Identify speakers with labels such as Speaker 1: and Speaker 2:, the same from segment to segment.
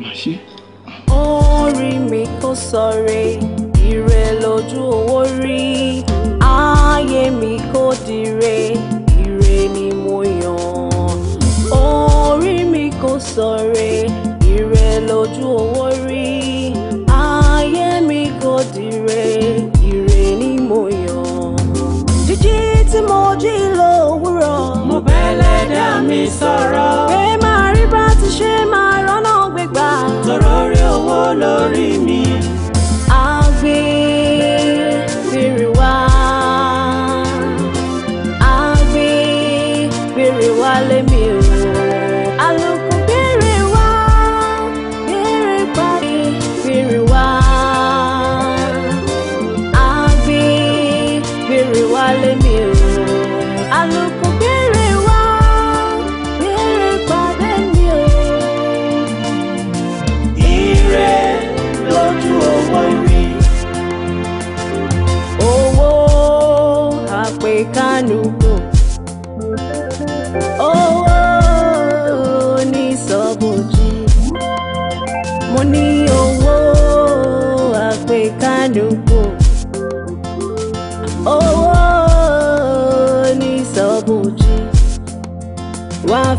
Speaker 1: má ṣe.
Speaker 2: orí mi kò sọ̀rẹ́ ire lójú owó rí ayé mi kò dire ire ni mo yàn orí mi kò sọ̀rẹ́ ire lójú owó rí ayé mi kò dire ire ni mo yàn jíjí tí mo jí lówùúrọ̀ mo
Speaker 3: bẹ́lẹ̀ dá mi
Speaker 2: sọ̀rọ̀
Speaker 1: tọrọ rí owó lórí mi.
Speaker 2: I'll be.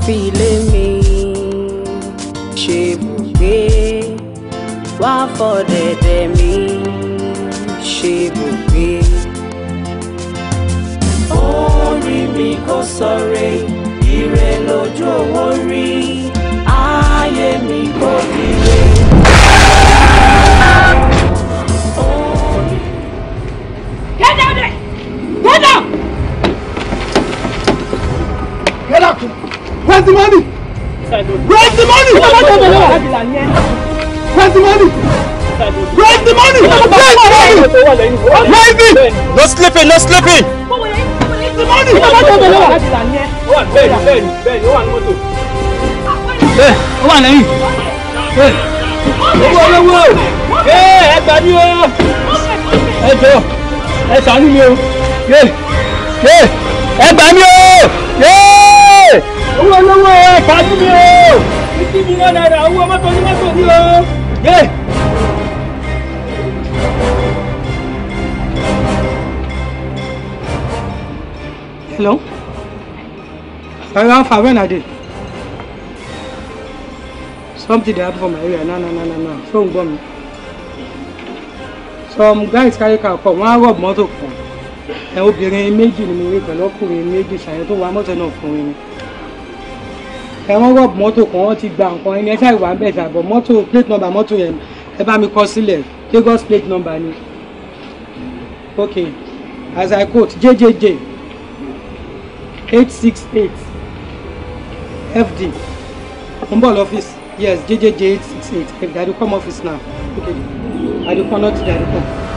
Speaker 2: fi ilé mi ṣe bùgbé wá fọ̀dẹ̀dẹ̀ mi ṣe bùgbé. orí mi kò sọ̀rẹ́ ire lójú owó rí ayé mi kò dire. Get down there! Get out!
Speaker 4: Get up! Where's the money? Where's the money? Where's the money?
Speaker 5: Where's the money? Where's the money? Where's
Speaker 4: it? No sleeping, no sleeping. Where's the money? Bẹ́ẹ̀ni eh, bẹ́ẹ̀ni bẹ́ẹ̀ni ó wà ní mọ́tò. Bẹ́ẹ̀ ó wà lẹ́yìn. Bẹ́ẹ̀
Speaker 1: owó olówó ee ẹ gbà mí o ẹ
Speaker 4: jọ ẹ ṣàánú mi o ee eh, ee eh, ẹ gbà mí o owó olówó ìfàájú mi o fifty million naira owó mọ́tò ní mọ́tò ní o. hello
Speaker 5: around five when i dey something dey happen for my area na na na na na phone gbọ́ mi some guys carry car come wọ́n á rọ̀bù mọ́tò kan ẹ̀ obìnrin méjì ni mo rí pẹ̀lú ọkùnrin méjì ṣàyẹn tó wa mọ́tò náà fún mi ni ẹ wọ́n rọ̀bù mọ́tò kan wọ́n ti gba nǹkan ẹni ẹ ṣáà ìwà ń bẹ̀ ṣàbọ̀ mọ́tò plate number mọ́tò yẹn ẹ bá mi kọ sílẹ̀ Lagos plate number ni ok as I quote JJJ eight six eight FD mo office bọ̀ lọ́fíìsì yes JJJ eight six eight FD I dey come office now Okay. I dey come not today I dey come.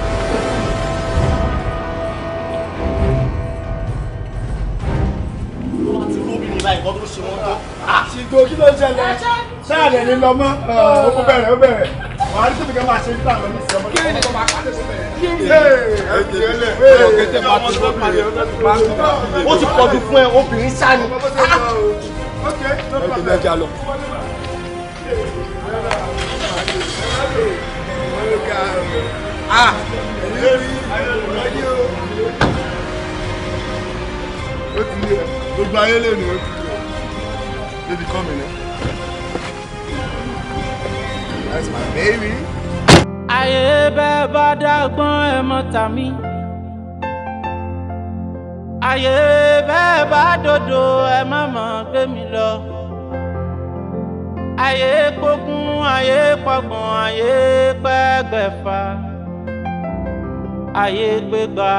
Speaker 4: gbó kí ló ṣẹlẹ̀ sáà rẹ̀ ní lọ́mọ́ ó bẹ̀rẹ̀ ó bẹ̀rẹ̀ wàá rí tóbi ká máa ṣe nígbà lọ́mí sí ọmọ kí ni kò máa pàdé sí bẹ̀rẹ̀. ó ti pọ̀jù fún ẹ obìnrin sani. Ah, gbogbo
Speaker 3: ayé lè nù ó Baby, come in. Eh? That's my baby. Ayé bẹ́ẹ̀ bá dágbọ́n ẹ mọ́ ta mí. Ayé bẹ́ẹ̀ bá dòdò mi lọ. Ayé kókún, ayé pọ̀gbọ̀n, ayé pẹ́gbẹ̀fà. Ayé gbégbá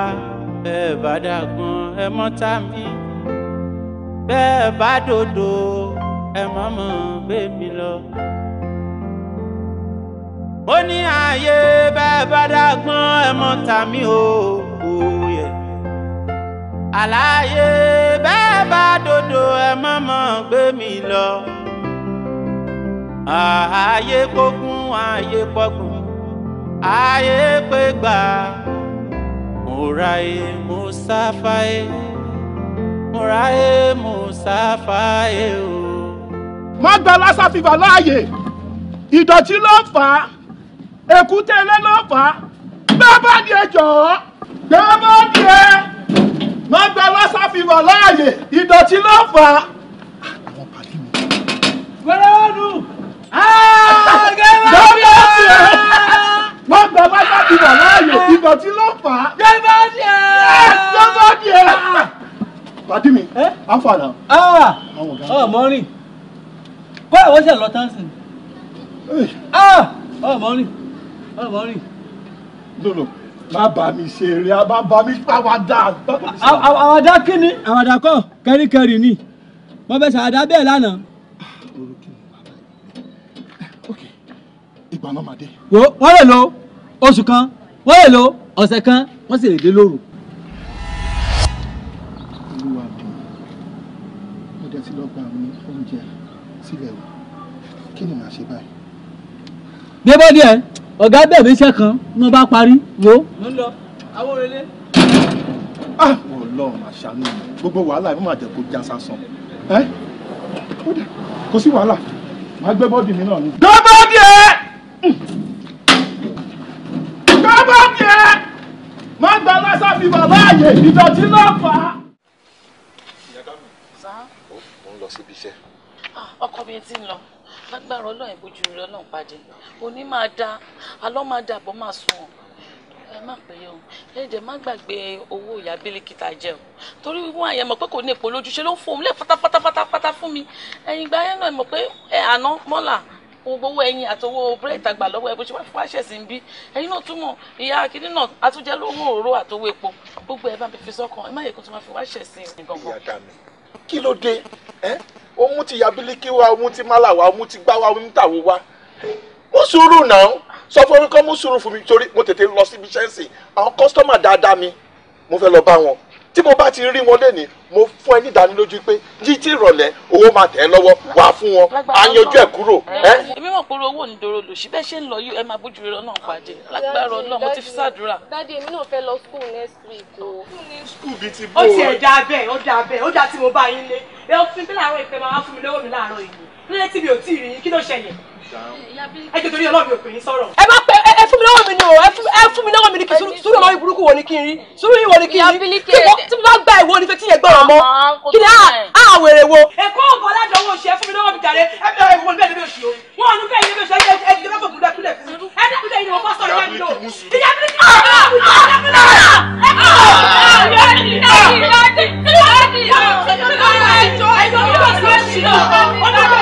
Speaker 3: bẹ́ẹ̀ bá dágbọ́n ẹ mọ́ ta mí ẹ má mọ̀ bẹ́ẹ̀mí lọ. ó ní ààyè bẹ́ẹ̀ bá dágbọ́n ẹ mọ̀ tàmí o òòyẹ̀. àlàyé bẹ́ẹ̀ bá dodo ẹ má mọ̀ bẹ́ẹ̀mí lọ. ààyè gbógun ààyè pọ̀gùn ààyè pé gbà mùráyè e, mùsáfáyé mùráyè e, mùsáfáyé o má gba lassa fever láàyè ìdọ̀tí ló fà á èkúté ilé ló fà á gbẹ́bọ́dì ẹ
Speaker 4: jọ̀ọ́ gbẹ́bọ́dì ẹ má gba lassa fever láàyè ìdọ̀tí ló fà á. wẹ́rẹ́ wọn nù. gbẹ́bọ́dì ẹ má gba lassa fever láàyè ìdọ̀tí ló fà á. gbẹ́bọ́dì ẹ eh, gbẹ́bọ́dì ẹ. Ah. pàdí mi afọ
Speaker 3: àná. ọmọ rìn kódà wọ́n ṣe lọ tán sí i. ọmọ ah! rìn ọmọ rìn. lọ́nà má bá
Speaker 4: mi ṣe eré má bá mi pàwádà. àwàdà kí ni àwàdà kọ́ kẹ́ríkẹ́rì ni wọ́n fẹ́ ṣàwàdà bẹ́ẹ̀ lánàá. ìgbà náà máa dé. wọ́n lè lo oṣù kan wọ́n lè lo ọ̀sẹ̀ kan wọ́n sì lè dé lóru. olúwa mi mo dẹ̀ ti lọ gba àwọn oúnjẹ sílẹ̀ o kí ni màá ṣe báyìí.
Speaker 6: gbé bọ́ díẹ̀ ọ̀gá bẹ̀rẹ̀ iṣẹ́ kan ní wọ́n bá parí wo.
Speaker 4: mo ń lọ àwọn òrèlé. Ah! ọlọ́run máa ṣàánú mi gbogbo wàhálà ẹ̀ máa jẹ́ kó já sásán kò sí wàhálà màá gbé bọ́ọ̀dì mi náà ni. gbé bọ́ọ̀dì ẹ̀ gbé bọ́ọ̀dì gba lásà fi bàbá àyè ìdọ̀tí náà fà á. ìyá kámi ó ń lọ síbi iṣẹ́ ọkọ mi ti ń lọ lágbára ọlọ́run ìbójú rẹ ọlọ́run pàdé òní máa da alọ́ máa da àbọ̀ máa sùn ọ̀ ẹ má pè é o ẹ dẹ̀ má gbàgbé owó ìyá bílíkì tá a jẹ o torí wọn àyẹ̀ mọ̀ pé kò ní èpò lójú ṣe ló ń fòun lẹ̀ pátápátápátá fún mi ẹ̀yìn ìgbà yẹn náà mọ̀ pé ẹ àná mọ́là gbogbo ẹyin àtọwọ búrẹ́dì àgbà lọ́wọ́ ẹ bó ṣe wá fún àṣẹsìn bí ẹyin náà túmọ̀ ìyá akíní náà àtúnjẹ lówó òró àtọwọ epo gbogbo ẹ bá mi fi sọ́kàn ẹ má yẹ kó tó máa fi wá àṣẹsìn gangan. ìyá ta mi kí ló dé ẹ ó mú ti yabiliki wa ó mú ti mala wa ó mú ti gbá wa ó mú tàwo wa mú sùúrù náà sọ fún mi kọ́ mú sùúrù fún mi torí mo tètè lọ síbi ṣẹ́ǹsì àwọn kọ́sítọ́mà dáadáa mi mo fẹ́ lọ bá wọn tí mo bá ti rí wọn lẹ́ni mo fún ẹ ní ìdánilójú pé jíjí ìrọ̀lẹ́ owó máa tẹ̀ ẹ́ lọ́wọ́ wà fún wọn àyanjú ẹ̀ kúrò. èmi mọ̀ pé owó ní dòrò lòsì bẹ́ẹ̀ ṣe ń lọ yìí ẹ máa bójú rẹ náà pàdé lágbára Ọlọ́run mo ti fi ṣàdúrà.
Speaker 7: dádì èmi náà fẹ́ lọ school next week o. school bíi ti bó o. ó tiẹ̀ dá bẹ́ẹ̀ ó dá bẹ́ẹ̀ ó
Speaker 4: dá tí mo bá yín
Speaker 6: lé
Speaker 7: ẹ ó fi bí láàárọ̀ ìpè máa wá fún mi lówó mi láàárọ̀ yìí
Speaker 4: ẹ jẹ́ torí ọlọ́run òpin
Speaker 7: sọ̀rọ̀. ẹ bá pẹ ẹ fún mi lọ́wọ́ mi ni o ẹ fún mi lọ́wọ́ mi ni kí sùúrù ọmọ burúkú wo ni kí n rí sùúrù yìí wo ni kí n rí tí mo bá gba ìwo ni fẹ́ tí yẹn gbọ́rọ̀ mọ́ kí ni a wèrè wo.
Speaker 4: ẹ̀kọ́ ọ̀bọ̀ alájọ owó ṣe fún mi lọ́wọ́ mi jàre ẹ bẹ ẹ wọlé bẹ́ẹ̀ lóṣù wọn ò ní bẹ́ẹ̀ ní bẹ́ẹ̀ ṣe ẹ ẹ ti dẹ́gbẹ́ gbòdúrà kúlẹ̀ fún ẹ dẹ́gbẹ́ yìí ni wọ́n bá sọ̀rọ̀ yẹn lò ìyá mi ti ọ̀rọ̀
Speaker 1: ọ̀rọ̀ ọ̀rọ̀ ọ̀rọ̀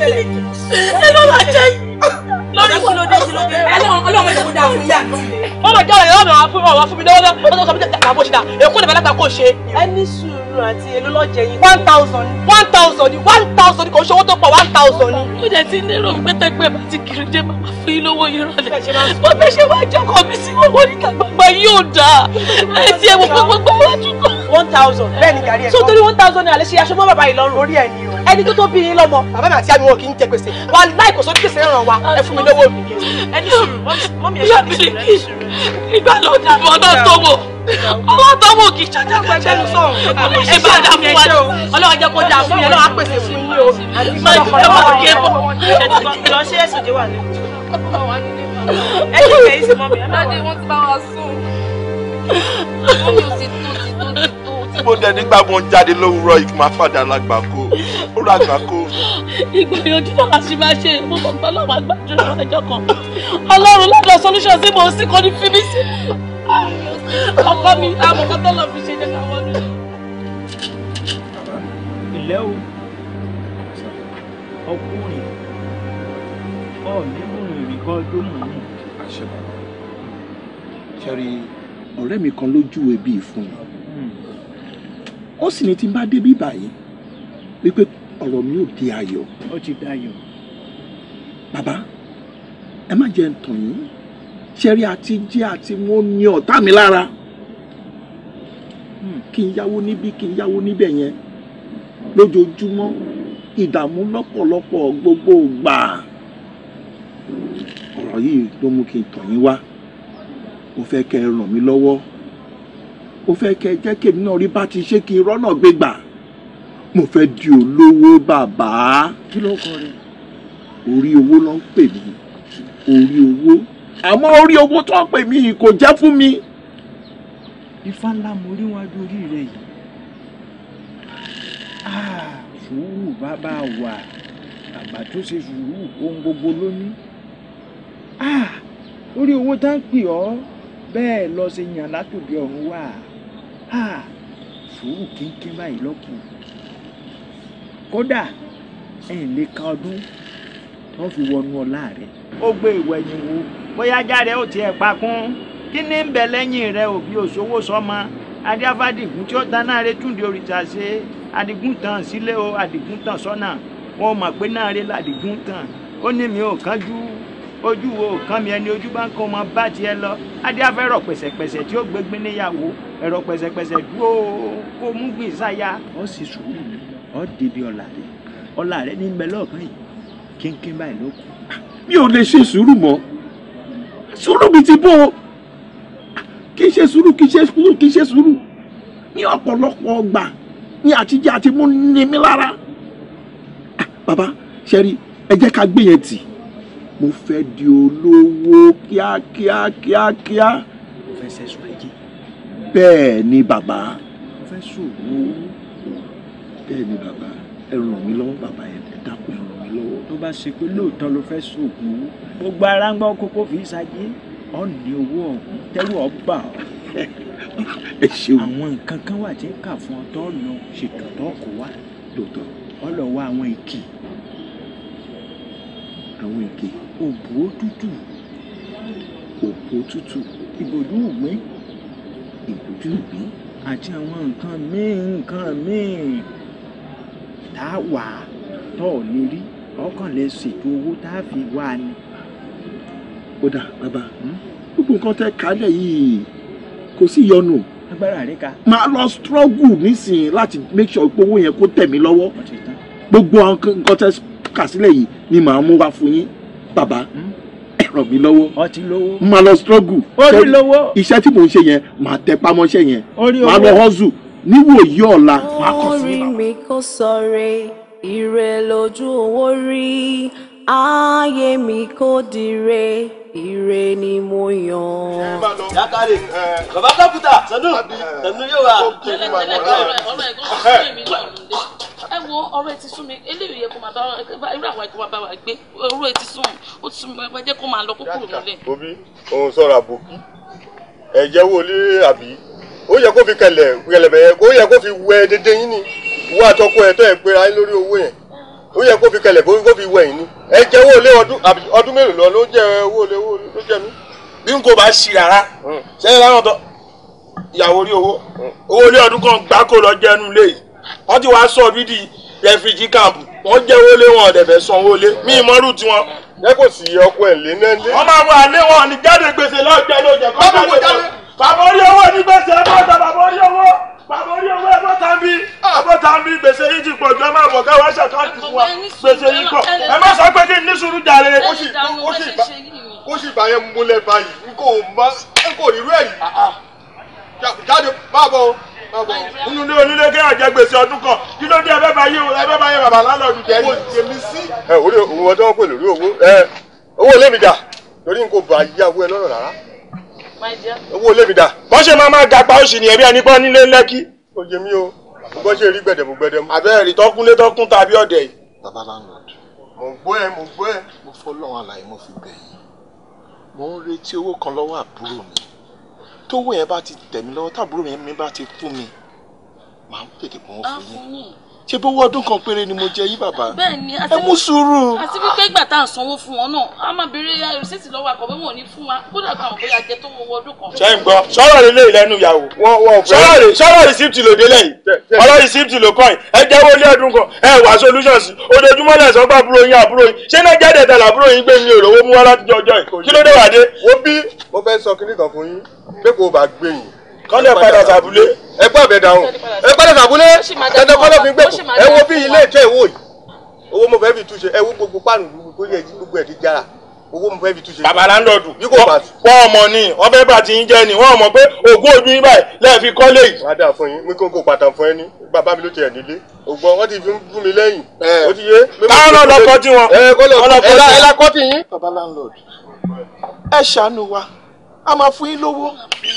Speaker 1: ṣẹlẹ̀
Speaker 7: ẹ ló máa jẹ́ lórí kí ló dé kí ló dé ọlọ́mọ ìjọba dà fún yá wọ́n mọ̀ jáwèé ọ̀nà àwọn fún mi lọ́wọ́ wọ́n tó sọ fún mi àbò ṣìdá èkó lè bàlágbà kó ṣe. ẹ sùúrù àti
Speaker 4: èlò yìí one thousand ni one thousand ni one thousand ni kò ṣe owó tó pọ̀ one thousand ni. mo jẹ ti nírò pẹ́tẹ́pẹ́ bá ti kiri jẹ́ máa fún lówó yín mo fẹ́ ṣe wá jọkọ̀ mi sí owó níta gbàgbà yóò dáa ẹ one thousand. bẹ́ẹ̀ ni gàrí
Speaker 1: ẹ̀ kọ́.
Speaker 5: one thousand naira lè ṣe aṣọ mọ́ bàbá yìí lọ́rùn. orí ẹ̀ ni o. ẹni tó tó bí yín lọ́mọ. bàbá mi àti àmì wọn kì í jẹ gbèsè. wà láì
Speaker 7: kò sọ bí gbèsè ràn wá ẹ fún mi lówó mi. ẹni sùúrù mọ́mí ẹ̀ ṣáà ní sùúrù ẹni sùúrù. ìgbà ló ti bọ́ náà tó wò ọwọ́ tó wò kì í ṣàjà kẹjẹ ló sọ̀rọ̀. ẹ bá dà fún wa ọlọ́wọ́ jẹ́ kó dà fún yẹn lọ́wọ́ á pèsè fún yín o. máa ń jẹ́ wọ́n kí ẹ bọ̀. ẹ lọ ṣe ẹ̀sùn dé wà lẹ́yìn. ẹ ṣe fẹ́ yín sí mọ́mí. dájú wọn
Speaker 4: ti tí mo dẹ̀ nígbà mo ń jáde
Speaker 8: lówùúrọ̀ yìí kí máa fàdà lágbàkó ó ra àgbàkó.
Speaker 7: ìgbìyànjú náà láti máa ṣe
Speaker 4: mo mọ̀ pé ọlọ́run àgbàjọ ọjọ́ kan ọlọ́run lọ́dọ̀ solution sí mo sì kọ́ ní fíbi sí. ọkọ mi àmọ̀kọ́ tó lọ fi ṣe jẹ́ káwọn ọdún. ilé o ọkùnrin ọ̀ọ́nìkùnrin ìrìkan ọdún mọ̀ọ́nì. ṣe rí ọ̀rẹ́ mi kan lójú ẹbí fún mi ó sì ní tí n bá débi báyìí wípé ọ̀rọ̀ mi ò di ayọ̀. ó ti dayọ̀. bàbá ẹ má jẹ́ ntàn yín ṣẹ́rí àti jẹ́ àti mo ní ọ̀tá mi lára hmm. kí n yáwó níbí kí n yáwó níbẹ̀ yẹn lójoojúmọ́ ìdààmú lọ́pọ̀lọpọ̀ gbogbo gbà ọ̀rọ̀ yìí ló mú kí n tàn yín wá mo fẹ́ kẹ́ ẹ ràn mí lọ́wọ́ mo fẹ́ kẹ́ jẹ́ kèmí náà rí bá ti ṣe kí irọ́ náà gbé gbà mo fẹ́ di olówó bàbá. kí ló kọ rẹ. orí owó ló ń pè mí orí owó àmọ́ orí owó tó ń pè mí yìí kò jẹ́ fún mi. ifá ńlá mo rí wájú orí rẹ yìí ah, sùúrù bàbá wa àgbà tó ṣe sùúrù ohun gbogbo ló ní. Ah, orí owó tá ń pè ọ́ bẹ́ẹ̀ lọ ṣe yàn látòdì ọ̀run wà. sùúrù kínkín báyìí lọ́kù kódà ẹ̀yìn lè ka ọdún tó fi wọnú ọlá rẹ. ó gbé ìwọ ẹ̀yìn wo bóyá jáde ó tiẹ̀ kún. kí ní ń bẹ lẹ́yìn rẹ òbí òṣòwò sọmọ adíáfádìgún tí ó dáná rẹ túnde òrìṣà ṣe adigun tàn sílé o adigun tàn sọ́nà wọn mọ̀ pé náà rẹ ladigun tàn ó ní mi ò kánjú ojú wo kàn mí ẹni ojú bá ń kọ́ ọmọ bá tiẹ̀ lọ adé afẹ́rọ̀ pẹ̀sẹ̀pẹ̀sẹ̀ tí ó gbégbín níyàwó ẹ̀rọ pẹ̀sẹ̀pẹ̀sẹ̀ dúró kó mú gbìn sáyà. ọ sì sùúrù mi ọ dèbí ọ̀la rẹ ọ̀la rẹ ní bẹ lọ́ọ̀kan yìí kínkín báyìí ló kù. mi ò lè ṣe sùúrù mọ́ sùúrù mi ti bọ́ kì í ṣe sùúrù kì í ṣe sùúrù kì í ṣe sùúrù ní ọ̀pọ̀lọpọ̀ ọgbà ní àtijọ́ àti mú ní mi lára. Ah, bàbá ṣẹ́rí ẹ jẹ́ ká gbé mo fẹ́ di olówó kíákíá kíákíá. mo fẹ́ sẹ́sùn ayé. bẹ́ẹ̀ ni bàbá. mo fẹ́ ṣòwò bẹ́ẹ̀ ni bàbá ẹ ràn mí lọ́wọ́ bàbá yẹn ẹ dákun ẹ ràn mí lọ́wọ́. tó bá ṣe pé lóòótọ́ ló fẹ́ ṣòwò gbogbo ara ń gbọ́ kókó fi ṣayé ọ̀ ní owó ọ̀hún tẹ́rù ọ̀ bà ẹ ṣeun. àwọn nǹkan kan wà tí kà fún ọ lọ ṣètò kó wá. lóòótọ́. ọ àwọn èkì. àwọn èkì òbò tútù òpó tútù ìbòjú ògbín ìbòjú ògbín àti àwọn nǹkan míì nǹkan míì tá a wà tọ́ ò ní rí ọkàn lè ṣètò owó tá a fi wá ni. ó dà bàbá gbogbo nǹkan tẹ́ kálẹ̀ yìí kò sí yọnu agbára rẹ ka. máa lọ struggle nísìnyí láti make sure pé owó yẹn kó tẹ̀ mí lọ́wọ́ gbogbo nǹkan tẹ́ kà sílẹ̀ yìí ni màá mú wá fún yín bàbá ẹ ràn mí lọ́wọ́ mà lọ struggle iṣẹ́ tí mò ń ṣe yẹn mà tẹ pamọ́ṣẹ́ yẹn mà lọ hustle níwò yí ọ̀la
Speaker 2: mà kọ̀ sí bàbá. orí mi kò sọ̀rẹ́ ire lójú owó rí ayé mi kò dire ire ni mo yan. yakari baba kakuta sanu sanu yóò wá.
Speaker 4: ẹ wo ọ̀rọ̀ etí sún mi eléyìí yẹ kó máa bá irú àwọn ẹ̀kọ́ máa wa gbé ọ̀rọ̀ etí sún ó ti sún mi ẹ jẹ́ kó máa lọ kókó nílẹ̀.
Speaker 8: omi òun sọ̀rọ̀ àbòkí ẹ̀jẹ̀ wo lé àbí ó yẹ kó fi kẹlẹ̀ kẹlẹ̀ bẹ̀yẹ ó yẹ kó fi wẹ dédé yín ni wọ́n àtọkọ ẹ̀ tọ́ ẹ̀ gbéra yín lórí owó yẹn ó yẹ kó fi kẹlẹ̀ kó fi wẹ̀yìn ni ẹ jẹ́ owó lé
Speaker 4: ọdún mélòó lọ ló jẹ́ owó lé owó ló jẹ́ mí. bí n kò bá ṣì rárá sẹ́yìn hm. láwọn tó ìyàwó rí owó hm. owó lé ọdún kan gbáko lọ jẹnu lé yìí
Speaker 8: wọ́n ti wá sọ bí di refugee camp wọ́n jẹ́ owó lé wọn ọ̀dẹ̀ fẹ́ san owó lé mí ìmọ̀rú tiwọn.
Speaker 4: jẹ́ kò sí ọkọ ẹ̀ lé náà lé. wọ́n máa wọ àlé wọn ní jáde gbèsè lọ́jọ́ lójẹ́ kọ́ jáde. bàbá orí owó ní gbèsè ẹ̀ bàbá orí owó ẹbọ tá ń bí ẹbọ tá ń bí gbèsè yìí ti pọ̀ ju ẹ máa bọ̀ ká wá ṣàkáàtì fún wa gbèsè yìí pọ̀ ẹ má sọ pé kí n ní sùúrù
Speaker 8: jàre. ó sì bá yẹn múlẹ̀ báyìí n kò mọ n kò rírú ẹ̀ yìí ah, ah. jáde má bọ̀ má bọ̀.
Speaker 4: nínú ní onílé kí àjẹ gbèsè ọdún kan kí ló dé ẹbẹ́ bá yé ẹbẹ́ bá yé bàbá lálọ́ọ̀dù jẹ́ ní. ẹ òun ọdún wọn pè lórí owó
Speaker 8: owó lé mi dà torí n kò bá yíyàwó ẹ lọ́rọ̀ rárá
Speaker 4: owó lèmi dà bọ́n ṣe máa máa dàgbà òṣì ni ẹ̀rí ẹni bọ́ nílé lẹ́kí
Speaker 8: òye mi o bọ́n ṣe rí gbẹ̀dẹ̀mú gbẹ̀dẹ̀mú.
Speaker 4: àbẹ́rẹ́ rí tọ́kúnlé tọ́kún tàbí ọ̀dẹ̀ yìí. bàbá landlord. mo gbọ́ ẹ mo gbọ́ ẹ. mo fọlọ́run àlàyé mo fi bẹ̀ yín mo ń retí owó kan lọ́wọ́ àbúrò mi tówó yẹn bá ti tẹ̀ mí lọ́wọ́ tábúrò mi bá ti fún mi màá tètè kún ó fún yín ṣe bó wọ ọdún kan péré ni mo jẹ yí bàbá. bẹ́ẹ̀ni àti ẹ mú sùúrù. àti wípé ìgbà tá à ń sanwó fún wọn náà a máa béèrè rìsíìtì lọ́wọ́ àkọ́bí wọn ní fún wa kódà kan àbóyá jẹ tó wọ ọdún kan. ṣé ń gbọ́ sọ̀rọ̀ rẹ lé ìlẹ́nu ìyàwó sọ̀rọ̀ rẹ sọ̀rọ̀ rìsíìtì ló délẹ̀ yìí ọ̀rọ̀ rìsíìtì ló kọ́ yìí ẹ jẹ́wọ́ lé ọdún kan ẹ wà solutions ojoojúmọ́ náà sọ pé àbúrò yín àbúrò yín ṣé náà jáde ẹ̀dá
Speaker 8: làbúrò yín gbé mi òrówó mú wá láti jọjọ́ yìí kí ló dé wàdé. wo bí mo fẹ́ sọ kíní kan fún yín pé
Speaker 4: kò bá gbé yìí kọ́lẹ̀ padà sàbúlé ẹ gbọ́ àbẹ̀ dàrún ẹ padà sàbúlé dandan kọ́lẹ̀ fi gbẹ̀kú ẹ wo bí ilé ìtẹ́ ìwò yìí owó mo fẹ́ fi túnṣe ẹ wo gbogbo páànù gbogbo yẹ gbogbo ẹ̀ ti jára owó mo fẹ́ fi túnṣe. bàbá láńdọ̀dù wọ́n ọmọ ni wọ́n fẹ́ bá ti ń jẹ́ ni
Speaker 8: wọ́n mọ̀ pé ògùn ojú yín báyìí lẹ́ẹ̀ fi kọ́lé yìí. wàá dà fún yín mi kò kò pàtàkì fún ẹ ní bàbá mi ló tiẹ̀ nílé
Speaker 4: ògbọ́n wọ́n ti fi ń bú mi lẹ́yìn. ó ti yé. káwọn lọ kọ́ tí wọn. ẹ kọ́ lọ kọ́ tí yín. bàbá láńdọ̀dù ẹ ṣàánú wa a máa fún yín lówó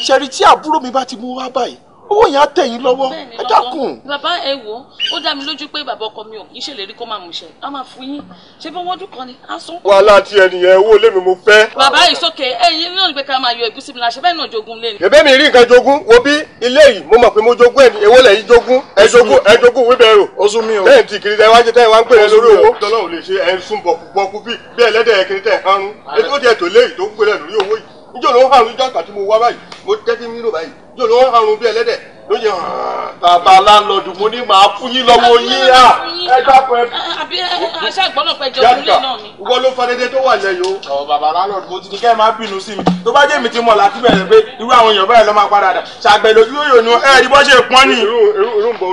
Speaker 4: ṣẹ̀rí tí àbúrò mi bá ti mú wá báyìí owó yẹn á tẹ̀ yín lọ́wọ́ ẹ dákun. bàbá ẹ wò ó dá mi lójú pé bàbá ọkọ mi ò kì í ṣèlérí kó máa mú iṣẹ́ a máa fún yín ṣé bí wọ́n dúkan ni a sún. wàhálà tí ẹnìyẹn owó lèmi mo fẹ́. bàbá ìsókè ẹyin náà ní pé ká máa yọ ìgúsí mi láṣẹ bẹ́ẹ̀ náà jogún lé ni.
Speaker 8: bẹ̀bẹ̀ mi rí nǹkan jogún wo bí ilé yìí mo mọ̀ pé mo jogún ẹ̀ ní ewó lẹ̀ yìí jogún ẹ jogún ẹ jogún wíbẹ̀rù. oṣù o bẹ́ẹ̀ ti kiri tẹ wájú tẹ wá ń pèrè lórí owó. tọ́lọ́ ò lè ṣe ẹ̀ ń sún bọ̀kú bọ̀kú bíi bẹ́ẹ̀ kiri tẹ̀ ń hanrun níjọ́ ló hàrùn ìjọ́ àgbà tí mo wá báyìí mo
Speaker 4: tẹ́tí mi báyìí jò ló ń harun bí ẹlẹ́dẹ̀ ló yẹ bàbá láńlọ́ọ̀dù mo ní màá fún yín lọ́wọ́ yín à ẹ dákun ẹ. àbí aṣá ìgbọ́nà pẹ́ jọ náà ni. ìwọ ló fadédé tó wà lẹ́yìn o. ọ̀ bàbá láńlọ́ọ̀dù mo ti ní kẹ́ ẹ má bínú sí mi tó bá jẹ́ mi ti mọ̀ láti bẹ̀rẹ̀ pé irú àwọn
Speaker 8: èèyàn báyìí ló máa padà dà ṣàgbẹ̀ lójú yóò nu ẹ ẹ̀rí bọ́ ṣe pọ́n ni. irú
Speaker 2: irú ń bọ̀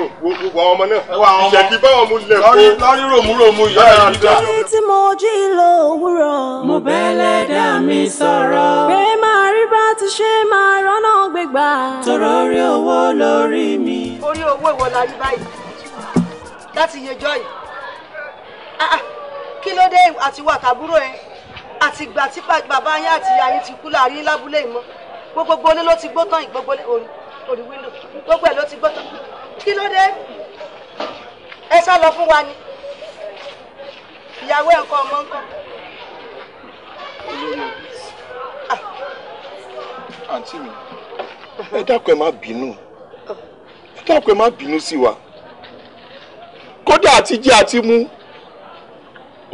Speaker 2: wọ ọmọ náà ìṣẹ̀kí báwọn
Speaker 8: mu lẹ̀ kó. lọ́rí ròmú ròmú ìyá ẹ̀ lọ́rí
Speaker 2: tí mo jí lówùrọ̀ mo bẹ́ẹ̀ lẹ́dàá mi sọ̀rọ̀. pé má bá ti ṣe máa rọ́nà gbégbá.
Speaker 3: tọrọ orí owó lórí mi.
Speaker 2: orí owó ìwọ la rí báyìí
Speaker 6: láti yẹjọ́ yìí ah, ah. kí ló dé àti wà tàbúrò ẹ àti ìgbà tí bàbá yín àti ìyá yín ti kú láàrin lábúlé ìmọ̀ gbogbo ilé ló ti gbó tán ìgbogbo orí wíńdò gbogbo ẹ ló ti gbó tán kí ló dé ẹ sá lọ fún wa ni ìyàwó ẹ̀ ń ọmọ ń
Speaker 8: àǹtí mi.
Speaker 4: ẹ dákun ẹ má bínú ẹ dákun ẹ má bínú sí wa kódà àti jẹ àti mú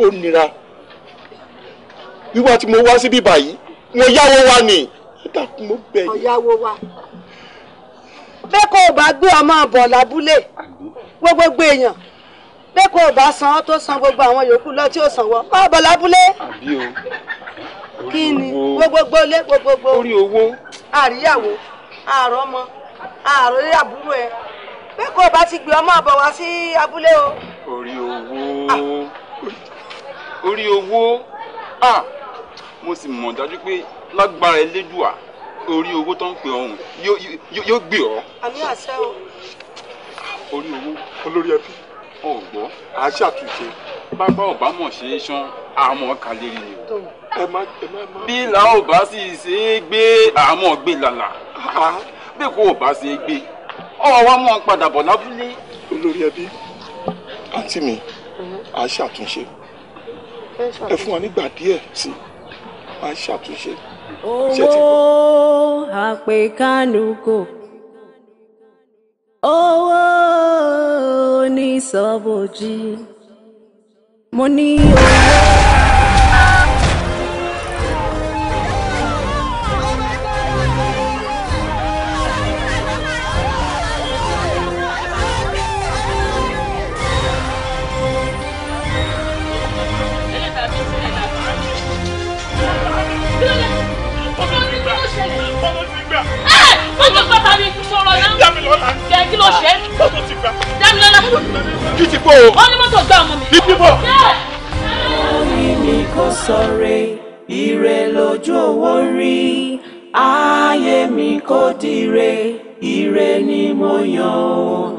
Speaker 4: ó nira wíwá tí mo wá síbí báyìí mo yáwó wa ni ẹ dákun mo bẹ̀ yín. ọ̀yáwó wa bẹ́ẹ̀ kó o bá gbé ọmọ ọ̀bọ̀ lábúlé gbogbo
Speaker 6: èèyàn bẹ́ẹ̀ kó o bá san ọ́ tó san gbogbo àwọn yòókù lọ tí ó sanwó ọ̀bọ̀ lábúlé. àbí o kí ni gbogbogbò lé gbogbogbò orí owó àríyàwó àárọ̀ ọmọ àárọ̀ ilé àbúrò ẹ bẹ́ẹ̀ kó o bá ti gbé ọmọ àbọ̀ wá sí abúlé o.
Speaker 8: orí owó ah. orí owó
Speaker 4: ah. mo sì mọ̀ dájú pé lágbára elédùà orí owó tó ń pè ọ̀hún yóò gbé ọ.
Speaker 6: àmì àṣẹ o.
Speaker 4: orí owó olórí ẹbí ọ̀gbọ́ àṣàtúnṣe bá bá ọ̀bámọ̀ ṣe é ṣan àmọ́ kàlérí ni o bí là ò bá sì ṣe é gbé àmọ́ gbé làlà ah. bí kò bá ṣe é gbé ọ̀rọ̀ wa mọ̀ padà bọ̀ lábúlé. olórí ẹbí àǹtí mi a ṣàtúnṣe ẹ fún wa nígbà díẹ̀ sí a ṣàtúnṣe.
Speaker 2: owó àpèkánu kò owó ní sọ́bòjì mo ní owó.
Speaker 7: ṣe kí ló ṣe. Ah, mọ́tò dámilọ́lá.
Speaker 2: kí ti bò ó. ó ní mọ́tò gbà ọmọ mi. ibi bò.
Speaker 1: orí mi kò
Speaker 2: sọ̀rẹ́ ire lójú owó rí ayé mi kò dire ire ni mo yàn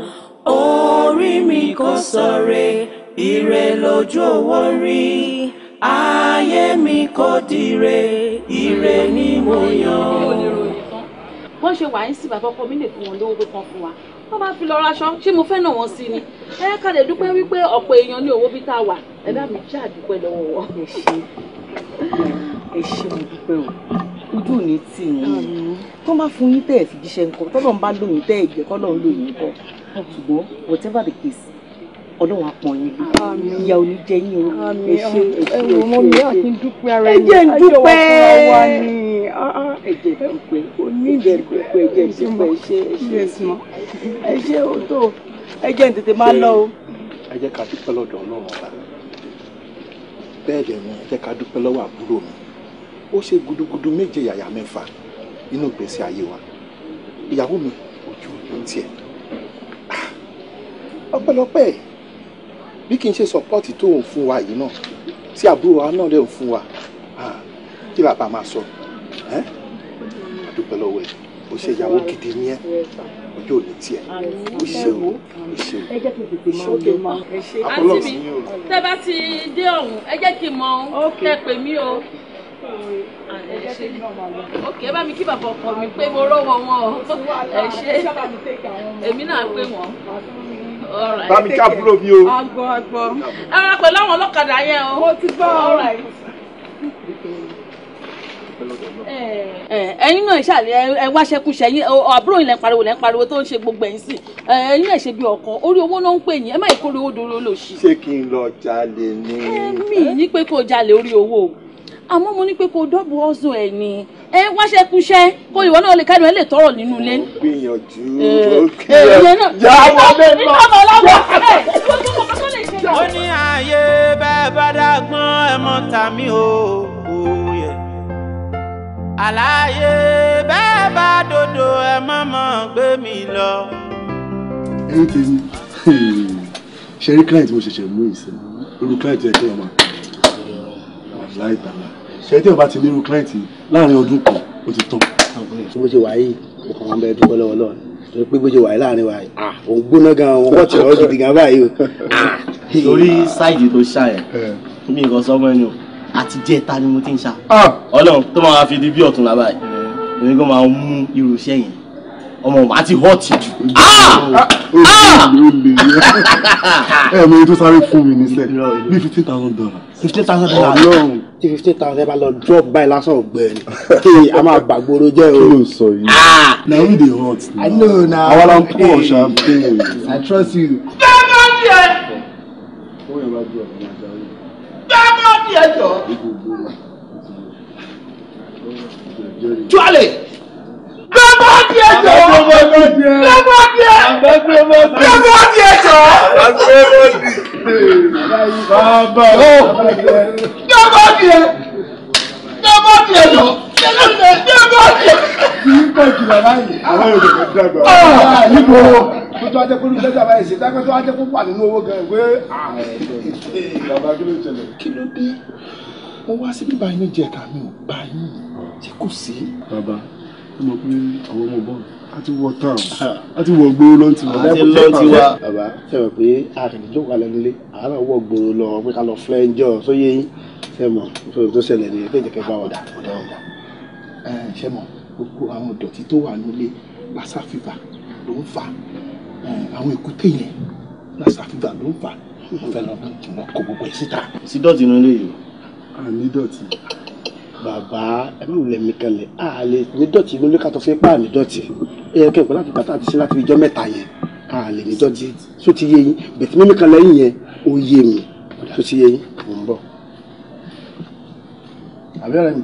Speaker 2: ó orí mi kò sọ̀rẹ́ ire lójú owó rí ayé mi
Speaker 3: kò dire ire ni mo yàn ó
Speaker 4: bọ́n ṣe wà ń sì bàbá ọkọ mi lè fún wọn lówó pé kan fún wa wọ́n bá fi lọ raṣọ ṣé mo fẹ́ nà wọ́n sí ni ẹ ká lè dúpẹ́ wípé ọ̀pọ̀ èèyàn ní owó bí tá a wà ẹ bá mi já dúpẹ́ lọ́wọ́ wọn. ẹ ṣe ẹ ṣe mo dúpẹ́ o ojú ò ní tì yín tó bá fún yín tẹ́ ẹ̀ fi jíṣẹ́ nǹkan tọ́lọ́ ń bá lóyún tẹ́ ẹ̀ jẹ́ kọ́lọ́ ń lóyún nǹkan ṣùgbọ́n whatever the case ọlọ́run apọ̀ yín bí ìyá oníjẹ yín o
Speaker 6: ẹṣẹ ẹṣẹ ẹṣẹ ọmọ mi á kí ah, ah. n dúpẹ́ ara yín ẹjẹ̀ ń dúpẹ́
Speaker 5: ẹjẹ̀ dúpẹ́ oníjẹ̀
Speaker 4: dúpẹ́ ẹjẹ̀ dúpẹ́ ẹṣẹ ẹṣẹ
Speaker 5: ẹṣẹ òótọ́ ẹjẹ̀ ń tètè máa lọ o.
Speaker 4: ẹ jẹ́ ká dúpẹ́ lọ́dọ̀ ọlọ́run ọba bẹ́ẹ̀ dẹ̀ ni ẹ jẹ́ ká dúpẹ́ lọ́wọ́ àbúrò mi ó ṣe gudugudu méje yàyà mẹ́fà nínú ìgbésí ayé wa ìyàwó mi ojú ojú tiẹ̀ ah, ọpẹ́lọpẹ́ ẹ̀ bí kì í ṣe sọ́pọ́ọ̀tì tó ń fún wa yìí náà tí àbúrò wa náà lè ń fún wa kí bàbá máa sọ àdúpẹ́ lọ́wọ́ ẹ̀
Speaker 6: o ṣe ìyàwó gidi
Speaker 4: ní ẹ ọjọ́ òní tiẹ̀ o ṣe o o ṣe o ṣe o àpọlọ́sí ni o. tẹ́ bá ti dé ọ̀hún ẹ jẹ́ kí n mọ ohun tẹ́ pè
Speaker 7: mí o ok ẹ bá mi kí bàbá ọkọ mi pé mo rọ́wọ́ wọn o ẹ ṣe èmi náà pé wọ́n bá
Speaker 1: mi káàbúrò mi o.
Speaker 4: agbọ agbọ ẹ rà pẹ̀lú àwọn ọlọ́kadà yẹn o. mo ti gbọ́ ọ̀rọ̀ yìí ẹ̀yin náà ṣàlẹ ẹ wáṣẹkù ṣẹyìn àbúrò ilẹ̀ pariwo ilẹ̀ pariwo tó ń ṣe gbogbo ẹ̀yìn sí ẹ̀yin náà ṣe bí ọkàn orí owó náà ń pè yín ẹ má ìkórè owó dòrò lòṣì. ṣé kí n lọ jalè ni. ẹ
Speaker 7: mi ní pé kó jalè orí owó o àmọ́ mo ní pé kò dọ́bù ọ́zọ ẹ̀ ni ẹ wáṣẹ́ kúṣẹ́ kó ìwọ náà lè kẹ́nu ẹ lè tọrọ nínú ilé.
Speaker 4: gbìyànjú òkè
Speaker 7: ẹ yà wọlé
Speaker 3: lọ. Eh, ó ní ààyè bẹ́ẹ̀ bá dàgbọ́n ẹ tàmí o òòyẹ̀ àlàyé bẹ́ẹ̀ bá dodo ẹ mọ́ gbé mi lọ. ẹ tèmi
Speaker 4: ṣe rí client mo ṣẹ̀ṣẹ̀ mú ìsìn lórí client ẹ kí wọ́n máa láìpẹ́ náà ṣe tí ti nírú kílẹ̀ǹtì láàrin ọdún kan ó ti tán. bó ṣe wà yìí mo kàn ń bẹ dúpẹ́ lọ́wọ́ lọ́wọ́ torí pé bó ṣe wà yìí láàrin wa yìí òun gbóná gan àwọn ọkọ̀ tí wọ́n gidi gan báyìí o. Ah, torí sáìdì tó ṣá yẹn mi nǹkan sọmọ ẹni o àti díẹ̀ ta ni mo ti ń ṣá ah! ọlọ́run tó máa fi di bí ọ̀tún lábà yìí èmi kò máa mú irú iṣẹ́ yẹn ọmọ màá ti họ́ọ̀tì jù. Ah! ẹ mọ iye sáré fún mi níṣẹ́ bíi fifteen thousand dollars. Fifty thousand dollars ọlọ́run tí fifteen thousand bá lọ drop by lásán ọ̀gbẹ́ni kí a máa gbàgbóró jẹ́ o. kí ló sọ yìí na we dey hot na i know na àwa la ń pọ̀ champagne. i trust you. dábọ̀ díẹ̀. dábọ̀ díẹ̀ jọ. tuale.
Speaker 1: dábọ̀ di ẹjọ́ lẹ́mọ̀ di ẹ lẹ́mọ̀ di ẹjọ́. lẹ́mọ̀ di ẹ lẹ́mọ̀ di ẹjọ́ lẹ́mọ̀ di ẹ. kì í pọ̀ jù lọ
Speaker 4: báyìí. àwọn kí ló dé mo wá síbí báyìí ní ìjẹta mi ò báyìí ṣé kò sí ẹ mọ̀ pé àwọn ọmọ bọ́ọ̀lù a ti wọ tán a ti wọ gbòòrò lọ́n ti wọ. a ti lọ ti wa. bàbá fẹ́ràn pé a kì í jókòó alẹ́ nílé àá náà wọ gbòòrò lọ pé ká lọ fẹ́ ń jọ sóyè yín fẹ́mọ̀ sóyè tó ṣẹlẹ̀ ní ẹgbẹ́ ìjẹ́kẹ́ bá wà dà ọ̀dà ọ̀dà. ẹ ṣẹ́mọ̀ gbogbo àwọn ìdọ̀tí tó wà nílé lassa fever ló ń fà àwọn èkúté yẹn lassa fever ló ń fà fẹ́ràn kò gbogbo ẹ̀ síta. sí dọ̀tí nílé yìí. à ní dọ̀tí bàbá ẹ mú ilẹ̀ mi kanlẹ̀ a lè ní dọ̀tí inú ilé kàtọ́ fi pa àní dọ̀tí ẹ yẹ kẹ́kọ̀ọ́ láti bàtà àti sí láti ijọ́ mẹ́ta yẹn a lè ní dọ̀tí tó ti yé yín bẹ̀tí mímí kanlẹ̀ yín yẹn ó yé mi tó ti yé yín mò ń bọ̀. àbẹ́rẹ́ mi.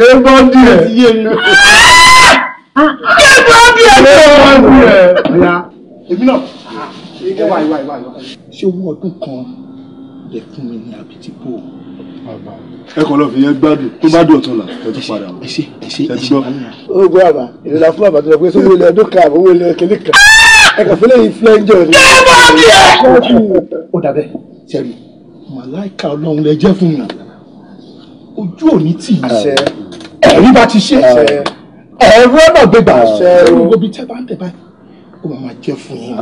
Speaker 4: yé bọ́ díẹ̀ yé bọ́
Speaker 1: díẹ̀ yé bọ́ díẹ̀. èmi náà ṣé wáyé
Speaker 4: ọdún kan lè fún mi ní àbítí bò ó. ẹ kàn lọ fi yẹn gbádùn tó bá dùn ọ̀tún là ẹ ti padà wọ ẹ ti gbọ́. ó gbọ́ àbá ìrora fún àbá tó lọ pé sówó ilé ọdún kan àbówó ilé kele kan ẹ kàn fẹ́lẹ́ yìí fílẹ̀ ń jọ ni. ó dàbẹ́ sẹ́mi màláìka ọlọ́run lẹ jẹ́ fún mi ojú òní tì í ẹ̀rí bá ti ṣe ẹ̀rọ náà gbégbà ẹ̀rọ gbogbo tẹ́ bá ń tẹ̀ báyìí ó máa jẹ́ fún yín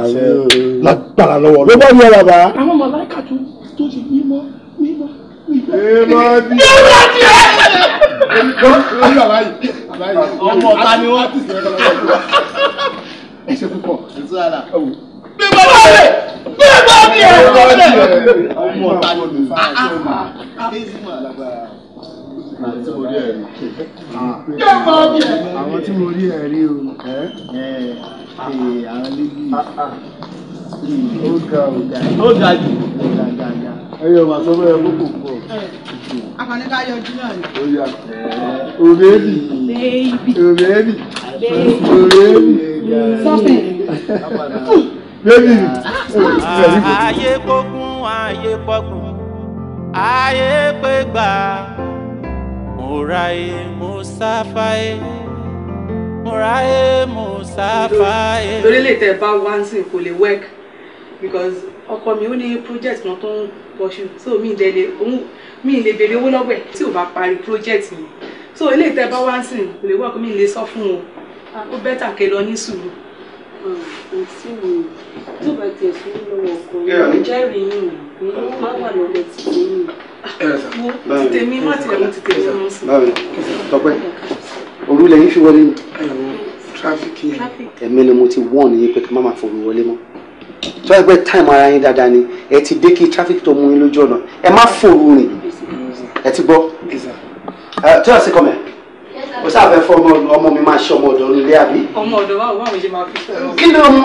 Speaker 4: lágbára lọ́wọ́ lọ́wọ́. ló ọ̀rọ̀ bá. àwọn màlá Èèmọ̀ di. Èèmọ̀ di. Olú àlàyé. Àlàyé. Ọmọ ọ̀tá ni wọ́n ti sẹ́yìn lọ́wọ́. Ẹ ṣe púpọ̀. Ẹ sọ àlà. Bí bàbá rẹ̀ bí bàbá mi ẹ̀ ń bọ̀lẹ̀. Ọmọ ọ̀tá ni
Speaker 1: wọ́n ti sẹ́yìn lọ́wọ́ àwọn
Speaker 4: tí mo rí ẹ̀rí àwọn tí mo rí ẹ̀rí o àwọn lílì ó ga jù. ẹyọ màá sọ bẹ́ẹ̀ kó kò pọ̀. akọ̀nìkà yọjú náà ni. ó yà òbẹ́ẹ̀bì òbẹ́ẹ̀bì òbẹ́ẹ̀bì. sọ́fẹ̀. bébì ayé
Speaker 3: gbógun ayé gbógun ayé pé gbà mùráyé mùsáfáyé mùráyé mùsáfáyé.
Speaker 5: torí lè tẹ̀ bá wá ń sìn kò lè wẹ́ẹ̀kì because ọkọ mi ó ní project kan tó ń wọṣu so mi ìdẹ lè òun mi ìlè béèrè owó lọ́wọ́ ẹ̀ tí ò bá parí project mi so ilé ìtẹ́ bá wá ń sìn lè wọ́n kó mi lè sọ fún o ah, ó bẹ́tà kẹ lọ ní sùúrù. àǹtí hmm, mi tó bá tiẹ̀ sún lọ́wọ́ ọkọ mi jẹ́rìí yìí ni wọ́n máa
Speaker 4: wà lọ́dọ̀ tì lẹ́yìn. Ah, mo ti tèmi má tilẹ̀ mo ti tèmi mọ́ sí. báwo tọpẹ òru lẹ́yìn fi wọlé ni. tráfíkì ẹ̀mí ni mo ti wọ́n nìyí pé kí má máa fòrò wọlé mọ́ tí wọ́n gbé táìmù ara yín dáadáa ni ẹ ti dé kí tráfíkì tó mú yín lójú ọ̀nà ẹ má fòrò rìn ẹ ti gbọ́. tí wọ́n sì kọ́ mẹ́ o sáà fẹ́ fọ́ ọmọ mi máa ṣe ọmọ ọ̀dọ́ nílé àbí.
Speaker 5: ọmọ ọ̀dọ́ wa wà mí ṣe máa fi fẹ́. kí ló mú.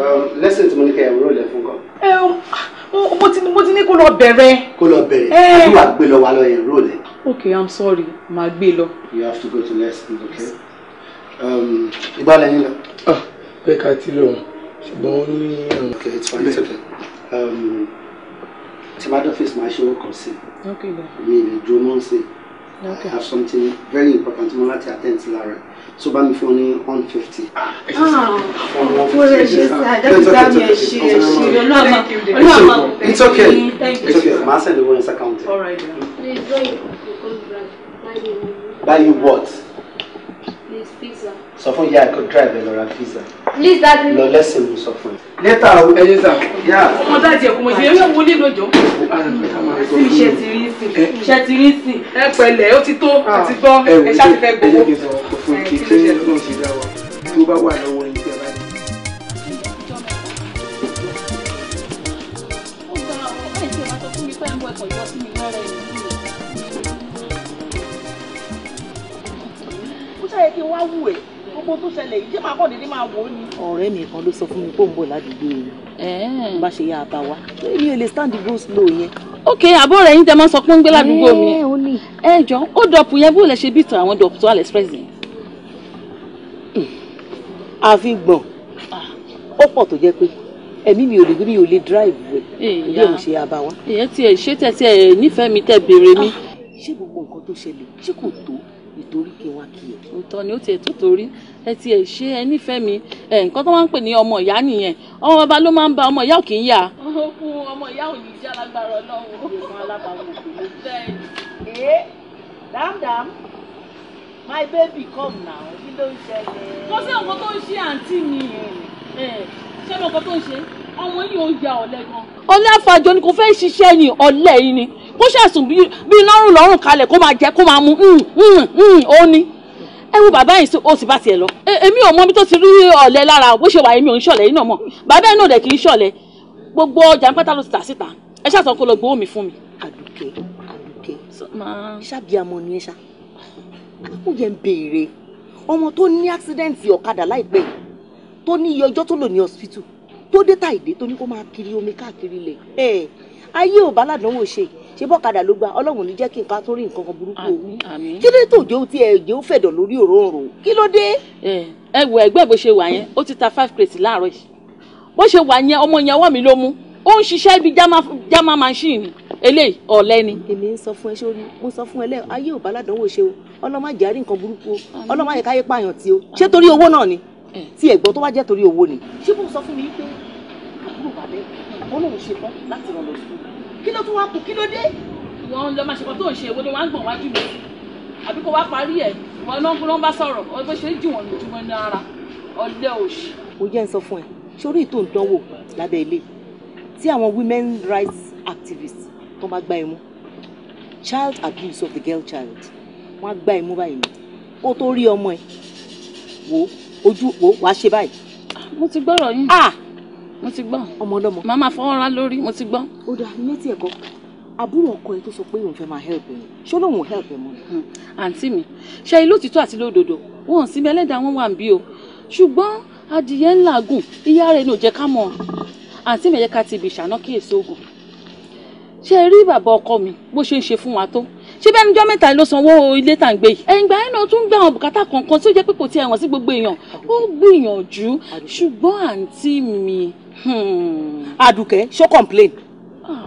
Speaker 4: Um, lẹ́sìn tí mo ní kẹ́ ẹ̀rọ rẹ̀ fún kan.
Speaker 5: ẹ o mo ti mo ti ní
Speaker 4: kó lọ bẹ̀rẹ̀. kó lọ bẹ̀rẹ̀ àbí gbé lọ wa lọ ẹ̀rọ rẹ̀. okay i'm sorry màá gbé lọ. you have to go to lesson okay. Um, ìgbà lẹ́yìn lọ. Ah, pé ká ti lóun ṣùgbọ́n ó ní àrùn kẹ́ ẹ̀ tí wọ́n ti tí bá dọ́fíìsì máa ṣe orúkọ sí mi ìlè dúró mọ́ i have something very important mo to attend to tó So, mi fún ọ ní one fifty. Oh, ah, rẹ̀ ah, ah, ṣe sí àdájúdá mi ẹ̀ ṣe ẹ̀ ṣe olóòmà olóòmà it's okay it's okay màá send owó ẹ̀ sí àkáǹtì. buy you what sọ fún ìyá ẹ̀kọ́ drive ẹ lọ visa. please daddy. lọ lẹ́sìn mo sọ fún ẹ. lẹ́tà o ẹ yé sà yá. ọmọ dájú ẹ̀kọ́ mo ṣe eré
Speaker 5: òun nílò jọ. síbi iṣẹ́ ti rí sí iṣẹ́ ti rí sí. ẹ pẹ̀lẹ́ ó ti tó ó
Speaker 4: ti gbọ́ ah. ẹ ṣáà ti fẹ́ gbowó. ẹ yẹ kí n sọ ṣe dá wa tó bá wà lọ́wọ́ yín tí a bá
Speaker 7: ní.
Speaker 4: kí n wá wù ẹ́ gbogbo tó ṣẹlẹ̀ yìí jẹ́ máa kọ́ dédé máa wò ó ni. ọ̀rẹ́ mi kan ló sọ fún mi pé òun bọ̀ ládùúgbò yìí bá ṣe yá abá wa èmi ò lè stand the go slow yẹn. ok àbó rẹ̀ yín tẹ́ máa sọ pé ń gbé ládùúgbò mi ẹ jọ ó dọ̀pù yẹn bó lè ṣe bí ìtàn àwọn dọ̀pù tó àlẹ́ express yẹn. àfi gbọ̀n ah. ó pọ̀ tó jẹ́ pé ẹ̀mí mi ò lè mi ò lè drive rẹ̀ bí òun ṣe abá wa. èyí ti ẹ̀ ṣé tẹ̀ ẹ̀ nífẹ̀ẹ́ mi tẹ̀ béèrè mi. Ah. ṣé gbogbo nǹkan tó ṣẹlẹ̀ ṣé kò tó torí kí wá kí ẹ. òótọ́ ni ó tiẹ̀ tó torí ẹ tiẹ̀ ṣe ẹ nífẹ̀ẹ́ mi
Speaker 7: nǹkan tó máa ń pè ní ọmọ ìyá nìyẹn ọmọ ọba ló máa ń ba ọmọ ìyá ò kì í yà.
Speaker 4: ọkùn ọmọ ìyá ò ní jẹ́ alágbára ọlọ́run. dámdám
Speaker 7: my baby come now kí ló ń ṣẹlẹ̀. kò sí ọkọ tó ń ṣe àǹtí mi ṣé mo kọ tó ń ṣe ọmọ yìí ó ya ọ̀lẹ gan. ọlẹ́ àfàjọ
Speaker 4: ni kò fẹ́ ṣiṣẹ́ ni ọ̀lẹ yìí ni kó ṣẹ̀sùn bíi lọ́rùn lọ́rùn kalẹ̀ kó máa jẹ kó máa mu hmm, hmm, hmm, ó ní ẹ wo bàbá yìí ó sì bá tiẹ̀ lọ e, èmi ò mọ bí tó ti rí ọ̀lẹ lára bó ṣe wà èmi ò ń ṣọ̀lẹ yìí náà mọ̀ bàbá yìí náà dẹ̀ kì í ṣọ̀lẹ gbogbo ọjà pátá ló ti tà síta ẹ ṣàtọ̀ kó lọ gbowó mi fún mi.
Speaker 7: àdùkẹ́ àdùkẹ́ ṣàbíàmọ ni ẹ ṣá
Speaker 4: ó yẹ ń béèrè ọmọ tó ní àksidẹ́ǹtì ọ̀kadà láìpẹ́ yìí
Speaker 6: tó ní iye ọjọ́ tó lò ní hospital tó dé tàìdé tó ní kó máa kiri omi káàkiri ilẹ̀
Speaker 4: ayé ò bá ládánwò ṣe ṣé bọ́kadà ló gba ọlọ́run ní jẹ́ kí nǹkan tó rí nǹkan kan burúkú o kí ló tó jẹ́ o ti ẹ̀ jẹ́ o fẹ̀dọ̀ lórí òróǹro kí ló dé. ẹ wo ẹgbẹ́ bó ṣe wà yẹn ó ti ta five crate láàárọ̀ yìí bó ṣe wà yẹn ọmọ yẹn ọwọ́ mi ló mú ó ń ṣiṣẹ́ ibi jama machine eléyìí ọ̀lẹ́ ni. èmi ń sọ fún ẹ sórí mo sọ fún ẹ lẹ́yìn ayé ò bá ládánwò ṣe o ọlọ́mọ jẹ́ àrí nǹkan burúkú o ọlọ́mọ ayẹ̀ká ayé pààyàn tí o ṣé torí owó náà ni tí ẹ̀gbọ́n tó wá jẹ́ torí owó ni. ṣé mo sọ fún mi pé àbúrò bàbá ẹ̀ àbọ̀nà òṣèlú láti rọ̀ lọ sí i kí ló tún wá kù kí ló dé. ìwọ lọ máa ṣèkọ tó ń ṣe èwo ni wọn á gbọ̀n wájú mi àbí kó wá parí ẹ̀ ìwọ ló ń bá sọ̀rọ̀ ọgbẹ́ ṣe jù wọ́n ju wọn lára ọlẹ́ òṣì.
Speaker 6: mo jẹ́ ń sọ fún ẹ sórí ìtò ìdánwò lábẹ́ ilé tí àwọn women rights activists tó bá gbá ẹmu child abuse of the girl child
Speaker 4: wọ́n á gbá ẹmu báyìí ó tó rí ọmọ ẹ wò ojú wò wàá ṣe báyìí. mo ti gbọ́rọ̀ yín. ah mo ti gbọ́ ọmọ ọlọ́mọ màá máa fọwọ́ rá lórí mo ti gbọ́. ó dáa ní létí ẹ̀kọ́ àbúrò ọkọ ẹ tó sọ pé òun fẹ́ máa help ẹ ṣé lóun help ẹ mọ́ ni. Hmm. àǹtí mi ṣe ìlú òtítọ́ àti lódodo wọn ò sí mi ẹlẹ́dàá wọn wà ń bí o ṣùgbọ́n adìyẹ ńlá gùn ìyá rẹ̀ ní ò jẹ́ ká mọ̀ àǹtí mi ẹ̀yẹ ká ti ibì ṣàná kíyèsí oògùn ṣe rí bàbá ọkọ mi bó ṣe ń ṣe fún wa tó ṣé bẹ́ẹ̀ níjọ́ mẹ́ta ló sanwó ilé tá à ń gbé yìí. ẹ̀yìn yẹn náà tún gbà àwọn bùkátà kankan tí jẹ́ pé kò tiẹ̀ wọ́n sí gbogbo èèyàn ó gbìyànjú ṣùgbọ́n àǹtí mi. Hmm. àdùkẹ́ ṣó complain. Ah,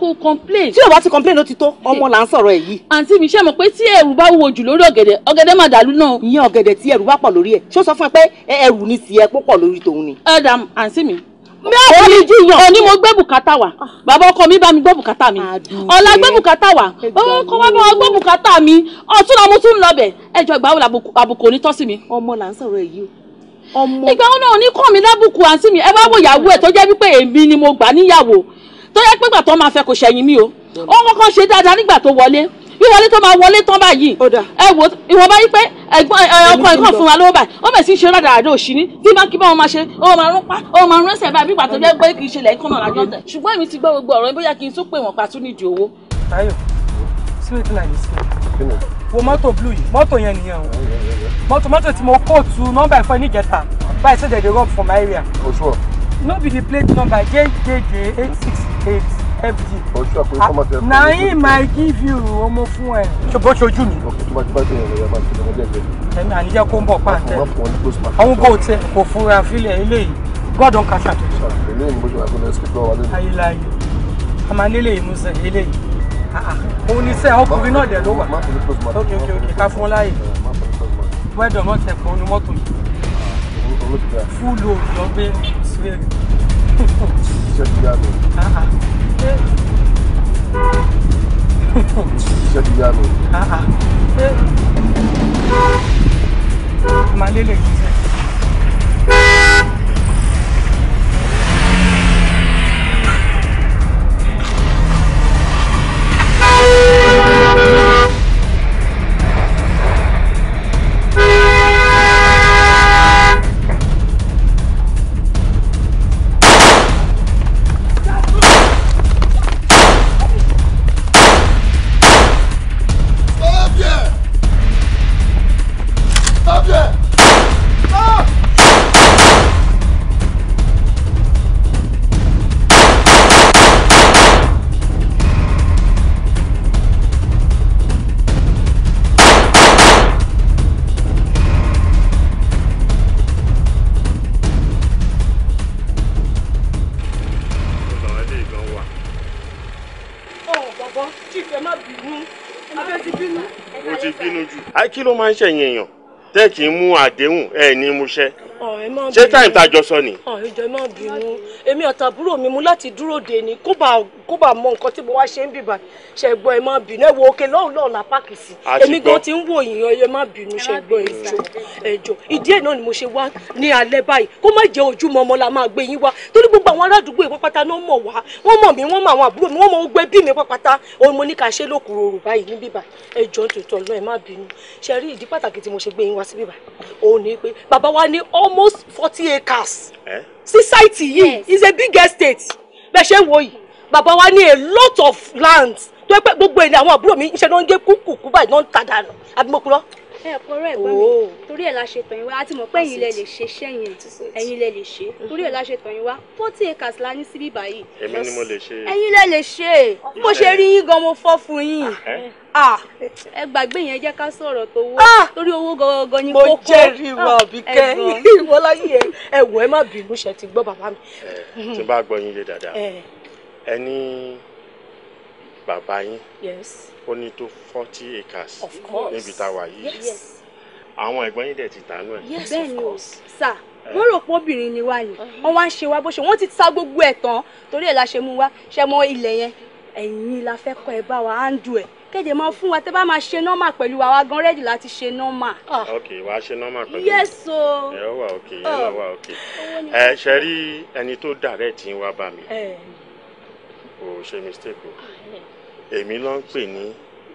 Speaker 4: kò complain. tí o bá ti complain ó ti tó ọmọ là ń sọ̀rọ̀ ẹ̀ yìí. àǹtí mi ṣe mọ̀ pé tí ẹ̀rù bá wúwo jù lórí ọ̀gẹ̀dẹ̀ ọ̀gẹ̀dẹ̀ máa dàlú náà. ìyẹn ọ̀gẹ̀dẹ̀ tí ẹ̀rù bá pọ̀ lórí ẹ̀ ṣó sọ fún ẹ pé ẹ̀rù ni tiẹ̀ pọ̀ lórí tòun ni. ẹ àǹtí mi oníjìyàn òní mo gbé bùkátà wá ah. bàbá
Speaker 7: ọkọ mi bá mi gbọ́ bùkátà mi ọ̀la gbé bùkátà wá ọkọ wa bá wa gbọ́ bùkátà mi ọ̀tún la mo tún ń lọbẹ̀ ẹjọ́ ìgbà wo làbùkù òní tọ́ sí mi. ọmọ là ń sọ̀rọ̀ èyí o. ìgbà
Speaker 4: wo náà ní kàn mí lábùkù àǹtí mi ẹ bá wo ìyàwó ẹ tó jẹ́ wípé èmi ni mo gbà níyàwó tó yẹ pé gbà máa fẹ́ kò ṣẹ̀yìn mi o ó kọ́kọ́ ṣe dáadáa nígbà tó wọlé wíwọlé tó máa wọlé tán báyìí ẹ wò ìwọ̀nba yìí pé ẹ̀gbọ́n ọkọ ẹ̀gbọ́n fún wa lówó báyìí ó bẹ̀ sí ṣe rádàrádà òṣì ní bí má
Speaker 7: kí bá wọn máa ṣe ó máa rún pa ó máa rún ẹsẹ̀ báyìí bí pàtó jẹ́ pé kì í ṣẹlẹ̀ ẹ̀kọ́ náà lájọ́ tẹ̀.
Speaker 4: ṣùgbọ́n èmi ti gbọ́ gbogbo ọ̀rọ̀ bóyá kí n tún pè wọ́n pàtó nídìí owó. Táyọ̀ sí wetin like this wo mọ́tò blue yìí mọ́tò yẹn o mọ́tò empty. o ṣọ pé kọ́mọ tẹ. na him i give you ọmọ fún ẹ. ṣùgbọ́n ṣojú mi. ọkọ tó bá ti bá dé ẹ̀rọ yẹn máa ti lọ́mọdé ẹgbẹ́. ẹ̀mí àníjẹ́ kó ń bọ̀ pàǹtẹ́. àwọn kò tẹ kò fura fílẹ̀ eléyìí gbọ́dọ̀ ń kàṣà tó. eléyìí mo ṣe wà fún ẹsẹ̀ tó wà lẹ́nu. ayélujáyé a máa nílé ìmúṣẹ eléyìí ah, ah. òun ni sẹ́ ọkùnrin náà dẹ̀ ló wà. ok ok ok ká fún ọ láàyè wẹ́dọ̀ náà tẹ̀ fún ọ ní mọ́tò yìí fúlù òjò gbé sílẹ̀. Iṣẹ́ ti yá mi. Ah, ah. Iṣẹ́ ti yá mi. Ah, Màá lélẹ̀ yìí sẹ́yìn.
Speaker 8: ẹ kí ló máa ń ṣẹ̀yìn èèyàn tẹ́ kì í mú àdéhùn ẹ ní múṣẹ. ṣé táyìm sọ ni.
Speaker 6: ìjọ ẹ má bínú èmi àtàbúrò mi mú láti dúró dè ní kó bá kó bá mọ nǹkan tí mo wá ṣe ń bìbà ṣẹ̀gbọ́n ẹ má bínú ẹ wo òkè lọ́hùn lọ́hùn la páàkì sí èmi gan ti
Speaker 7: ń wò yìnyín ẹ má bínú ṣẹ̀gbọ́n ẹjọ ẹjọ ìdí ẹ̀ náà ni mo ṣe wá ní alẹ́ báyìí kó má jẹ́ ojúmọ́ ọmọ la máa gbé yín wá torí gbogbo àwọn aládùúgbò ìwọ pátá náà mọ̀ wá wọ́n mọ̀ mí wọ́n mọ̀ àwọn
Speaker 6: àbúrò mi wọ́n yìí is a big estate bẹ́ẹ̀ ṣe ń wo yìí bàbá wa ní a lot of land tó yẹ pé gbogbo ẹni àwọn àbúrò mi ṣe náà ń gé kúkúkú báyìí náà ń ta dànù àbí mo kúrọ.
Speaker 7: ẹ kọrọ ẹ̀gbọ́n mi oh. torí ẹ la ṣe tàn yín wá a ti mọ̀ pé ẹ̀yin lẹ lè ṣe iṣẹ́ yẹn ẹ̀yin lẹ lè ṣe torí ẹ la ṣe tàn wá forty acres la ní síbí báyìí. èmi ni mo lè ṣe. ẹ̀yin lẹ lè ṣe mo ṣe rí yín gan mo fọ́ fún yín ah, ẹ gbàgbé yẹn jẹ́ ká sọ̀rọ̀ tó wó ah! torí owó gangan ni kókó. mo jẹ́rìí wa ah, Àbíkẹ́ ìwọ láyé ẹ wọ ẹ má bínú ṣe ti gbọ́ bàbá mi.
Speaker 8: tí n bá gbọ́ yín yé dáadáa ẹni bàbá yín yes. ó ní tó forty acres of course níbi tá a wà yìí yes. àwọn ẹ̀gbọ́n yín dẹ̀ ti tànú ẹ̀. yes
Speaker 7: bẹ́ẹ̀ ni o sà wọ́n rò pé obìnrin ni wá ni wọ́n wá ń ṣe wá bó ṣe wọ́n ti ta gbogbo ẹ̀ tán torí ẹ̀ la ṣe mú wá ṣe mọ ilẹ̀ yẹn ẹ̀yin la fẹ́ kọ́ ẹ bá wa handle ẹ̀ kéde máa fún wa tẹ́ bá máa ṣe nọ́mà pẹ̀lú wa wa gan rẹ́dì láti ṣe nọ́mà. Ah.
Speaker 8: ok wà á ṣe nọ́mà pẹ̀lú mi. yes o. ẹ wà ok ẹ ah. wà ok ẹ ṣe rí ẹni tó direct yín wá bá mi o ṣe mistake o
Speaker 1: ah,
Speaker 8: èmi ló ń pè ní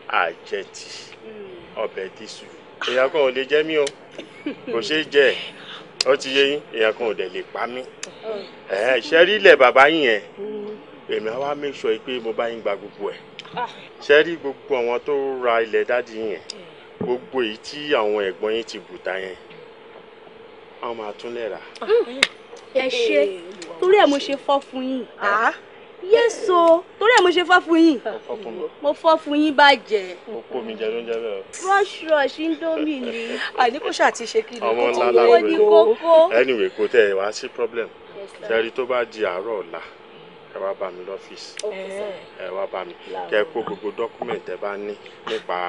Speaker 8: àjẹtì hmm. ọbẹ̀ dísù èèyàn kan ò lè jẹ mí o kò ṣeé jẹ ó ti yé yín èèyàn kan ò dẹ̀ lè pa mí
Speaker 1: oh.
Speaker 8: ṣe rí ilẹ̀ bàbá yín yẹn hmm. èmi á wá make sure pé mo bá yín gba gbogbo ẹ̀ ah. ṣe rí gbogbo àwọn tó ra ilẹ̀ dádì yín yẹn gbogbo èyí tí àwọn ẹ̀gbọ́n yín ti bùtà yẹn àwọn máa tún lẹ̀ ah,
Speaker 7: ẹ ṣe torí ẹ mo ṣe fọ́ fún yín yéso torí ẹ̀ mo ṣe fọ́ fún yín mo fọ́ fún yín bàjẹ́. mo kó
Speaker 8: jẹ
Speaker 7: rush rush indomie ni. àní kò ṣáà ti ṣe kí ni kò wọ ní kókó.
Speaker 8: anyway kò tẹ ẹ wá sí problem ṣẹ́rí tó bá di àárọ̀ ọ̀la ẹ wá bá mi lọ́fíìsì
Speaker 7: ẹ
Speaker 8: wá bá mi kẹ kó gbogbo dọ́kúmẹ̀ntì ẹ bá ní nípa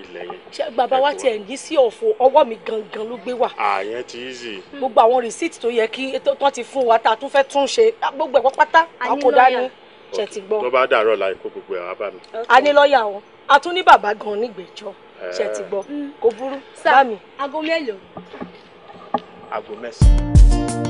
Speaker 8: ilẹ̀ yẹn.
Speaker 7: ṣé bàbá wa tiẹ̀ ní sí ọ̀fọ̀ ọwọ́ mi gangan ló gbé wà. àyẹn ti easy. gbogbo àwọn rìsíìtì tó yẹ kí tó ti fún wa tá a tún fẹ́ tún ṣe gbogbo ẹ̀kọ́ pátá àkódá ni ṣe ti gbọ́. tó bá
Speaker 8: dàárọ̀ láì kó gbogbo ẹ̀ wá bá mi.
Speaker 7: a ní lọ́ọ̀yà wọn a tún ní bàbá gan nígbèjọ ṣe ti gbọ́ mm. kò burú bá mi. aago mélòó.
Speaker 8: aago mẹ́sàn-án.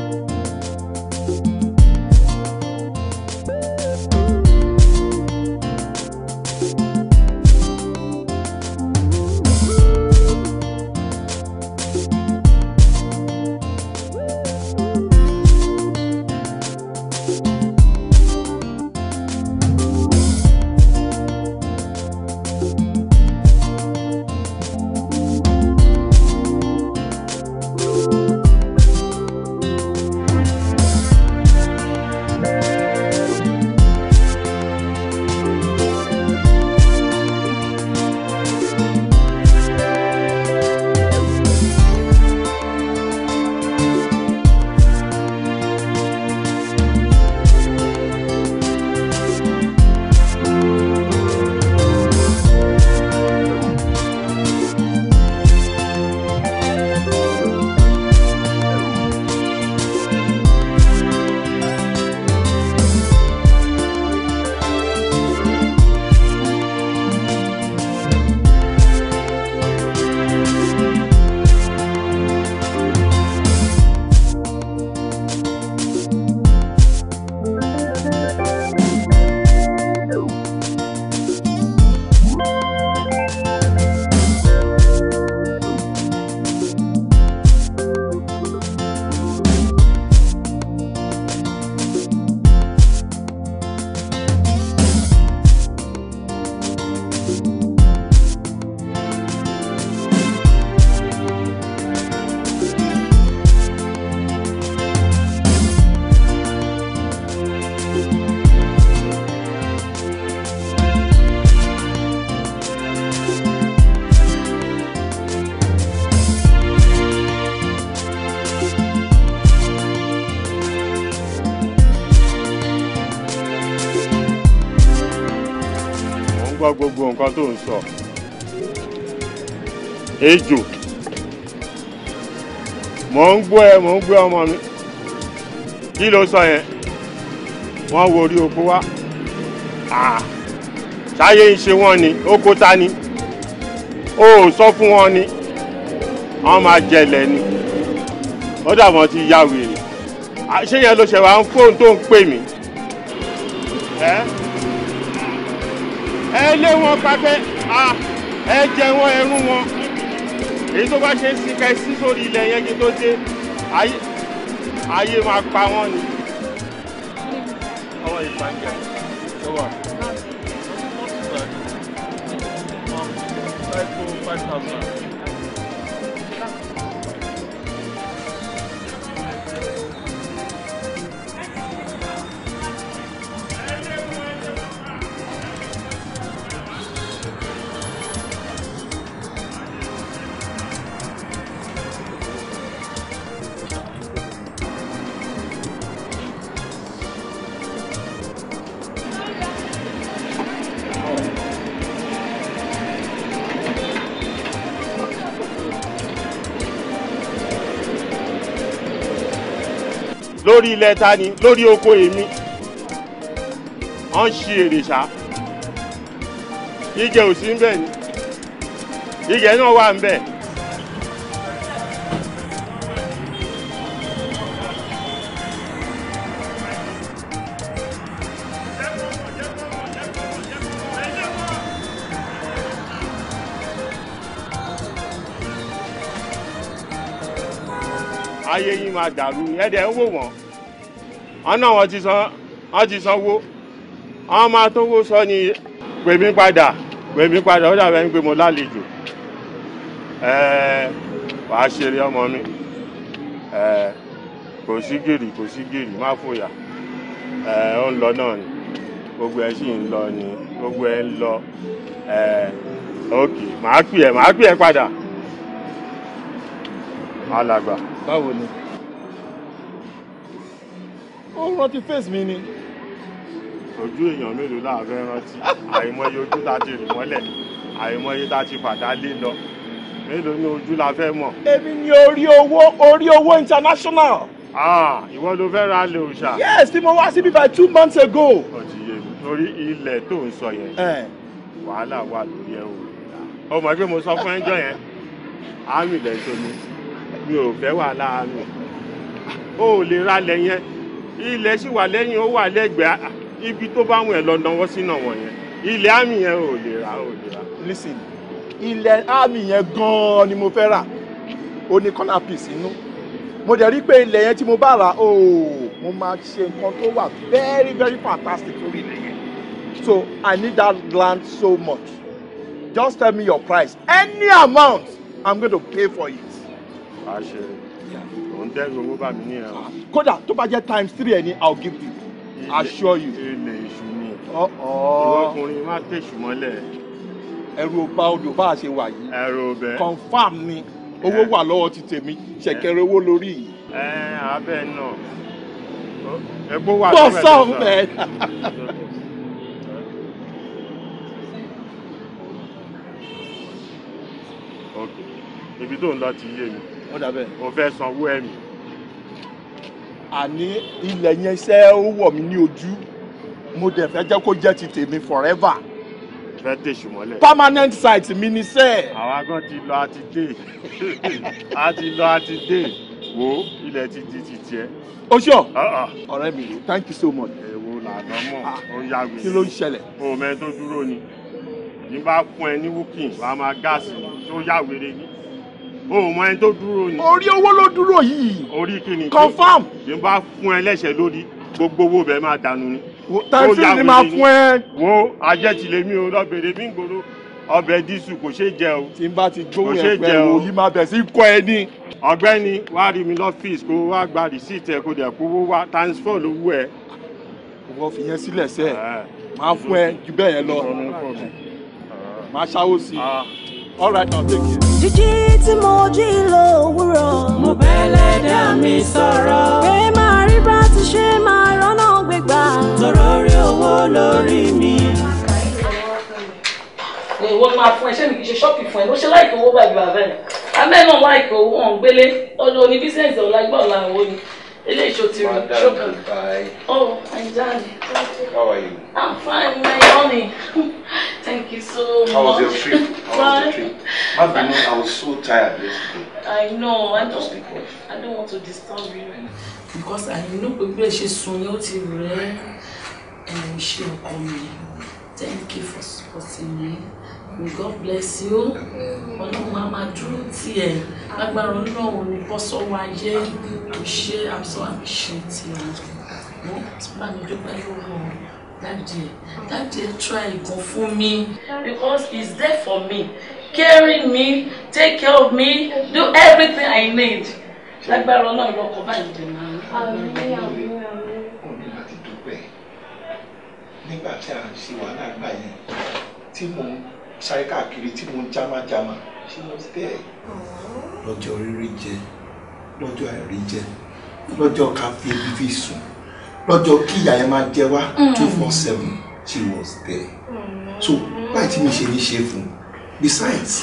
Speaker 8: gbogbo nǹkan tó ń sọ ejò mò ń gbọ́ ẹ mò ń gbé ọmọ mi kí ló sọ yẹn wọ́n wo orí oko wá ṣáyé ń ṣe wọ́n ni oko ta ni ó sọ fún wọn ni wọ́n máa jẹlẹ̀ ni ó dàbọ̀ ti ya wèrè ṣé yẹn ló ṣe wá ń fóun tó ń pè mí. wọ́n pa pé ẹ jẹ ẹrú wọn èyí tó bá ṣe ń sìnkà sí sórí ilẹ̀ yẹn kí tó dé ayé máa pa wọ́n ni. lórí ilẹ̀ ta ni lórí oko èmi wọ́n ṣe èrè ṣá igẹ ò sí nbẹ ni igẹ náà wà nbẹ. ayé yín máa dàrú ẹ̀dẹ̀ wò wọ́n. àná àwọn ti san wọ́n ti sanwó àwọn tówó sọ ni pè mí padà pè mí padà ó ń mo lálejò eh, wàá ṣeré ọmọ mi eh, kò sí gìrì kò sí gìrì má fòyà eh, ó ń lọ náà ni gbogbo ẹ sì ń lọ ni gbogbo ẹ ń lọ ma màá pè ẹ màá pè ẹ padà alàgbà. báwo ni. ó rántí face mi ni. ojú èèyàn mélòó láàbẹ̀ rántí àìmọye ojú tá a ti rì mọ́lẹ̀ àìmọye tá a ti fàdá lé lọ mélòó ni ojú la fẹ́ mọ̀. èmi
Speaker 4: ni orí owó orí owó international.
Speaker 8: ah ìwọ ló fẹ́ ra lè òòṣà. yes tí mo wá síbí by two months ago. ọtí yé mi torí ilẹ̀ tó ń sọ yẹn wàhálà wà lórí ẹ o ọmọ ẹgbẹ́ mo sọ fún ẹjọ́ yẹn àmì ilẹ̀ tó mi ò fẹ́ wàhálà àmì o lè ra lẹ̀ ilẹ̀ sì wà lẹ́yìn ó wà lẹ́gbẹ̀ẹ́ ah, ibi tó bá wọn ẹ̀ lọ náwó sínú wọn yẹn ilẹ̀ àmì yẹn ò lè rà ò lè rà. listen ilẹ̀ àmì yẹn
Speaker 4: gan-an ni mo fẹ́ rà ó ní corner piece inú mo dẹ̀ rí pé ilẹ̀ yẹn tí mo bá rà ó mo máa ṣe nǹkan tó wà very very fantastic lórí ilẹ̀ yẹn so i need that land so much just tell me your price any amount i'm going to pay for it. wàá ṣe dẹ́rù owó bá mi níyàwó. kódà tó bá jẹ́ times three ẹ̀ I'll give you
Speaker 8: i assure you. ilé èṣù ni ìwọkùnrin má tẹ̀sù mọ́lẹ̀. ẹrù ọba odò bá a ṣe wà yìí. ẹrù ọbẹ̀. confam ni owó wà lọ́wọ́ ti tèmi ṣẹ̀kẹ̀rẹ̀ owó lórí yìí. ẹ abẹ́ náà epo wà lọ́wọ́ ẹ̀ lọ́sọ̀ọ́ bẹ́ẹ̀. ibi tó ń lọ ti yé mi. ó dàbẹ̀. o fẹ́ sanwó mi
Speaker 4: àní ilẹ̀ yẹn iṣẹ́ ó wọ̀ mí ní ojú mo dẹ̀ fẹ́ jẹ́ kó jẹ́ ti tèmi forever.
Speaker 8: fẹ́ tèṣù mọ́lẹ̀.
Speaker 4: permanent site mi ni
Speaker 8: sẹ́. àwa gan ti lọ àti dé àti lọ àti dé wo ilẹ̀ ti di ti tiẹ̀. o ṣọ uh-uh. ọ̀rẹ́ mi thank you so much. èwo làná mọ̀ ah, ó yá wèrè. kí ló ń ṣẹlẹ̀. o mẹ́ tó dúró ni ní bá fún ẹ ní wúkìn wàá máa gáàsì tó yá ni o ò mọ ẹni tó dúró ni. orí owó
Speaker 4: ló dúró yìí.
Speaker 8: orí kíni. confam. bí n bá fún ẹ lẹ́sẹ̀ lórí gbogbo owó bẹ́ẹ̀ máa dànù ni. tẹ́sí ni máa fún ẹ. wo ajẹ́tìlẹ̀ mi ò lọ́bẹ̀rẹ̀ mi ń gbòòrò ọbẹ̀ dísù kò ṣeé jẹ o. tí n bá ti gbóhùn ẹ pé òòyì máa bẹ̀ sí kọ́ ẹ ní. ọ̀gbẹ́ni wàá rí mi lọ́fíìsì kó wá gba rìsíìtì ẹ kó dẹ̀ kó wá transfer lówó ẹ. wọ́n fi yẹn sílẹ̀ sẹ́ẹ̀ máa fún ẹ
Speaker 4: ju bẹ́ẹ̀ yẹn lọ máa ṣáwó sí i ah. all right now take it
Speaker 2: jíjí tí mo jí lówùrọ̀. mo bẹ́lẹ̀
Speaker 1: dá mi sọ̀rọ̀. pé
Speaker 7: máa rí bá ti ṣe máa rọ́nà gbégbá.
Speaker 1: tọrọ rí owó lórí mi.
Speaker 7: èwo máa fún ẹ ṣé mi kì í ṣe ṣọ́ọ̀kì fún ẹ ló ṣe láìpẹ́ owó bàjẹ́
Speaker 4: àbẹ́rẹ́ abẹ́ náà láìpẹ́ owó ọ̀hún gbélé ọjọ́ oní bísíǹsì ọ̀la gbọ́ ọ̀la ìwọ ni eléyìí ṣó ti rí ṣókan oh my darling how are you i'm fine my honey thank you so much how was your trip how was your trip má bínú i was so tired yesterday i know i don't i don't want to disturb you because i know pé bí ẹ ṣe sùn yẹn ó ti rẹ ẹ ṣe ọkọ mi thank you for supporting me may God bless you ọlọ́run á máa dúró tiẹ̀ lágbára ọlọ́run ní bọ́sọ̀wọ́ ayé i'm sure i'm so appreciate you wọ́n ti bá mi dúpẹ́ lọ́wọ́ dáàdì dáàdì try nǹkan fún mi because he's there for me caring me take
Speaker 7: care of me do everything i need lágbára ọlọ́run lọ́kọ̀ báyìí dè máa ń
Speaker 4: nígbà tí a ń ṣe wàhálà gbà yẹn tí mò ń sáré káàkiri tí mo ń jámájámá she was there. lọ́jọ́ rírí jẹ lọ́jọ́ àìrí jẹ lọ́jọ́ ká fi ebi fi sùn lọ́jọ́ kí ìyá yẹn máa jẹ wá mm. two four seven she was there. Mm. so báyìí tí mi ṣe ní ṣe fún besides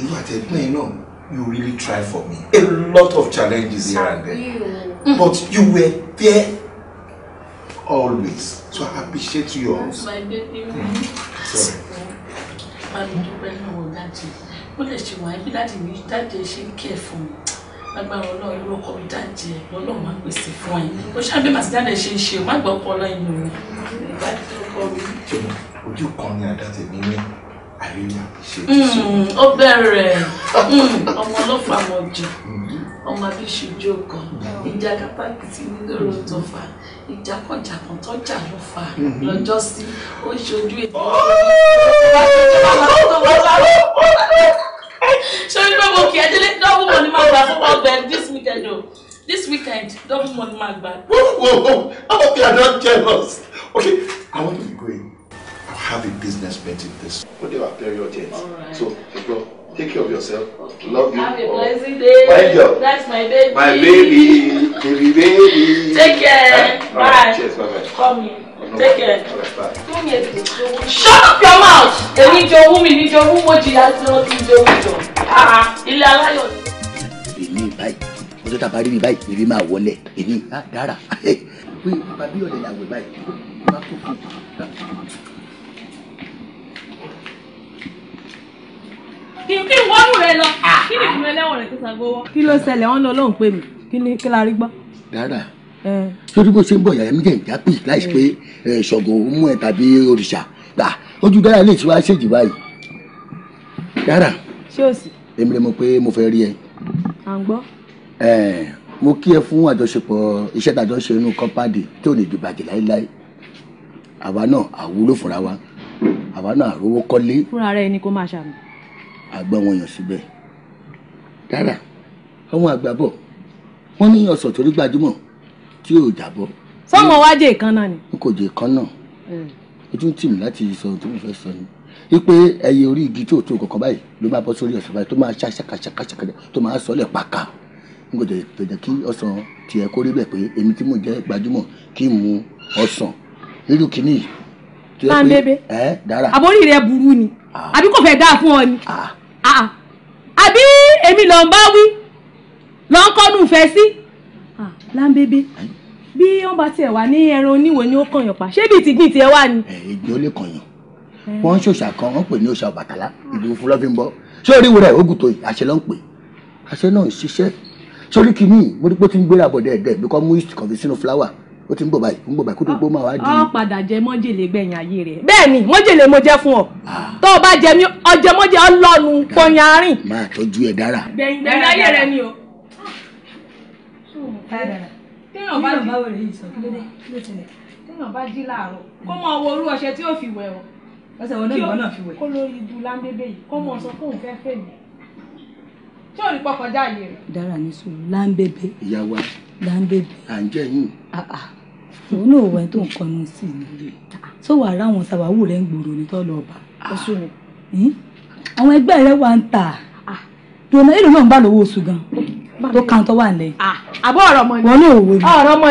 Speaker 4: irú àtẹ̀gbọ́n yẹn náà you really try for me a lot of challenges here and
Speaker 1: there mm. but
Speaker 4: you were there always so I appreciate you.
Speaker 2: That's
Speaker 4: Mm. Sorry bá mi dúpẹ́ lọ́wọ́ dáàdì ó lè ṣe wà bí dáàdì mi dáàdì ẹ ṣe ń kẹ́ fún mi lágbára ọlọ́run irú ọkọ mi dáàdì ẹ lọ́lọ́run máa pèsè fún ẹ ó ṣàbẹ̀ màsí dáàdì ṣe ń ṣe má gbọ́ ọkọ ọlọ́run rẹ ìbájú tó kọ mi. ojú kan ni àdáṣe mi ní àríyá ṣe ti hmm, sọ. ó bẹ̀rẹ̀ hmm, ọmọ ọlọ́pàá mọ̀jọ hmm. ọmọ abíṣojú ọkọ̀ ìjà kápákìtì nílòrò tó fà á ìjàkọ̀jàkọ̀ tó jà ló fà mhm. lọ́jọ́ sí ó ètò ṣojú gbogbo oh! kì í ẹdílé double money máa gbà fún ọgbẹ this weekend o this weekend double money máa gbà. okay i don jealous okay i wan be going i have a business meeting this. ó dé wà pẹ́ẹ́rì ọ̀jẹ̀ so ṣùgbọ́n. Take care of yourself. Okay. Love you. Have a oh. blessed day. Bye, girl. That's my baby. My baby. baby, baby. Take care. Oh, right. Bye. Cheers. Bye bye. Come here.
Speaker 7: Take care. bye. Shut up your mouth! need Èmi jọ owó mi, mi jọ owó mo jìyà tí wọ́n ti jẹ owó jọ.
Speaker 4: Ilé aláyọ̀. Èmi báyìí, ọjọ́ tá a bá rí mi báyìí, èmi máa wọlé. Èmi á ah, dára. Pé bàbá bí ọ̀lẹ́ làwẹ̀ báyìí, bá tó fún un.
Speaker 7: kí n wọ́nú rẹ lọ ah, kí ni ah. ìfúnmi ẹlẹ́wọ̀n rẹ ti sàgbówó. kí ló ṣẹlẹ̀ wọ́n lọ lóhùn pé mi kí ni kí la rí gbọ́. dáadáa
Speaker 4: sórí bó ṣe ń bọ̀ yàrá mi jẹ́ ìjápè láì pé ṣọ̀gùn mú ẹ tàbí òrìṣà gbà ojú dára lè ti wá ṣèjì báyìí. dára ṣé o sì. èmi rẹ mọ̀ pé mo fẹ́ rí ẹ. à ń gbọ́. mo kí ẹ fún àjọṣepọ̀ iṣẹ́ tàjọ ṣe inú kọ́pádì tó lè dìbàjẹ́ láéláé àwa náà àwúlò fúnra wa àwa náà àrówó kọ́lé.
Speaker 7: fúnra rẹ ni kó máa ṣàmì
Speaker 4: àgbà wọn yàn síbẹ̀ dára àwọn àgbà bọ̀ wọ́n ní ọ̀sọ̀ tó rí gbajúmọ̀ tí ò jábọ́.
Speaker 1: sọmọ wá jẹ ìkan
Speaker 4: náà ni. n kò jẹ ìkan náà hmm. ojú ń tì mí láti sọ tó mo fẹ́ sọ ni wípé ẹyẹ orí igi tí ò tó kankan báyìí ló máa bọ́ sórí ọ̀sán báyìí tó máa ṣàkàṣàkàṣàkàṣà tó máa sọ́lẹ̀ pàkà n kò jẹ tó jẹ kí ọsàn tiẹ̀ kó rí bẹ̀ pé èmi tí mò ń jẹ́ gbajúmọ̀ kí n mu ọsàn nínú kínní. tandebe ẹ dára àbórí
Speaker 7: rẹ burú ni ah. àbí kò fẹ́ dáa fún ọ ni. Ah. Ah, ah.
Speaker 4: àbí èmi ló ń bá wí ló ń kọ́nu ìfẹ́ sí. Ah, láńbébé
Speaker 7: bí wọ́n bá tiẹ̀ wà ní ẹran oníwo ni ó kànyàn pa ṣé bíi tìgbìn tiẹ̀ wà ni. èjì eh, ó lè kànyàn eh.
Speaker 4: wọ́n ń ṣòṣà kan wọ́n pè ní òṣà Ọbàtálá ìlú fún lọ́fíń bọ́ ṣé orí wo tó yìí àṣẹ ló ń pè àṣẹ náà ń ṣiṣẹ́ sórí kìíní mo rí pé tí ń gbéra bọ̀dẹ̀ ẹ̀dẹ̀ bí kò mú yeast fi sínú fúláwà ó ti ń bọ̀ báyìí ń bọ̀ báyìí kó tó gbó máa wá di. ọ
Speaker 7: padà jẹ mọ́jèlé gbẹ̀yìn ayé rẹ̀ bẹ́ẹ̀
Speaker 4: ni mọ́jèlé mo jẹ́ fún ọ
Speaker 7: ah. tó o bá jẹ mí ọjẹ mọ́jẹ ọlọ́nu pọnyin arìn. máa tọ́jú ẹ̀ dára. gbẹ̀yìn ayé rẹ̀ ni o. téèyàn bá jí téèyàn bá jí láàárọ̀ kó mọ owó orú ọṣẹ tí ó fi wẹ̀ o. ọṣẹ wo lóyún náà fi wẹ̀. kó lórí ibu lámbébé yìí kó mọ sọ fóun fẹ́ fẹ́ mi
Speaker 5: tí ò ní pọkàn jáde rẹ̀. dára ní sùn lámbébé. ìyá wa. lámbébé. à ń jẹ́ yín. Ah, ah. òun náà tó sí nílé tó ráwọn
Speaker 7: rẹ ń gbòòrò ní ọba. Ah. Hmm? àwọn ẹgbẹ́ rẹ wà ń tà ah. dùnà náà ń bá lówó oṣù gan tó tó wà lẹ. Ah. àbọ̀ wọn náà wò ni ọ̀rọ̀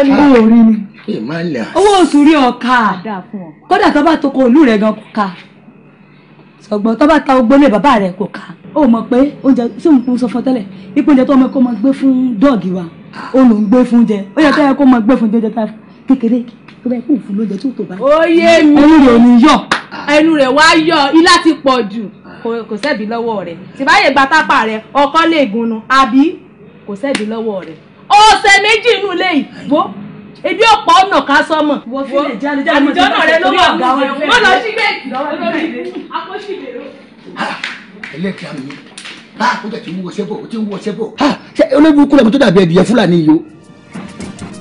Speaker 7: ni wọn ò rí
Speaker 4: ni.
Speaker 7: owó oṣù rí ọ̀ka kódà tó bá tó kọ òlú rẹ gan kò ká sọgbọn tó bá ta bàbá rẹ kò ká ó mọ̀ pé oúnjẹ tí òun sọ tẹ́lẹ̀ ọmọ ẹ̀kọ́ máa fún dọ́ọ̀gì wa ó lòún gbé kékeré tó bá kú fún lóúnjẹ tó tó bá. ó yé mi ẹnu rẹ̀ ò ní yọ. ẹnu rẹ̀ wá yọ ilá ti pọ̀ jù kò sẹ́bi lọ́wọ́ rẹ̀ tìbáyé gba tápà rẹ̀ ọkọ lè gunnu àbí kò sẹ́bi lọ́wọ́ rẹ̀ ọ̀sẹ̀ méjì inú ilé yìí wo ebi ọ̀pọ̀ ọ̀nà ká sọmọ. wọ́n fi lè jáde jáde mọ́ ìjọba rẹ ló wà gà wọ́n fẹ́. wọ́n lọ sí gbèkì lọ́wọ́ akọ́sí ìbèrè. Ah, ẹlẹ́kìá mi bá àkójọ
Speaker 4: tí ń wọ ṣẹ́bọ̀ ó ti ń wọ ṣẹ́bọ̀. Ah, olóògùn kúlẹ̀ mi tó dàbí ẹ̀dìyẹ fúlàní yìí o.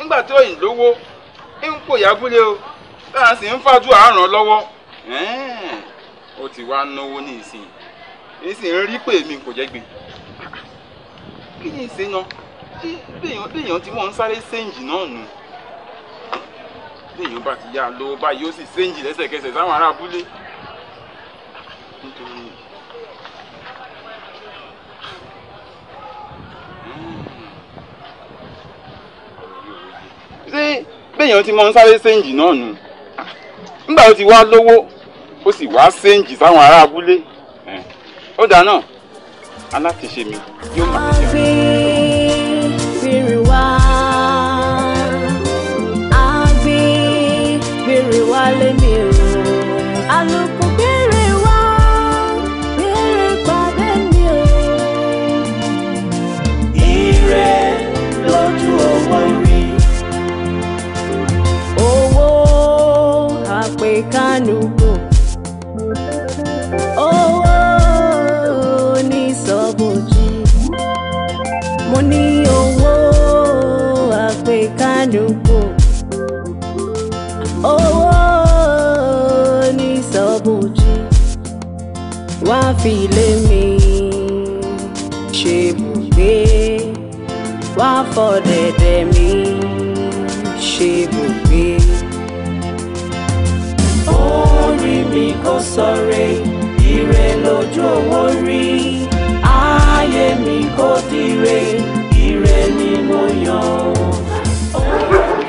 Speaker 4: nígbà tí òyìn lówó ń pòyà gúlé o tá a sì ń fàájú àárọ̀ lọ́wọ́ ó ti wá náwó ní ìsìn èyí sì ń rí pé mi kò jẹ́ gbé kí ni ìṣe náà béèyàn tí wọ́n ń sáré séǹjì náà nù béèyàn bá ti yá lówó báyìí ó sì séǹjì lẹ́sẹ̀kẹsẹ̀ sáwọn ará abúlé nítorí ṣé bẹ́ẹ̀yàn ti mọ sáré náà nù nígbà tó ti wá lówó ó sì wá sáwọn ará abúlé ó
Speaker 1: aláṣẹṣe mi yóò
Speaker 2: ládùúgbò owó ní sọ́bùjì wá fi lé mi ṣèbùgbé wá fọ̀dẹ̀dẹ̀ mi ṣèbùgbé. orí mi kò sọ̀rẹ́ ire lójú owó rí ayé mi kò dire ire ni mo yàn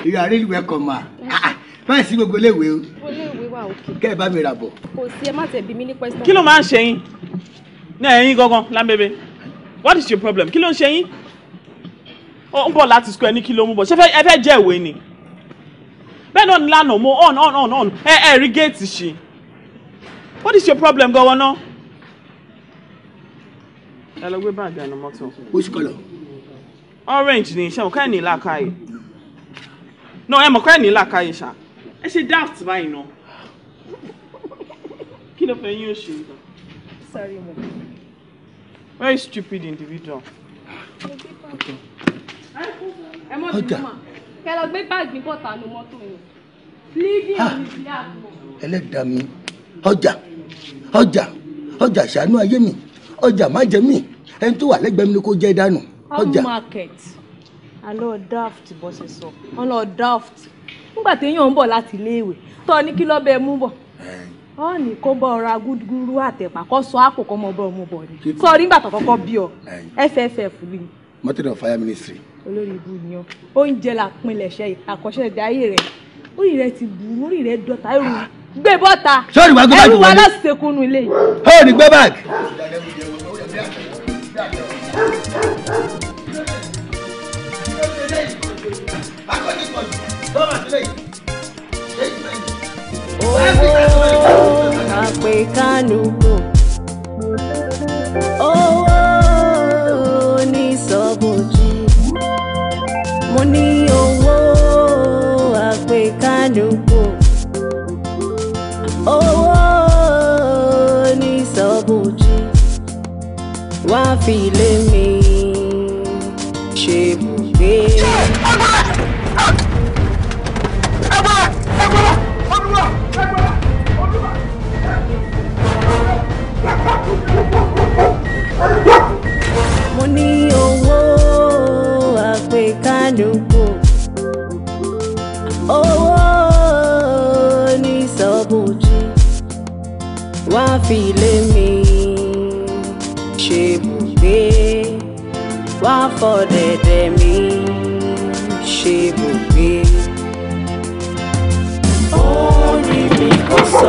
Speaker 4: you are really welcome ma báyìí ah, ah. sí gbogbo iléèwé
Speaker 5: o
Speaker 4: kẹ́ ẹ bá mi rà bọ̀.
Speaker 5: kò sí ẹ má tẹ̀ bí mi ní pẹ́sítọ̀. kí ló máa ń ṣe yín
Speaker 4: ní ẹ̀yin gangan lámbébé what is your problem kí ló ń ṣe yín ó ń bọ̀ láti square ní kí ló ń bọ̀ ṣé ẹ fẹ́ jẹ́ ìwé ni bẹ́ẹ̀ náà ni mo on on on on ẹ ẹ rí géètì ṣe what is your problem gan-an náà. ẹ lọ gbé báàgì àná mọ́tò. oṣù orange ni ṣé òun ká ẹ̀ ní làákàyè náà ẹ mọ̀ kọ́ ẹ̀ ní làkàyè ṣá ẹ ṣe daft báyìí náà kí ló fẹ́ yín òṣèlú sorry mo. very stupid individual.
Speaker 7: ẹ mọ̀ sí mímọ̀ kẹ lọ gbé báàgì bọ̀tà nu mọ́tò yẹn. lídìí ní ìdílé àpò.
Speaker 4: ẹlẹ́dàá mi ọjà ọjà ọjà ṣàánú ayé mi ọjà má jẹ mí ẹni tó wà lẹ́gbẹ̀ẹ́ mi ni kò jẹ́ dànù
Speaker 7: ọjà. home market alọ́ daft bó ṣe sọ wọn lọ daft nígbà téèyàn ń bọ̀ láti iléèwé tó ní kí lọ́bẹ̀ mú bọ̀ ọ ní kó bọ́ ra gúdúgúrú àtẹ̀pà kó sọ àkókò mọ́ bọ́ mú bọ̀ ni sọ nígbà tó kọ́kọ́ bí ọ FFF ni.
Speaker 4: mọ́tò náà fire ministry.
Speaker 7: olórí ibu ni ọ oúnjẹ la pinlẹ̀ ṣe àkọsẹ́ ìdáyé rẹ̀ orí rẹ̀ ti burú orí rẹ̀ dọ̀tà ẹrù gbé bọ́ta ẹrù wa lọ́sẹ̀kùnú ilé yìí.
Speaker 4: ó ní gbé báàgì.
Speaker 2: owó àpè kánú kò owó ní sọ́bùjì mo ní owó àpè kánú kò owó mo ní owó àpèkánukò owó ní sọ́bùjì wá fi lé mi ṣèbùgbé wá fọ̀dẹ̀dẹ̀ mi ṣèbùgbé. orí mi kò sọ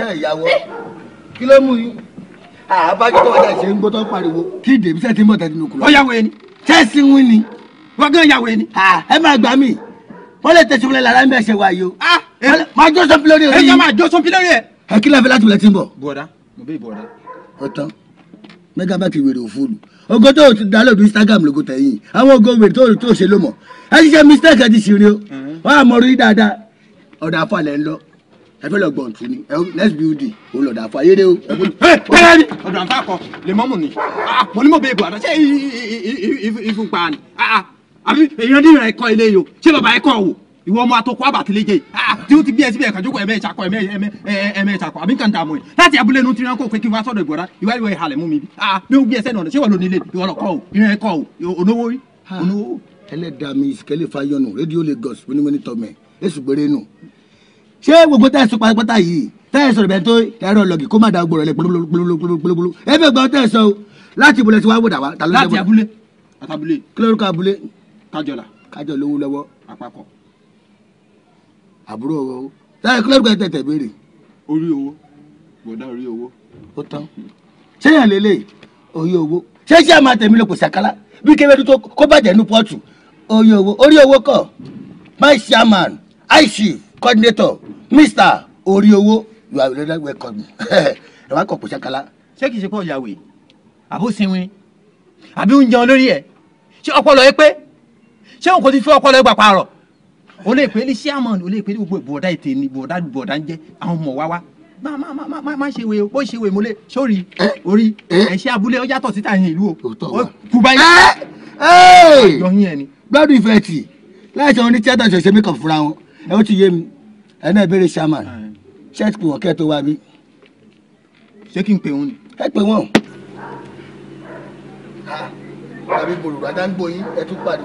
Speaker 4: ṣe ìyàwó kí ló mú yín àbájọ tó wájà ṣe ń gbọ́ tó ń pariwo kí dèbí sẹ́ẹ̀ ti mọ̀ tẹ́tí nìkú lọ. ó yàwó ẹni tẹ́sí wín ni wọ́n gán yàwó ẹni. ẹ máa gbà mí wọ́n lè tẹ̀sí fúnlẹ̀ lára ń bẹ̀ ṣe wá yìí o. máa jó sọ́n pilórí rẹ̀ yìí. ẹ jọ máa jó sọ́n pilórí rẹ̀. ẹ kí lóò fẹ́ láti wulẹ̀ tí ń bọ̀. bọ̀dá mo bẹ bọ̀dá. ó tán mẹ́gà bá ti wèrè òfúlù ogo tó o ti dálẹ̀ ojú Instagram lógo tẹ̀yìn àwọn ogo wèrè tó o ṣe ló mọ̀ ẹ ti ṣe mistake ẹ ti ṣe rí o wọ́n á rí dáadáa ọ̀dà afọ àlẹ́ ńlọ ẹ fẹ́ lọ gbọ̀n tún ni next building òun lọ̀dà fún ayé dé o. bẹ́ẹ̀ ni ọ̀dọ̀ àǹfà kọ lè mọ́mù ni ah, mo ní mo bẹ́ẹ̀ bọ̀ àdá ṣé ìfúnpá ni ah, ah, àbí èèyàn dìrò ẹ̀kọ́ ilé yìí o ṣé bàbá ẹ̀kọ́ wò ìwọ ọmọ àtọkọ àbàtìlẹ jẹ tí ó ti bí ẹ síbẹ̀ ẹ̀ka jókòó ẹ̀mẹ́ ìtakọ̀ ẹ̀mẹ́ ìtakọ̀ àbí nǹkan dààmú ẹ̀ láti abúlé inú tiránkò pé kí n wá sọ̀dọ̀ ìgbọ̀ra ìwà ìwà ìhàlẹ̀ mú mi bí bí ó gbé ẹsẹ̀ náà ṣé wà lónìí ilé ìwọ lọ kọ́ o ìrìn ẹ̀kọ́ o onówó onówó. ẹlẹ́dàá mi ìsìkẹ́lẹ́ fayọ́nù rédíò Lagos onímọ̀nìtọ́mẹ̀ èsùgbèrè nù ṣé gbogbo tẹ́ ẹ sọ pátápátá yìí tẹ́ ẹ sọ̀rọ̀ bẹ́ẹ̀ tó ẹ̀rọ lọ́gì kó má da gbòòrò lẹ gbólógbólógbólógbólógbóló ẹ bẹ́ẹ̀ gbọ́ tẹ́ ẹ sọ o láti ibùdó ẹ ti wá wòdà wá. láti abúlé àtàbúlé. kí lórúkọ abúlé. kájọlá. kájọ lówó lọ́wọ́. àpapọ̀. àbúrò owó. táyà kí lórúkọ ẹ tẹ̀tẹ̀ béèrè. orí owó bọ̀dá orí owó. ó tán ṣé yàn lélẹ̀ oyè my chairman i chief coordinator Mister orí owó you are very welcome ẹ wá kọ kò ṣakala. ṣé kìí ṣe kó ọjà wè àbóṣinwin àbí oúnjẹ olórí ẹ ṣé ọpọlọ ẹ pé ṣé òun kò ti fi ọpọlọ ẹ gbà pààrọ̀ o lè pè é ní chairman o lè pè é ní gbogbo ìbọ̀dá ètè ni bọ̀dá bọ̀dá ń jẹ́ àwọn ọmọ wa wa má má má má má ṣe wèé bó ṣe wèé mo lè sórí orí ẹ̀ṣẹ́ abúlé ó yàtọ̀ síta yẹn ìlú o kú báyìí. gbádùn ìfẹ́ tì láìsí àwọn oní tíátà ṣẹ̀ṣẹ̀ mẹ́kàn fúnra wọn ẹ ó ti yé mi ẹ náà béèrè chairman ṣẹ́ẹ̀tì pò wọ́n kẹ́ tó wá bí. ṣé kí n pè wọ́n ni. ẹ pè wọ́n. àbí bòlùrù adágbó yín ẹ tún pàdé.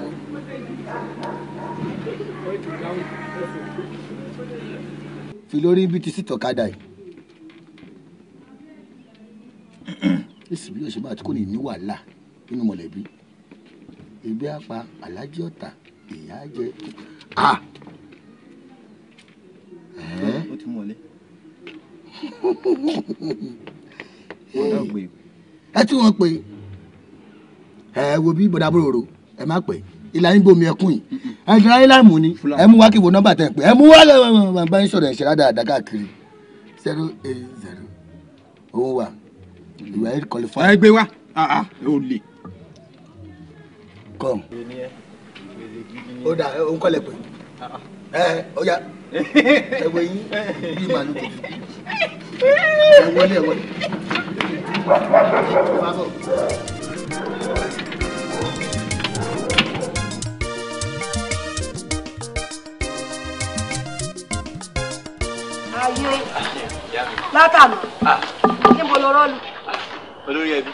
Speaker 4: fi lórí ibi tí sítọ̀ kadà yìí. èsì bí òṣèlú àti kò ní ní wàhálà nínú mọ̀lẹ́bí ebi apá alájí ìyá jẹ. ó ẹ tí wọ́n pè ẹ wo bí bọ̀dá ẹ má pè ìlà yín ẹkún yìí ẹ jọra yín láìmù ẹ mú wá kíbo nọ́mbà tẹ pé ẹ mú wá bá yín sọ̀rọ̀ ẹ̀ṣẹ̀ ládàá àdá káàkiri zero eight zero òun wà ìwà fún. ẹ gbé wá ọ ẹwọ yín bí màálù kò
Speaker 1: ẹ
Speaker 4: wọlé ẹ wọlé.
Speaker 6: ayé látàlú níbo lo rọ́ọ̀lù.
Speaker 4: olórí ẹbí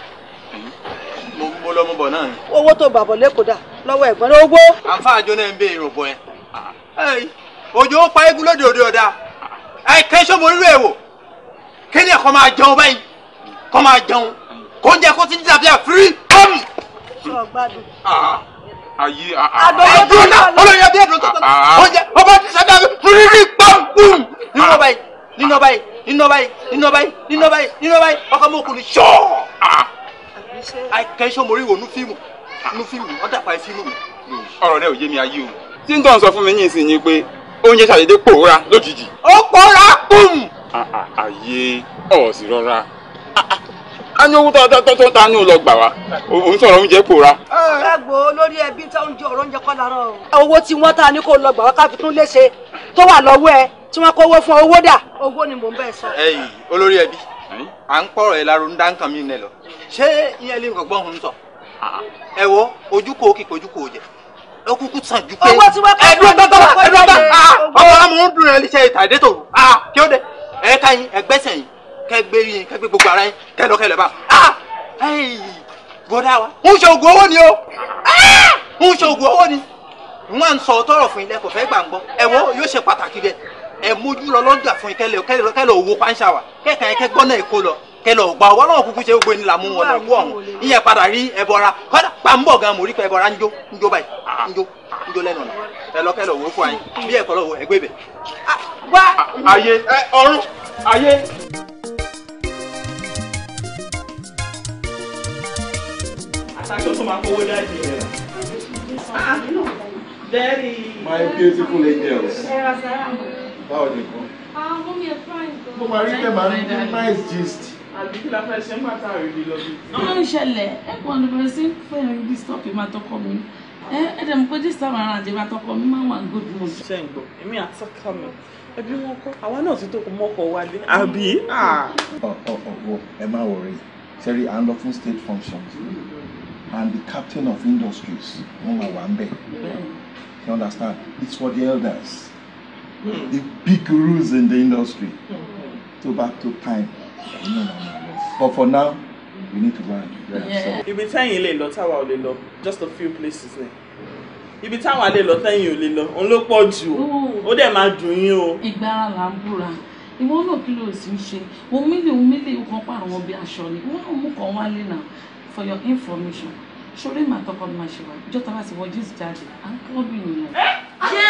Speaker 4: mo lọ mo bọ̀ náà ni.
Speaker 6: owó tó bàbọ̀ lẹ́kọ̀ọ́ dà lọ́wọ́ ẹ̀gbọ́n ní owó.
Speaker 4: àǹfààní jóná ń bẹ èrò bọ̀ ẹ́ òjò ó pa eégún lóde òde ọ̀dà àìkẹ́ sọ́mọ orí rẹ̀ wò kéde kọ́ máa jẹun báyìí kọ́ máa jẹun kó ń jẹ kó ti ń dàbí àfírí pọ́ọ̀mù. Ah, ah, ayé ah, àdúrà olóyè bí ẹ̀dùn tó tọ́ oúnjẹ ọba ti sábẹ́ àfírí pọ́ọ̀mù nínú ọba yìí nínú ọba yìí nínú ọba yìí nínú ọba yìí nínú ọba yìí nínú ọba yìí ọkọ mọ́kùnrin ṣọ́ọ̀ àìkẹ́ sọ́mọ orí wò nú fíìmù nú fíìmù ọ̀dàpá ẹ̀ fíìmù mi. ọ̀rọ̀ rẹ ò yé mi ayé o tí ń tọ́ ń sọ fún mi yín sí ni pé oúnjẹ ṣàdédé pòórá lójijì.
Speaker 1: ó pòórá pùm.
Speaker 8: àyè ọ̀ rọra a ní owó tó ta ní olọ gbà wá òun sọ̀rọ̀ oúnjẹ pòórá.
Speaker 6: ẹ gbọ́ olórí ẹbí tó ń ọ̀rọ̀ oúnjẹ kọ́ owó tí wọ́n ta kò lọ gbà wá ẹ tí wọ́n fún owó dà owó ni mò ń sọ.
Speaker 4: olórí ẹbí à ń pọ̀rọ̀ ẹ̀ mi lọ ṣé ìyẹn lè gbọ́n ló kúkú sàn ju pé ẹdun ọgbọgbọ ẹdun ọgbọ ọmọ ọmọ ń dùn ẹlẹsẹ ìtàdé tó ah, ah, kí ó dé ẹka yín ẹgbẹsẹ yín kẹgbẹ yín kẹgbẹ gbogbo ara yín kẹlọ kẹlẹ bá ah, bọdá wa ń ṣe oògùn owó ni o ń ṣe oògùn owó ni wọn à ń sọ ọtọrọ fún ilé kò fẹ́ gbàgbọ́ ẹwọ yóò ṣe pàtàkì bẹ́ẹ̀ ẹ mójú lọ lọ́jà fún kẹlẹ̀ kẹlẹ̀ owó pàṣà wa kẹ̀kẹ́ ẹ̀kẹ́ gbọ́nà èkó lọ kẹlẹ̀ ọ̀gbà owó ọlọ́run kúkú ṣe gbogbo ẹni làmú wọn lọ wọ ọ̀hún ìyẹn padà rí ẹbọra kọ́dà pàmbọ̀ gan mo rí pé ẹbọra ń jó ń jó báyìí ń jó ń jó lẹ́nu ọ̀nà ẹ lọ kẹlẹ̀ owó fún ayé bí ẹ̀kọ́ lọ́wọ́ ẹgbẹ́ ibẹ̀. wá ayé ọ̀run ayé. àtàkùn tó máa kówó dájú
Speaker 7: ìrẹ̀lẹ̀
Speaker 4: Daddy. My beautiful angels báwo ni kò.
Speaker 7: àwọn ọmọ mi ẹ fine gan. mo máa rí pé màá ní
Speaker 4: nice gist. àbí kí la fẹ́ ṣe ń gbà tá a rí bí lọ́bí. ọmọ
Speaker 7: mi ṣẹlẹ̀ ẹ kàn lè
Speaker 4: bẹ̀rẹ̀ sí fẹ́ rí stop ìmọ̀ àtọkọ mi ẹ ẹ dẹ̀ mọ̀ pé this time around ìmọ̀ àtọkọ mi máa wà good mood. ṣe ń gbọ́ èmi àtọ́kà mi ẹbí wọn kọ àwa náà ti tó mọ́kọ̀ wálé àbí. Ah. ọ̀pọ̀ ẹ má wọrí sẹ́rí à ń lọ fún state functions and the captain of industries wọn wà wà ń bẹ̀ you understand it's for the elders. Hmm. the big rules in the industry. Mm. So back to time. but for now, we need to run. Yeah. yeah. So. Ibi tẹ́yìn lè lọ táwa ò lè lọ just a few places ni. Ibi táwa lè lọ tẹ́yìn ò lè lọ, òun ló pọ̀ jù o. Ó dẹ̀ máa dùn yín o.
Speaker 7: Ìgbà ara là ń búra ìwọ náà kí ló sì ń
Speaker 5: ṣe
Speaker 4: òun mílè òun mílè òkan pààrọ̀ wọn bí aṣọ ni wọn náà mú kàn wá lè nà for your information ṣorí màá tọkọ ni màá ṣe wá ìjọ a bá ti wọ jíìsì jáde à ń kọ́ bí nìyẹn. Eh!
Speaker 1: ayé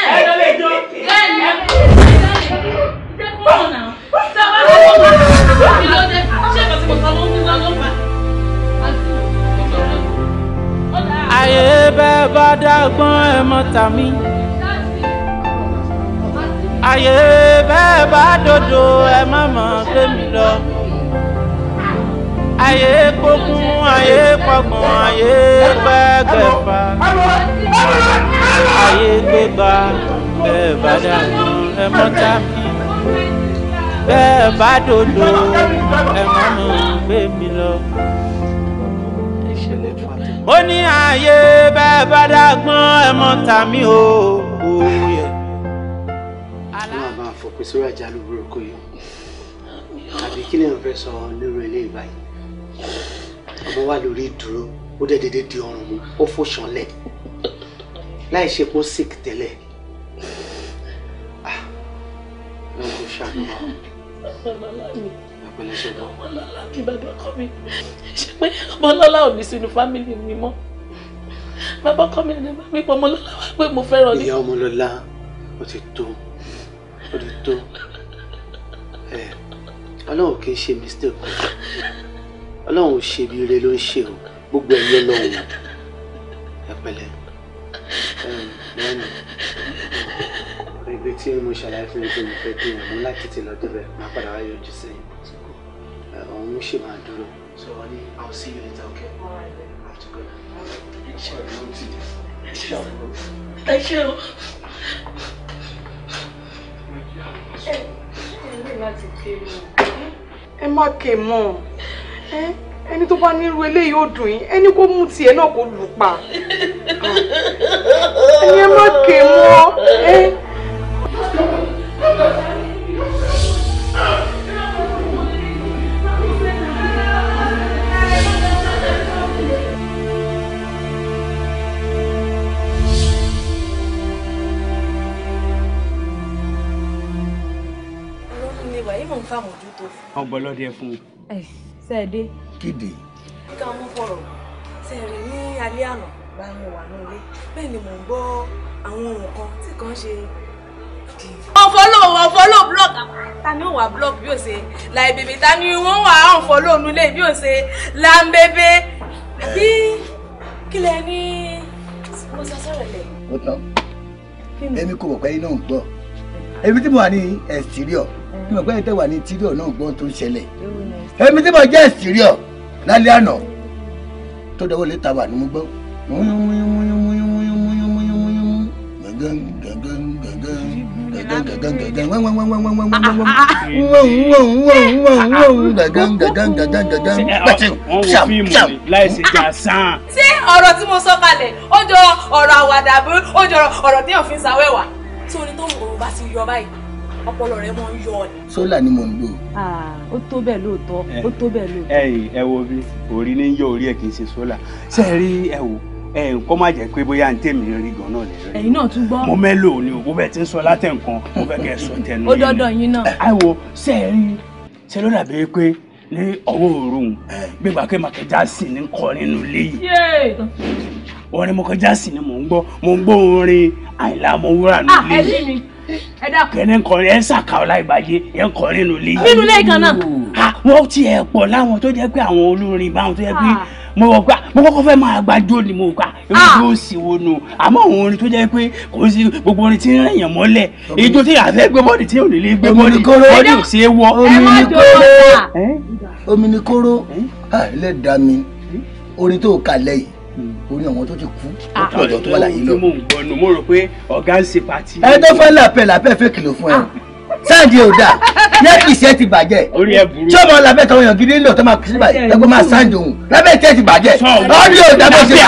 Speaker 3: bẹ́ẹ̀ bá dágbọ́n ẹ̀ mọ́ ayé bẹ́ẹ̀ dodo ẹ má mi lọ. ayé kókún ayé pọ̀gbọ̀n ayé pẹ́ẹ́gbẹ̀fà ayé gbégbá bẹ́ẹ̀ bá dàgbù ẹ mọ́ tákì bẹ́ẹ̀ bá dòdò ẹ mọ́ mọ́ gbé mi lọ. ó ní ayé bẹ́ẹ̀ bá dàgbọ́n ẹ mọ́ ta mí o. màmá fòpin sórí àjálù burúkú yìí
Speaker 4: àbí kí lèèyàn fẹ́ sọ lórí ilé ìbáyìí ọmọ wa lórí ìdúró ó dẹ̀ dédé di ọrùn mú ó fò ṣánlẹ̀ láì ṣe kó sick tẹ́lẹ̀
Speaker 1: ah, lọ́dún ṣàlùwà. ọmọlọ́lá
Speaker 4: kí bàbá ọkọ mi ṣe pé ọmọlọ́lá ò ní sínú fámìlì mi mọ́ bàbá ọkọ mi ní bá mi pọ̀ ọmọlọ́lá wá pé mo fẹ́ràn ní. ìyá ọmọlọ́lá ó ti tó ó ti tó ẹ ọlọ́run kì í ṣe mistake ọlọ́run ò ṣe bí ire ló ń ṣe o gbogbo ẹ̀yẹ lọ́wọ́ ẹ pẹ̀lẹ́ ìgbé tí mo ṣàlàyé fún mi pé mo fẹ́ dín láti ti lọ débẹ̀ máa padà wá yọjú sẹ́yìn òun ṣì máa dúró. So honey, I'll see you later, okay? All I have to go.
Speaker 1: Ẹ ṣé o. Ẹ ṣé o. Ẹ ní láti ké mọ́.
Speaker 5: Ẹ má ké mọ́ ẹni tó bá nírú eléyìí ó dùn yín ẹni kó mú tiẹ̀ náà kó lù pa ẹni ẹ má ké mọ́ ẹ.
Speaker 4: ọgbọlọdẹ fún un.
Speaker 7: ẹ ṣe é dé kéde. ká mú fọ̀rọ̀ ṣe rí ní alẹ́ àná báyìí wà ní ilé bẹ́ẹ̀ ni mò ń gbọ́ àwọn ohun tí kan ṣe. unfollow unfollow blog ta ni wà blog bí ó ṣe láì bèbè ta ni wọ́n wà unfollow nulẹ̀ bí ó ṣe lambebe bí kílẹ̀ ní mo sọ sọ̀rọ̀ lẹ̀. ó tán èmi
Speaker 4: kò mọ̀ pé iná ń gbọ́ èmi tí mo wà ní exterior tí mo pẹ́ tẹ́ wà ní exterior náà gbọ́ tó ń ṣẹlẹ̀ èmi tí mo jẹ́ exterior lálẹ́ àná tó dẹwọ́ lé tàbà ni mo gbọ́
Speaker 7: ṣé ọ̀rọ̀ tí mo sọ kalẹ̀ ó jọ ọ̀rọ̀ àwàdà àbí ó jọ ọ̀rọ̀ tí òfin ṣàwẹ̀wà tí orin tó ń gbòòrò bá ti yọ báyìí ọpọlọ rẹ mọ ń yọ ọ ni.
Speaker 4: sólà ni mò ń lò.
Speaker 7: ó tó bẹ́ẹ̀ lóòótọ́ ó tó bẹ́ẹ̀ lóòótọ́.
Speaker 4: ẹ ẹ wo bí orí ní yọ orí ẹ kì í ṣe sólà ṣe é rí ẹ wò ẹ kọ́ má jẹ́ pé bóyá ntẹ̀mí rí gan náà lè rí.
Speaker 7: ẹ̀yin náà tún gbọ́. mo mẹ́lò
Speaker 4: ni o bẹ́ẹ̀ ti ń sọ látẹ̀ nǹkan mo fẹ́ kẹ́ ẹ sọ tẹnu yín. ó dọ́dọ̀ yín náà. ẹ wo ṣe rí ṣe ló dàbí pé ní ọwọ́ òórùn gbégbá pé màkẹ́já sì ní kọrin nù léyìí. orin mọ̀kẹ́já sì ni mò ń gbọ́ mò ń gbọ́ orin àìlá nù ah, léyìí
Speaker 7: ẹ dákun. kẹ́ni
Speaker 4: kọrin ẹ̀ ń sàkà ọláìbàjẹ́ ẹ̀ ń kọrin nínú ilé. nínú ilé kan náà. wọ́n ti ẹ̀ pọ̀ láwọn tó jẹ́ pé àwọn olórin báwọn tó jẹ́ pé mo wọ gbà mo kọ́kọ́ fẹ́ máa gbàjọ ni mo gbà yóò sì wo nu àmọ́ àwọn orin tó jẹ́ pé kò sí gbogbo orin tí ń rìn yàn mọ́lẹ̀ èyí tó ti àfẹ́ gbé bọ́ọ̀dì tí ò lè gbé bọ́ọ̀dì bọ́ọ̀dì ò sí é wọ. omi ni kóró omi ni ah, mi orin tó kà lẹ́yìn orí àwọn tó ti kú ah. ọjọ́ tó wà láyé lọ. mo ń gbọnu mo rò pé ọ̀gá ń ṣe pàtí. ẹ tó fẹ́ làpẹ́ làpẹ́ fẹ́ kìlọ̀ fún ẹ ah. sáàdì ò dáa yẹ́kì iṣẹ́ ti bàjẹ́ tí ọmọ làbẹ́ tọwọ́ yàn gidi ńlọ tó máa kiri bàjẹ́ tẹ́gbọ́n máa sáàdì òun làbẹ́ iṣẹ́ ti bàjẹ́ ọ́dí ò dáa bó ṣe kí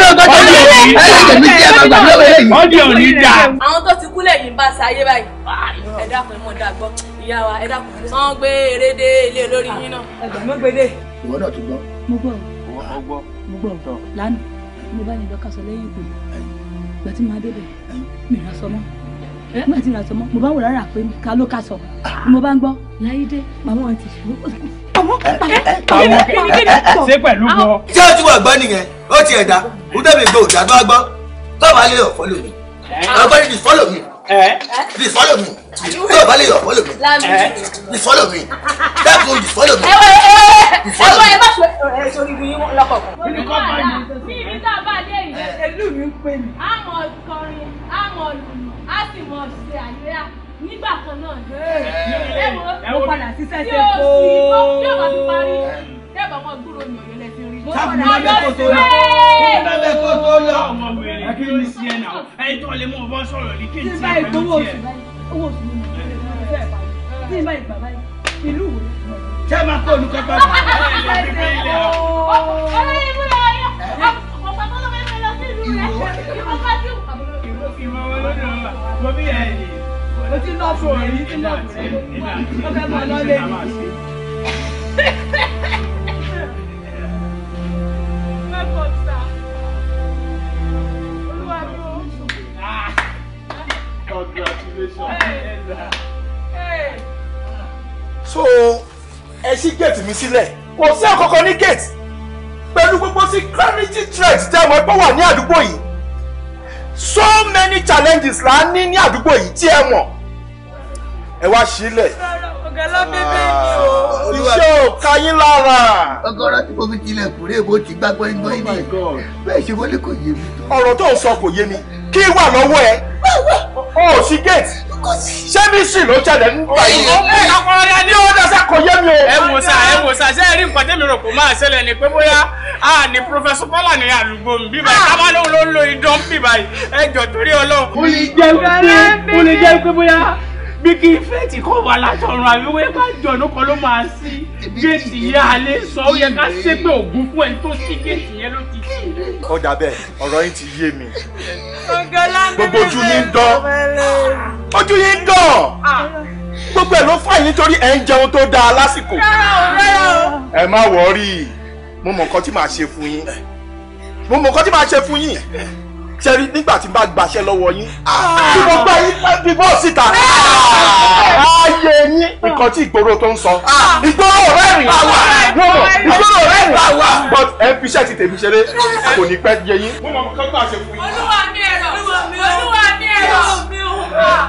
Speaker 4: ló ń tọ́jú ẹ̀ ẹ̀ ẹ̀ tẹ̀mí sí ẹ̀ máa gbà lọ́wọ́ eléyìí. ọ́dí ò ní dáa.
Speaker 1: àwọn tó ti
Speaker 7: kú lẹ́yìn bá ṣayé báyìí ẹ dákun ẹ mọ̀ dáa ìyá wa ẹ dákun wọ́n gbé eré gbọ́ lánàá mo bá ní lọ kásọ lẹ́yìn ìpè ìgbà tí màá débẹ̀ mi rà sọmọ nígbà tí rà sọmọ mo bá wò rárá pé ká ló kásọ mo bá ń gbọ́ láyédé màmá wọn ti fún
Speaker 4: ṣe pẹ̀lú bọ. ṣé o ti wọ ọgbọ́n nìyẹn ó ti ẹ̀dá ó dẹ́bi gbọ́ òdàdó agbọ́n tó bá lé ọ̀ fọ́lọ̀ mi ọgbọ́n ni fọ́lọ̀ mi. Please eh? eh? follow me. No, Bali, eh? you follow me. Please follow me. That one, you follow me.
Speaker 7: You follow me. nígbà kan náà. Ẹ wo mo padà sí sẹ́sẹ̀ kó. Yóò sì yóò máa fi parí. Dẹ́gbàá mọ̀ gbúròó mi ọ̀yọ́ lẹ́sìn káfíńdà bẹ́ẹ̀ kó tó lọ káfíńdà
Speaker 4: bẹ́ẹ̀ kó tó lọ. ọmọ wẹrẹ kí ló ń ṣe ẹ náà ẹni tó lè mú ọbọ sọ̀rọ̀ ní kí n tiẹ̀ pẹ̀lú tiẹ̀. ṣé máa kó olùkọ́ bá mi. ẹ ẹ lè fi ilé ọ. ọlọ́yin ìbúra
Speaker 1: ọ̀yọ́ ọ̀pọ̀ tó lọ́mọ ẹgbẹ́ lọ sí ìlú rẹ̀ ìmọ̀ kájú. ìmọ̀ wọn ló dùn ún
Speaker 3: mọ bí ẹ̀
Speaker 4: ẹ̀ mo ti lọ sọ̀rọ̀ yìí ti lọ sọ̀rọ̀ yìí mo
Speaker 3: fẹ́ mọ lọ́lẹ́
Speaker 5: yìí.
Speaker 4: so ẹ ṣí géètì mi sílẹ̀ kò sí àkọ́kọ́ ní géètì pẹ̀lú gbogbo security threat tẹ́ mọ̀ pé wà ní àdúgbò yìí so many challenges là ń ní ní àdúgbò yìí tí ẹ mọ̀ ẹ wá sílẹ̀ ọ̀gá lábẹ́bẹ́ ni o.
Speaker 1: Ah, iṣẹ́ ò ka yín lára. ọgọ́rọ́
Speaker 4: tí mo fi tilẹ̀ kúrẹ́ èbó ti gbá gbọ́ngbọ́n yìí oh bẹ́ẹ̀ ṣe wọlé kò yé mi. ọ̀rọ̀ tó ń sọ kò yé mi kí wà lọ́wọ́ ẹ. o ò sí gate ṣé mi sì ló ṣẹlẹ̀ nígbà yìí. ọ̀rẹ́ ni ó dẹ́sẹ̀ kò yé mi o. ẹ wò sá
Speaker 3: ẹ wò sá ṣé ẹ rí nǹkan tẹ́mi rò kó máa ṣẹlẹ̀ ni pé bóyá a ní pọfẹsọ bọ́là ní àlùgbò ń bíbá yìí kábà ah. ló ń lo idán bíbá yìí ẹ jọ torí Ọlọ́run.
Speaker 4: ó lè jẹ́ pé bóyá bí kí ifeeti kọ́ wà látọ̀run àríwá ẹgbẹ́ àjọ̀nù kan ló máa sí géètì yẹn alẹ́ sọ ó yẹ ká ṣépè ògún fún ẹni tó sí géètì yẹn ló ti sí. ó dàbẹ̀ ọ̀rọ̀ yín ti yé mi gbogbo ojú yín dán ojú yín dán gbogbo ẹ̀ ló fà yín nítorí ẹ̀ ń jẹun tó dáa lásìkò ẹ má wọrí mo mọ̀ nǹkan tí màá ṣe fún yín mo mọ̀ nǹkan tí màá ṣe fún yín ṣẹ́rí nígbà tí n bá gbàṣẹ lọ́wọ́ yín tí ah! mo gbá yín bí bọ́ọ̀ síta ah! ayé yín nǹkan tí ìgboro tó ń sọ ah! ìgboro ọ̀rẹ́ rìn ìgboro ọ̀rẹ́ rìn but ẹ fi iṣẹ́ ti tèmi ṣeré kò ní pẹ́ yẹ yín. mo mọ̀ mọ̀ kán gbà ṣe
Speaker 2: fún yín. olúwa mi ẹ̀rọ olúwa mi ẹ̀rọ mi ò
Speaker 1: wá.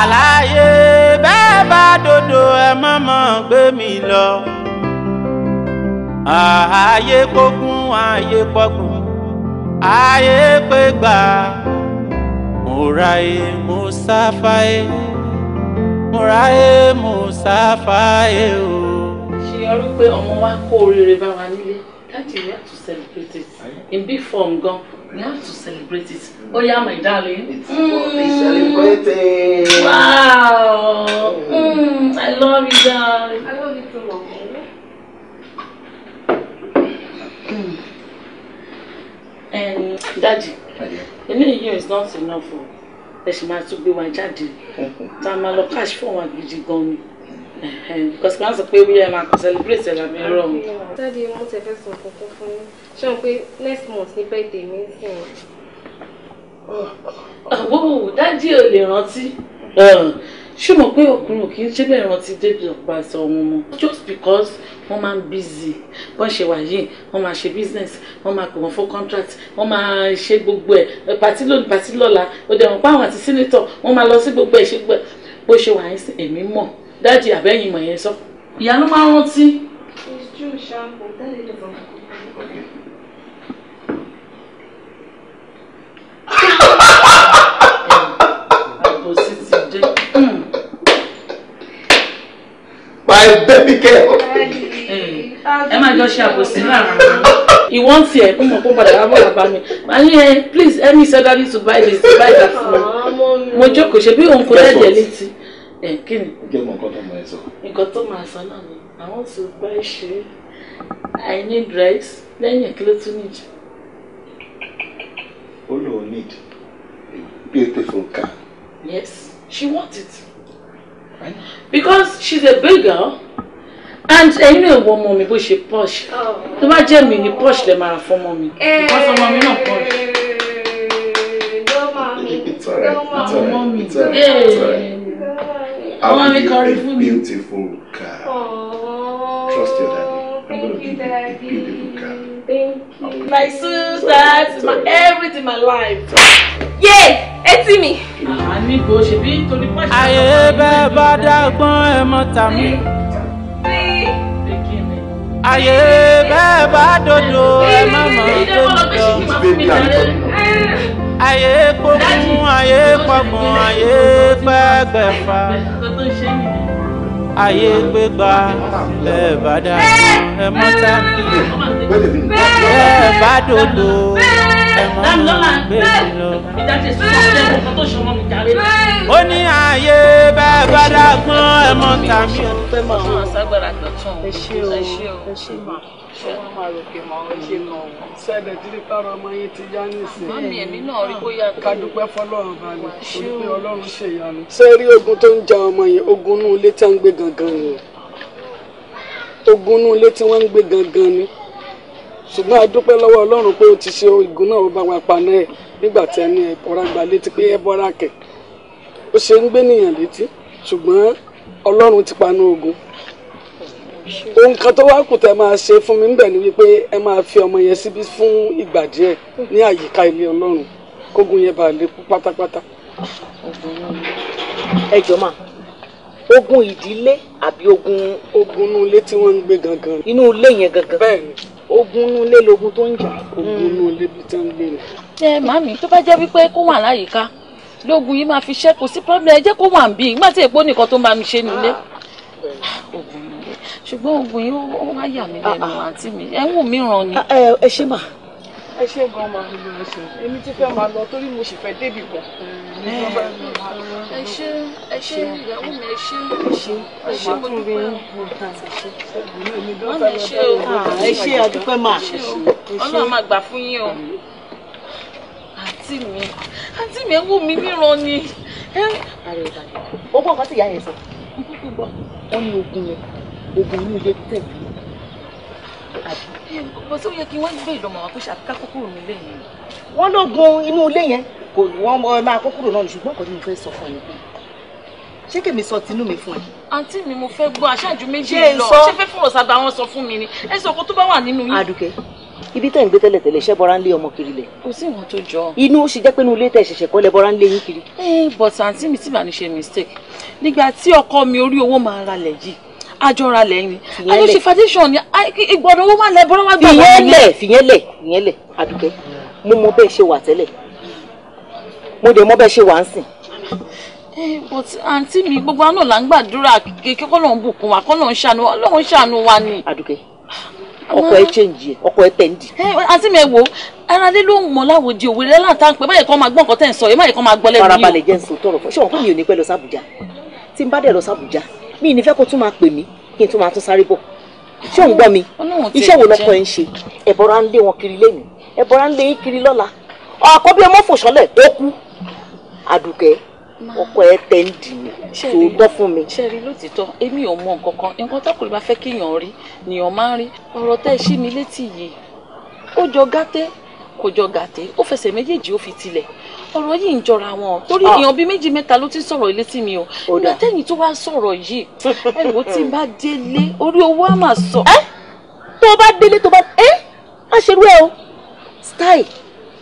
Speaker 3: àlàyé bẹ́ẹ̀ bá dodo ẹ mọ̀mọ́ gbé mi lọ ààyè gbógun ààyè pọ̀gùn ààyè pégbà múraye mùsáfáyé múraye mùsáfáyé o. ṣe ọdún pé ọmọ
Speaker 4: wa kó oríire bá wa nílé láti we have to celebrate it in big form gan we have to celebrate it oh yeah my darling. it's mm. for the celebrating.
Speaker 2: wow mm.
Speaker 7: i love you darling. i love you too mama.
Speaker 1: Mm.
Speaker 4: And Daddy, dájì year is not enough o ẹ sì máa tún gbé wa jáde mm-hmm. tá a máa lọ cash fún wa gidi gan ni because kan sọ pé wíyá máa kọ celebrate ẹ̀la mi rọ mi.
Speaker 5: dáàdi mo tẹ fẹ́ sọ kókó fún yín ṣé wọn pé next month ní birthday
Speaker 4: mi sì ń. àwọ̀ dájú ò lè rántí. Mm-hmm. Ah ṣé mo pé ọkùnrin kì í ṣe bẹ́ẹ̀ rántí débi ọ̀pàṣẹ ọ̀hún mọ́ just because wọ́n máa ń busy bọ́n ṣe wà yìí wọ́n máa ṣe business wọ́n máa pè wọ́n fún contract wọ́n máa ṣe gbogbo ẹ̀ pàtí lónìí pàtí lọ́la ó dẹ̀ wọ́n pa àwọn àti senator wọ́n máa lọ sí gbogbo ẹ̀ ṣe gbogbo ẹ̀ bó ṣe wà yín sí èmi mọ̀ dáàdi àbẹ́yìn mọ̀ yẹn sọ. ìyá ló máa ń rántí.
Speaker 5: it's true ṣáà kò dáre lè
Speaker 4: wà ẹgbẹ́ mi kẹ́ ọ. ẹ má jọ ṣe àbòsí láàrin ìwọ ń tiẹ̀ kó mọ̀ kó padà wá bọ̀ bàbá mi àní please help me sell daddy to buy this to buy that for me Mojo, jókòó ṣe bí òun kò lẹ́jẹ̀ ní ti ẹ kí ni. jẹ́ mọ nǹkan tó máa sọ. nǹkan tó I want to buy she. I need rice lẹ́yìn kí ló tún nìjọ. ó lóun need beautiful car. yes she want it. Because she's a big girl. And ẹ̀yin náà wo ọmọ mi bó ṣe posh. Oh. Tó bá jẹ́ mi ni posh lè máa fọmọ mi.
Speaker 2: Eh. Because mommy
Speaker 4: mi
Speaker 1: push.
Speaker 2: posh. It's alright.
Speaker 1: It's alright. It's alright.
Speaker 4: Ọmọ mi eh. kọrin fún mi. Beautiful car. Trust your daddy. I'm gonna be, be, my
Speaker 7: sisters,
Speaker 1: my everything
Speaker 4: my life. yé it's me. I kò ṣe bí torí
Speaker 3: pàṣẹ. ayé bẹ́ẹ̀ bá I ẹ mọ́ tàmí. ayé bẹ́ẹ̀ bá dodo ẹ ayé gbégbá ẹ bá dáná ẹ mọ sáàkì ẹ bá dòdò ẹ mọ gbé mi lọ. ó ní ayé bá ẹ bá ẹ mọ tàbí.
Speaker 4: ẹ ṣe o ẹ ṣe o ẹ ṣe máa ṣe máa rògbè mọ ẹ ṣe máa wò. ṣẹlẹ̀ títí tára ọmọ yín ti yá nísìnyí. mami èmi náà rí bóyá tó. fọlọ́run ṣe ìyanu.
Speaker 5: ṣé rí ogun tó ń ja ọmọ yẹn ogun inú ilé tí wọ́n ń gbé gangan ni
Speaker 4: ogun inú ilé tí gangan ni ṣùgbọ́n adúpẹ́ lọ́wọ́ ọlọ́run pé o ti ṣe náà bá wa nígbà tí ẹni gba létí pé ẹ bọ́ra kẹ̀ ohun kan tó wá kù tẹ́ máa ṣe fún mi níbẹ̀ ni wípé ẹ máa fi ọmọ yẹn síbí fún ìgbà díẹ̀ ní àyíká ilé ọlọ́run kógun yẹn bá lè kú pátápátá. ẹ jọ máa ogun ìdílé àbí ogun. ogun inú ilé tí wọ́n ń gbé gangan. inú ilé yẹn gangan. bẹ́ẹ̀ni ogun inú ilé logun tó ń jà. ogun inú ilé bí tó ń gbé ni. ẹ màmí tó bá jẹ́ wípé kó wà láyìíká lógun yìí máa fi ṣẹ́kù sí pọ́nbẹ́ ẹ jẹ́ kó wà ń bí i tí èpo nìkan tó máa mi ṣe nílé. ogun ṣùgbọ́n oògùn yìí ó wá yà mí lẹ́nu ah, ah. àǹtí mi ẹ ń ni. Ah, eh, ẹ ṣe mà.
Speaker 5: ẹ ṣe gan ma èmi ti fẹ́ máa lọ torí mo sì fẹ́ débì kan. Eh,
Speaker 1: ẹ ṣe ẹ ṣe ìyàwó mi ẹ ṣe ẹ
Speaker 5: ṣe ẹ ṣe mo dúpẹ́ o. ẹ
Speaker 4: ṣe o ẹ ṣe àdúpẹ́ mà. ọlọ́run máa gbà fún yín o àǹtí mi àǹtí mi ẹ wù mí ni. ó gbọ́ nǹkan tí ìyá yẹn sọ. ó ní oògùn yẹn ogun inú ilé tẹ̀lé àbí. kò sí òye kí wọ́n gbé ìdánmọ̀ wọn pé ṣàfikà kókòrò nílé yẹn.
Speaker 6: wọ́n lóògùn inú ilé yẹn kò wọ́n máa kókòrò náà ṣùgbọ́n kò ní mo fẹ́ sọ fún ẹ pé ṣé kèmi sọ tinú mi fún ẹ.
Speaker 4: àǹtí mi mo fẹ́ gbọ́ àṣàjù méjì lọ ṣé fẹ́ fún ọ̀sàgbà
Speaker 7: wọn sọ fún mi ni ẹ sọ kó tó bá wà nínú yín. àdùkẹ́
Speaker 4: ibi tẹ́ ń gbé tẹ́lẹ̀ tẹ́lẹ̀ ṣẹ́ bọ́ra ń lé ọmọ kiri lẹ̀. kò sí ìwọ̀n tó jọ. inú ó ṣe jẹ́ pé inú ilé tẹ̀ ṣẹ̀ṣẹ̀ kọ́ lẹ bọ́ra ń lé yín kiri. ẹ eh, bọ̀tà àǹtí mi tí bá ní ṣe mistake nígbà tí ọkọ mi orí owó máa ralẹ̀ yìí àjọra lẹ́yìn àyẹ̀ṣe
Speaker 7: foundation ni ìgbọ̀nà owó máa lẹ bọ́rọ̀ wá gbà wọ́n. fìyẹn
Speaker 4: lẹ fìyẹn lẹ fìyẹn lẹ àdùkẹ́ mo mọ bẹ́ẹ̀ ṣe wà tẹ́lẹ̀ mo dẹ̀ mọ bẹ́ẹ̀ ṣe wà ń sìn. but àǹtí mi gbogbo àná là ń gbàdúrà kékeré kọ́ ló ń bùkún wa kọ́ ló ń ṣàánú wa ló ń ṣàánú wa ni. àdùkẹ́ ah, ọkọ ẹ change ọkọ ẹ tẹ̀ǹdì. àǹtí mi ẹ wo ara lé ló ń mọ láwòdì òwe lẹ́la tá à ń pẹ́ báyìí kan máa gbọ́ nǹkan tẹ̀ ń sọ yìí báyìí kan máa gbọ́ lẹ́nu yìí. farabalẹ̀ jẹ́ ń sọ tọrọ fún ṣé wọn kò mi ò ní pẹ́ lọ sí Àbújá tí n bá dẹ̀ lọ sí mi ní fẹ́ kó tún máa pè mí kí n tún máa tún sáré bọ̀
Speaker 6: ṣé ò gbọ́ mi
Speaker 1: iṣẹ́ wo lọ́kọ ẹ̀ ń
Speaker 6: ṣe ẹ̀bọ̀ra ń lé wọn kiri lẹ́nu ẹ̀bọ̀ra ń lé yín kiri lọ́la
Speaker 4: ọkọ bí ọmọ fòṣọlẹ̀ tó kú àdùkẹ́ ọkọ ẹ tẹ ń dì mí sòótọ́ fún mi. ṣẹ́ẹ̀rì lótìtọ́ èmi ò mọ nǹkan kan nǹkan tọkùnrin bá fẹ́ kéèyàn rí nìyàn máa ń rí ọ̀rọ̀ tẹ́ ẹ ṣí mi létí yìí ó jọ gàtẹ́ kò jọ gàtẹ́ ó fẹsẹ̀ méjèèjì ó fi tilẹ̀ ọ̀rọ̀ yìí ń jọra wọn o torí ah. èèyàn bíi méjì mẹ́ta ló ti sọ̀rọ̀ ilé tí mi o ìgbà tẹ́yìn tó wá sọ̀rọ̀ yìí ẹ wò tí n bá délé orí owó á mà sọ. ẹ tó o bá délé tó o bá ẹ má ṣe rú ẹ o style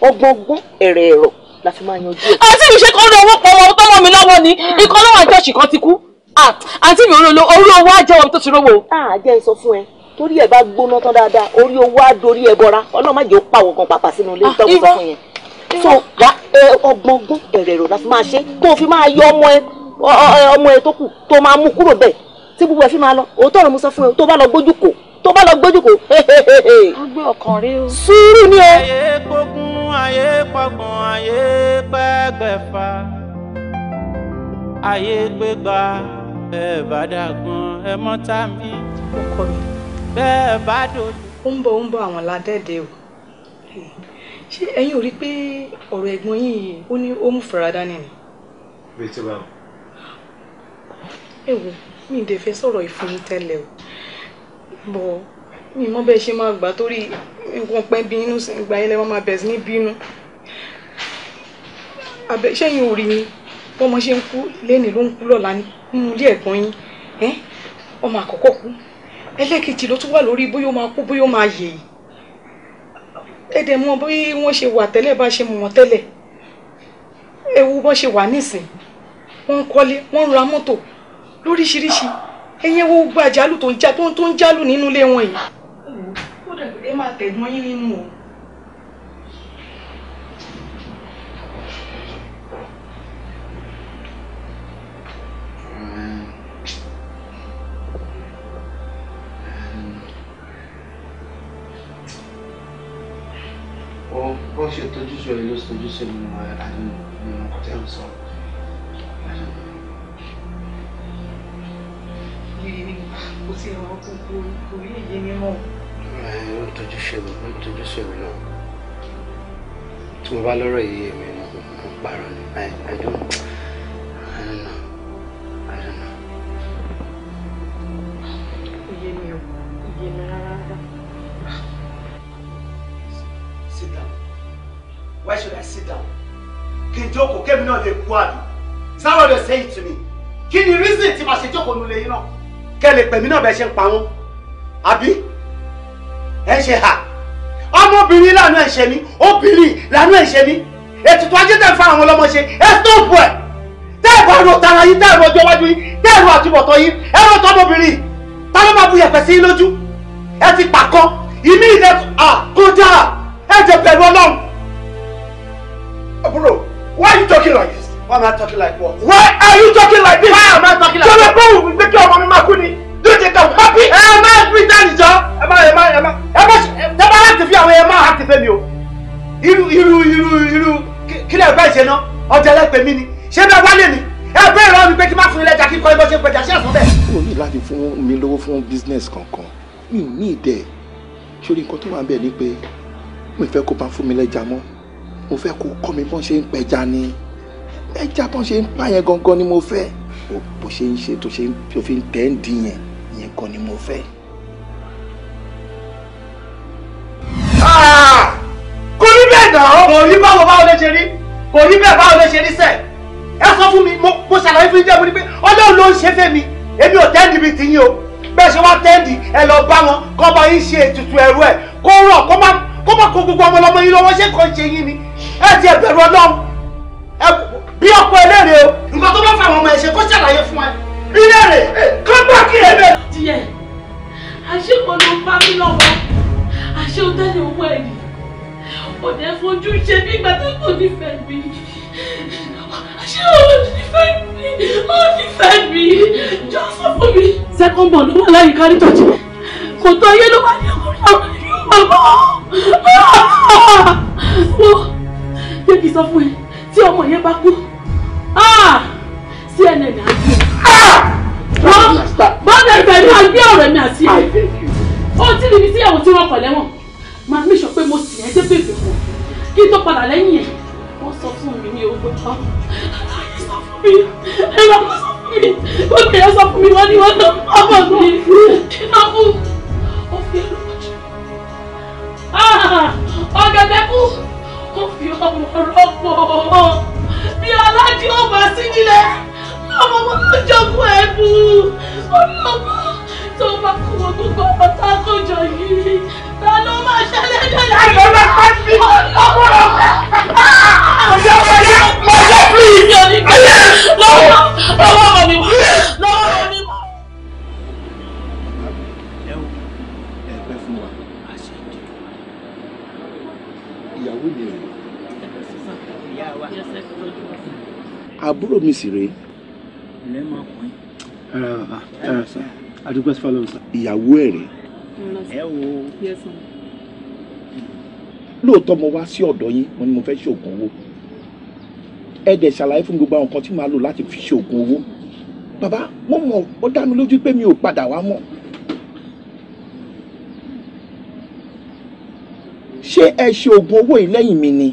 Speaker 4: ọgbọ̀ngbọ́n ẹ̀rẹ̀ ẹ̀rọ la fi máa yanjú ẹ. àti ìṣe kan ní owó pọwọ́ tọ́wọ́ mi lọ́wọ́ ni ikọ́ lọ́wọ́ àjọṣì kan ti kú ah, àti mi ò rí orí owó àjẹwọ́ mi tó ti rówó. a ah,
Speaker 6: jẹ́ sọ fún ẹ torí ẹ bá gbóná tán dáadáa orí owó á dorí ẹ bọra ọlọ́mọ àjẹ́ ó pàwọ̀ kan pàpà sínú ilé ìtọ́jú sọ fún yẹn so ọgbọ̀ngún ẹ̀rẹ̀rọ̀ la fi máa ṣe kó o fi máa yọ ọmọ ẹ ọmọ ẹ tó kù tó máa mú kúrò bẹ́ẹ̀ tí gbogbo ẹ fi máa lọ òótọ́ ọ̀rọ̀ mo sọ fún ẹ tó bá lọ gbójú kò tó bá lọ gbójú kò. wọ́n gbé ọkàn rẹ o. sùúrù ni o. ayé
Speaker 3: gbógun ayé pọ̀gbọ̀n ayé pẹ́gbẹ̀fà ayé gbégbá bẹ́ẹ̀ bá dàgbọ́n ẹ mọ́ta mi. ó
Speaker 5: kọ mi. bẹ́ẹ̀ bá dòdò. ó ń bọ̀ ó ń bọ̀ àwọn ládẹ́dẹ́ o ṣé ẹ̀yin ò rí i pé ọ̀rọ̀ ẹ̀gbọ́n yìí ó ní ó mú farada ni bí tí báwo. ẹ wo mi ì dẹ̀ fẹ́ sọ̀rọ̀ ìfún tẹ́lẹ̀ o bọ̀ mi mọ bẹ́ẹ̀ ṣe máa gbà torí nǹkan pẹ́ bínú ìgbà yẹn lẹ́wọ́n máa bẹ̀rẹ̀ sí ní bínú àbẹ ṣẹ́yìn ò rí ni bọ́mọ ṣe ń kú lẹ́nìí ló ń kú lọ́la nínú ilé ẹ̀gbọ́n yín ọmọ àkọ́kọ́ kú ẹlẹ́kejì ló tún wà lórí bóyá ó máa kú bóyá ó máa yèyí ẹ dẹ̀ mọ̀ bí wọ́n ṣe wà tẹ́lẹ̀ bá ṣe mọ̀ wọ́n tẹ́lẹ̀ ewu bọ́ ṣe wà nísìn wọ́n ń kọ́lé wọ́n ń ra mọ́tò lóríṣiríṣi ẹ̀yẹ́ wo gbàjálù tó ń jálù nínú ilé wọn yìí. ó dẹ̀ máa tẹ̀ mọ́ nínú o.
Speaker 4: fẹ́ ló sojú sí mi mọ àdùn nínú ọkọ̀ a ń sọ.
Speaker 5: kò sí ẹ̀rọ kò kò rí èyí mímọ́.
Speaker 3: ó ń tọ́jú ṣe mi ó ń tọ́jú ṣe mi náà
Speaker 4: tí mo bá lọ́rọ̀ yìí èmi náà I I don't I don't know I
Speaker 1: don't know.
Speaker 4: Why should I sit down? Kí n jókòó kébì náà Is that what you're saying to me? Kí ni reason tí màá ṣe jókòó nulẹ̀ yín náà? Kẹ́ lè pẹ̀mí náà bẹ́ẹ̀ ṣe ń pa wọ́n. Àbí? Ẹ ṣe hà. Ọmọbìnrin lànà ẹ̀ ṣe mí. Obìnrin lànà ẹ̀ ṣe mí. Ètùtù ajé tẹ̀ fún àwọn ọlọ́mọ ṣe. Ẹ sọ́ọ̀bù ẹ̀. Tẹ́ẹ̀bù ọ̀rọ̀ tara yín, tẹ́ẹ̀rù ọjọ́ iwájú yín, tẹ́ẹ̀rù àtúbọ̀tán yín, ẹ̀rọ tọ́mọbìnrin. Ta ló máa bu yẹ̀pẹ̀ sí yín lójú? Ẹ ti pàkan. Ìmí ilẹ̀ kọjá. Ẹ jẹ pẹ̀lú Ọlọ́run. Oh, bro, why are you talking like this? Why am I talking like what? Why are you talking like this? Why am I talking like this? Ṣé o mọ̀ pé kí ọmọ mi máa kú Do you think I'm happy? Ẹ máa fi dáni jọ. Ẹ máa ẹ máa ẹ máa ẹ máa ṣe bá láti fi àwọn ẹ máa láti fẹ́ you o. Irú irú you irú kí lè bá ìṣe náà? Ọjà ẹlẹ́pẹ̀ mi ni. Ṣé bẹ́ẹ̀ wálé mi? Ẹ bẹ́ẹ̀ rọ mi pé kí n má fún ilé ẹja kíkọ́ ẹgbẹ́ ṣe pẹja ṣé ẹ̀sán bẹ́ẹ̀. O ní láti fún mi lówó fún business kankan. Mi ò ní ìdẹ̀. Ṣé orí nǹkan tó wà ń bẹ̀ ni pé mi fẹ́ kó bá fún mi lẹ́ja mọ́ mo fẹ́ kó kọ́ mi bọ́n ṣe ń pẹja ni ẹja bọ́n ṣe ń pa yẹn gangan ni mo fẹ́ bó ṣe ń ṣe tó ṣe tó fi ń tẹ́ ń dín yẹn yẹn kan ni mo fẹ́.
Speaker 1: Ah! kò rí bẹ́ẹ̀ náà.
Speaker 4: kò rí báwo báwo lè ṣe rí kò rí bẹ́ẹ̀ báwo lè ṣe rí sẹ́ẹ̀ ẹ sọ fún mi mo ṣàlàyé fún jẹ́ mi pé ọlọ́run ló ń ṣe fẹ́ mi èmi ò tẹ́ǹdì bíi tiyín o bẹ́ẹ̀ ṣe wá tẹ́ǹdì ẹ lọ bá wọn kọ́ bá yín ṣe ètùtù ẹ̀rú ẹ̀ kó rọ̀ kó má kó má kó gbogbo ọmọ ọlọmọ yìí lọ́wọ́ ṣé kàn ṣe yín ni ẹ ti ẹ̀bẹ̀rù Ọlọ́run ẹ bí ọkọ ẹlẹ́rìí o nǹkan tó bá fà wọn ọmọ ẹ̀ ṣe kó ṣàlàyé fún ẹ ilé rè kó kí ẹ bẹ. díẹ̀ àṣé kan ló bá mi lọ́wọ́ àṣé o tẹ́lẹ̀ owó ẹ̀ yìí kò dẹ́ fojú ṣe bí ìgbà tó kò nífẹ̀ẹ́ mi àṣé o nífẹ̀ẹ́ mi o nífẹ̀ẹ́ mi jọ fún mi. second born ló wà láyìíká nítòjì kò tó ayé ló wà ní ọkùnrin ọkùnrin wọ́n jẹ́ kí n sọ fún ẹ tí ọmọ yẹn bá kú ah! cnn àti bọ́ọ̀dù ẹgbẹ́ ni wọ́n ah! gbé ọ̀rẹ́ mi àti ẹ̀ ó tí níbi tí ẹ̀wọ̀n tí wọ́n kọ̀ lẹ́wọ̀n máa mí sọ pé mo sì ẹ́ débè fún un kí n tó padà lẹ́yìn ẹ̀ wọ́n sọ fún mi ní ogbó tán sọ fún mi ẹ̀rọ
Speaker 1: sọ fún mi ó tẹ̀ ẹ́ wọ́n ní wọ́n tán ọmọ mi kí náà fún ọ̀gẹ̀dẹ̀kú ó
Speaker 7: fi ọmọ rọ́pò bí alájí ó bá sí nílẹ̀ ọmọ ọmọ tó jogún ẹ̀bù ọlọ́mọ tó bá kú gbogbo ọ̀tá kọjọ yìí ta ló máa ṣẹlẹ̀ dẹ́lẹ̀. ẹ̀rọ bá pẹ́ sí ọlọ́mọ ọ̀yọ́
Speaker 1: ọ̀yọ́ ọ̀yọ́ fi ìyọ̀ nígbà lọ́wọ́ ọmọ mi lọ́wọ́ mi.
Speaker 4: àbúrò mi sì rèé. ilé máa pín. ara wa ara sa adúgbò sí fọlọ́n sa. ìyàwó ẹ̀ rèé. ẹ wo lóòótọ́ mo wá sí ọ̀dọ̀ yín mo ní mo fẹ́ ṣoògùn owó ẹ dẹ̀ ṣàlàyé fún gbogbo àwọn kan tí màá lò láti fi ṣoògùn owó bàbá mo mọ̀ ó dá mi lójú pé mi ò padà wá mọ́. ṣé ẹ ṣe oògùn owó yìí mi ni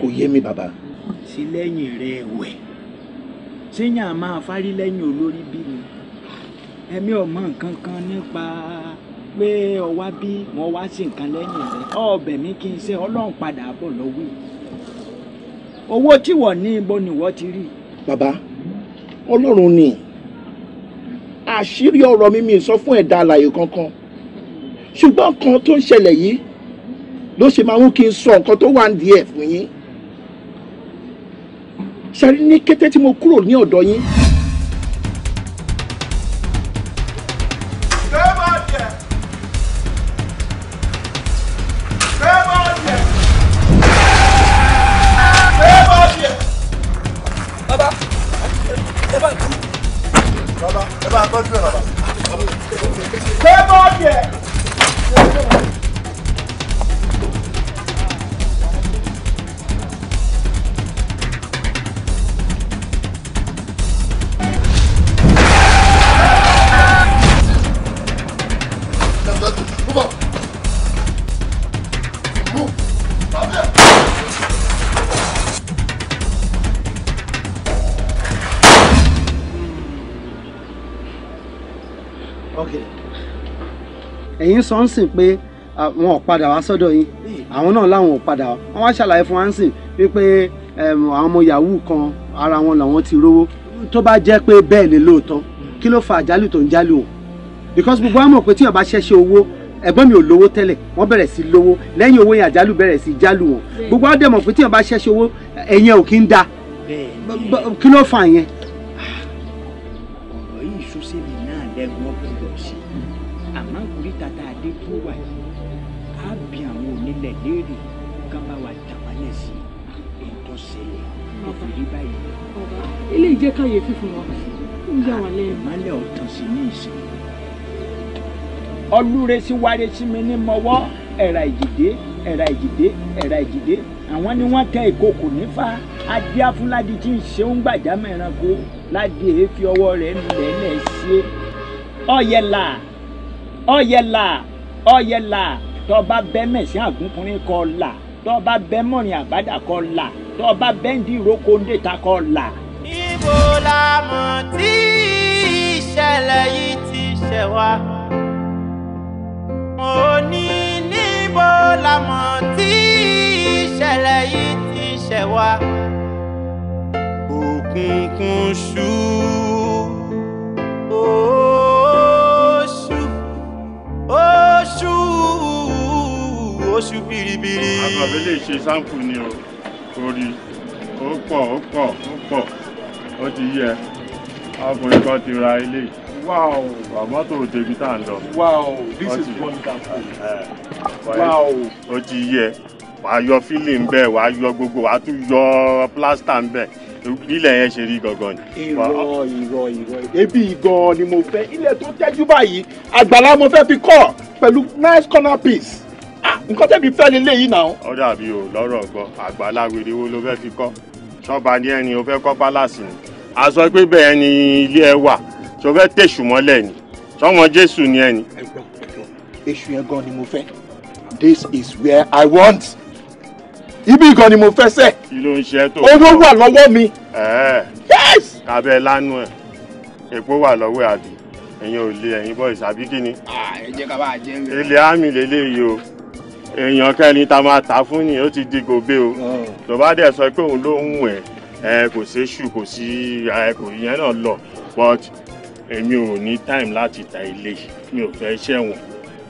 Speaker 4: kò yé mi bàbá sí lẹ́yìn rẹ ẹ̀wẹ̀ séyàn máa fárí lẹ́yìn olórí bí ni ẹ̀mí ọmọ nǹkan kan nípa pé ọwá bí wọ́n wá sí nǹkan lẹ́yìn rẹ ọbẹ̀ mi kì í ṣe ọlọ́run padà bọ̀ lọ́wọ́ owó tí wọ́n ní ibo ni wọ́n ti rí. bàbá ọlọ́run ni àṣírí ọ̀rọ̀ mímí sọ fún ẹ̀dá alààyè kankan ṣùgbọ́n kan tó ń ṣẹlẹ̀ yìí ló ṣe máa mú kí n sọ nǹkan tó wà nídìí ẹ̀ fún yín ṣe rí ní kété tí mo kúrò ní ọ̀dọ̀ yín yín sọ ń sìn pé wọn ò padà wá sọ́dọ̀ yín àwọn náà làwọn ò padà wá wọn wá ṣàlàyé fún wa ń sìn wípé àwọn ọmọ yahoo kan ara wọn làwọn ti rówó tó bá jẹ́ pé bẹ́ẹ̀ ni lóòótọ́ kí ló fa àjálù tó ń jálù o because gbogbo wa mọ̀ pé tí wọn bá ṣẹ́ṣẹ́ owó ẹ̀gbọ́n mi ò lówó tẹ́lẹ̀ wọ́n bẹ̀rẹ̀ sí lówó lẹ́yìn owó yẹn àjálù bẹ̀rẹ̀ sí jálù wọn gbogbo wa dẹ̀ mọ̀ pé tí wọn bá ṣẹ́ṣẹ́ owó ẹ̀yẹn ò kí ń da kí ló fa yẹn léèrè kán bá wa dàbálẹ̀
Speaker 1: sí i tó ṣẹlẹ̀ tó fi rí báyìí. eléyìí
Speaker 5: jẹ́ káyé fífún wa
Speaker 4: ń yà wá lẹ́yìn. ìmọ̀lẹ̀ ọ̀tàn sí ní ìsìn. ọlúre sí wáre sí mi ní mọ́wọ́ ẹ̀rà ìjìdé ẹ̀rà ìjìdé ẹ̀rà ìjìdé àwọn ni wọ́n tẹ ìkòkò nífa adíáfúnládì tí ń ṣe ń gbàjámọ̀ ẹranko ládìí èéfi e ọwọ́ rẹ̀ lẹ́lẹ̀ ṣe ọ̀yẹ̀là ọ̀yẹ̀là ọ̀yẹ̀là tọ́ bá bẹ́ mẹ̀sìn àgúnkunrin kọ́ là tọ́ bá bẹ́ mọ̀rin àbádà kọ́ là tọ́ bá bẹ́ndì ìrókò ńdèta kọ́ là.
Speaker 3: ibo la mọ̀ tí ìṣẹ̀lẹ̀ yìí ti ṣẹ̀ wá mo ní níbo la mọ̀ tí ìṣẹ̀lẹ̀ yìí ti ṣẹ̀ wá òkùnkùn ṣú ó ṣú ó ṣú oṣù biribiri. àbàbí lè ṣe sáǹpù ni
Speaker 8: o torí ó pọ̀ ó pọ̀ ó pọ̀ ó ti yẹ ọkùnrin kan ti ra ilé yìí. Wow. Mọ́tò débi tá à ń lọ. Wow, this is wonderful. Wow. Ó ti yẹ, wàá yọ fílìm bẹ́ẹ̀, wàá yọ gbogbo, wàá tún yọ plásítà ń bẹ̀. Ilẹ̀ yẹn ṣe rí gangan ni. Irọ́
Speaker 4: irọ́ irọ́ ebi gan ni mo fẹ́. Ilẹ̀ tó tẹ́jú báyìí, àgbàlá mo fẹ́ fi kọ́ pẹ̀lú nice corner piece nǹkan tẹ́bi fẹ́ leléyìí náà.
Speaker 8: ó dàbí o lọ́rọ̀ gbọ́ àgbàláwèrè wo ló fẹ́ fi kọ́ ṣọ́ba ní ẹni o fẹ́ kọ́ pálásì ni a sọ pé bẹ́ẹ̀ ni ilé ẹ wà tó fẹ́ tẹ̀sù mọ́lẹ̀ ni sọ́mọ jésù ni ẹni. èṣù yẹn gan ni mo fẹ́ this is where i want ibi gan ni mo fẹ́ sẹ́. kí ló ń ṣe tó. owó wà lọ́wọ́ mi. yes. abẹ́ lánú ẹ̀ epo wà lọ́wọ́ àbí ẹ̀yin ò lè ẹ̀yin bọ́ọ̀sì àbí kí ni. Ah,
Speaker 4: ká bá jẹ́ ń lè. ilé
Speaker 8: àmì lélẹ́yìí o èèyàn kẹ́ni tá a máa tà fún ni ó ti di gòbe o mm. tó bá dẹ̀ sọ pé òun ló ń wẹ̀ ẹ kò séṣù kò sí kò yẹn náà lọ but èmi ò ní time láti ta ilé mi ò fẹ́ ṣẹ̀wọ̀n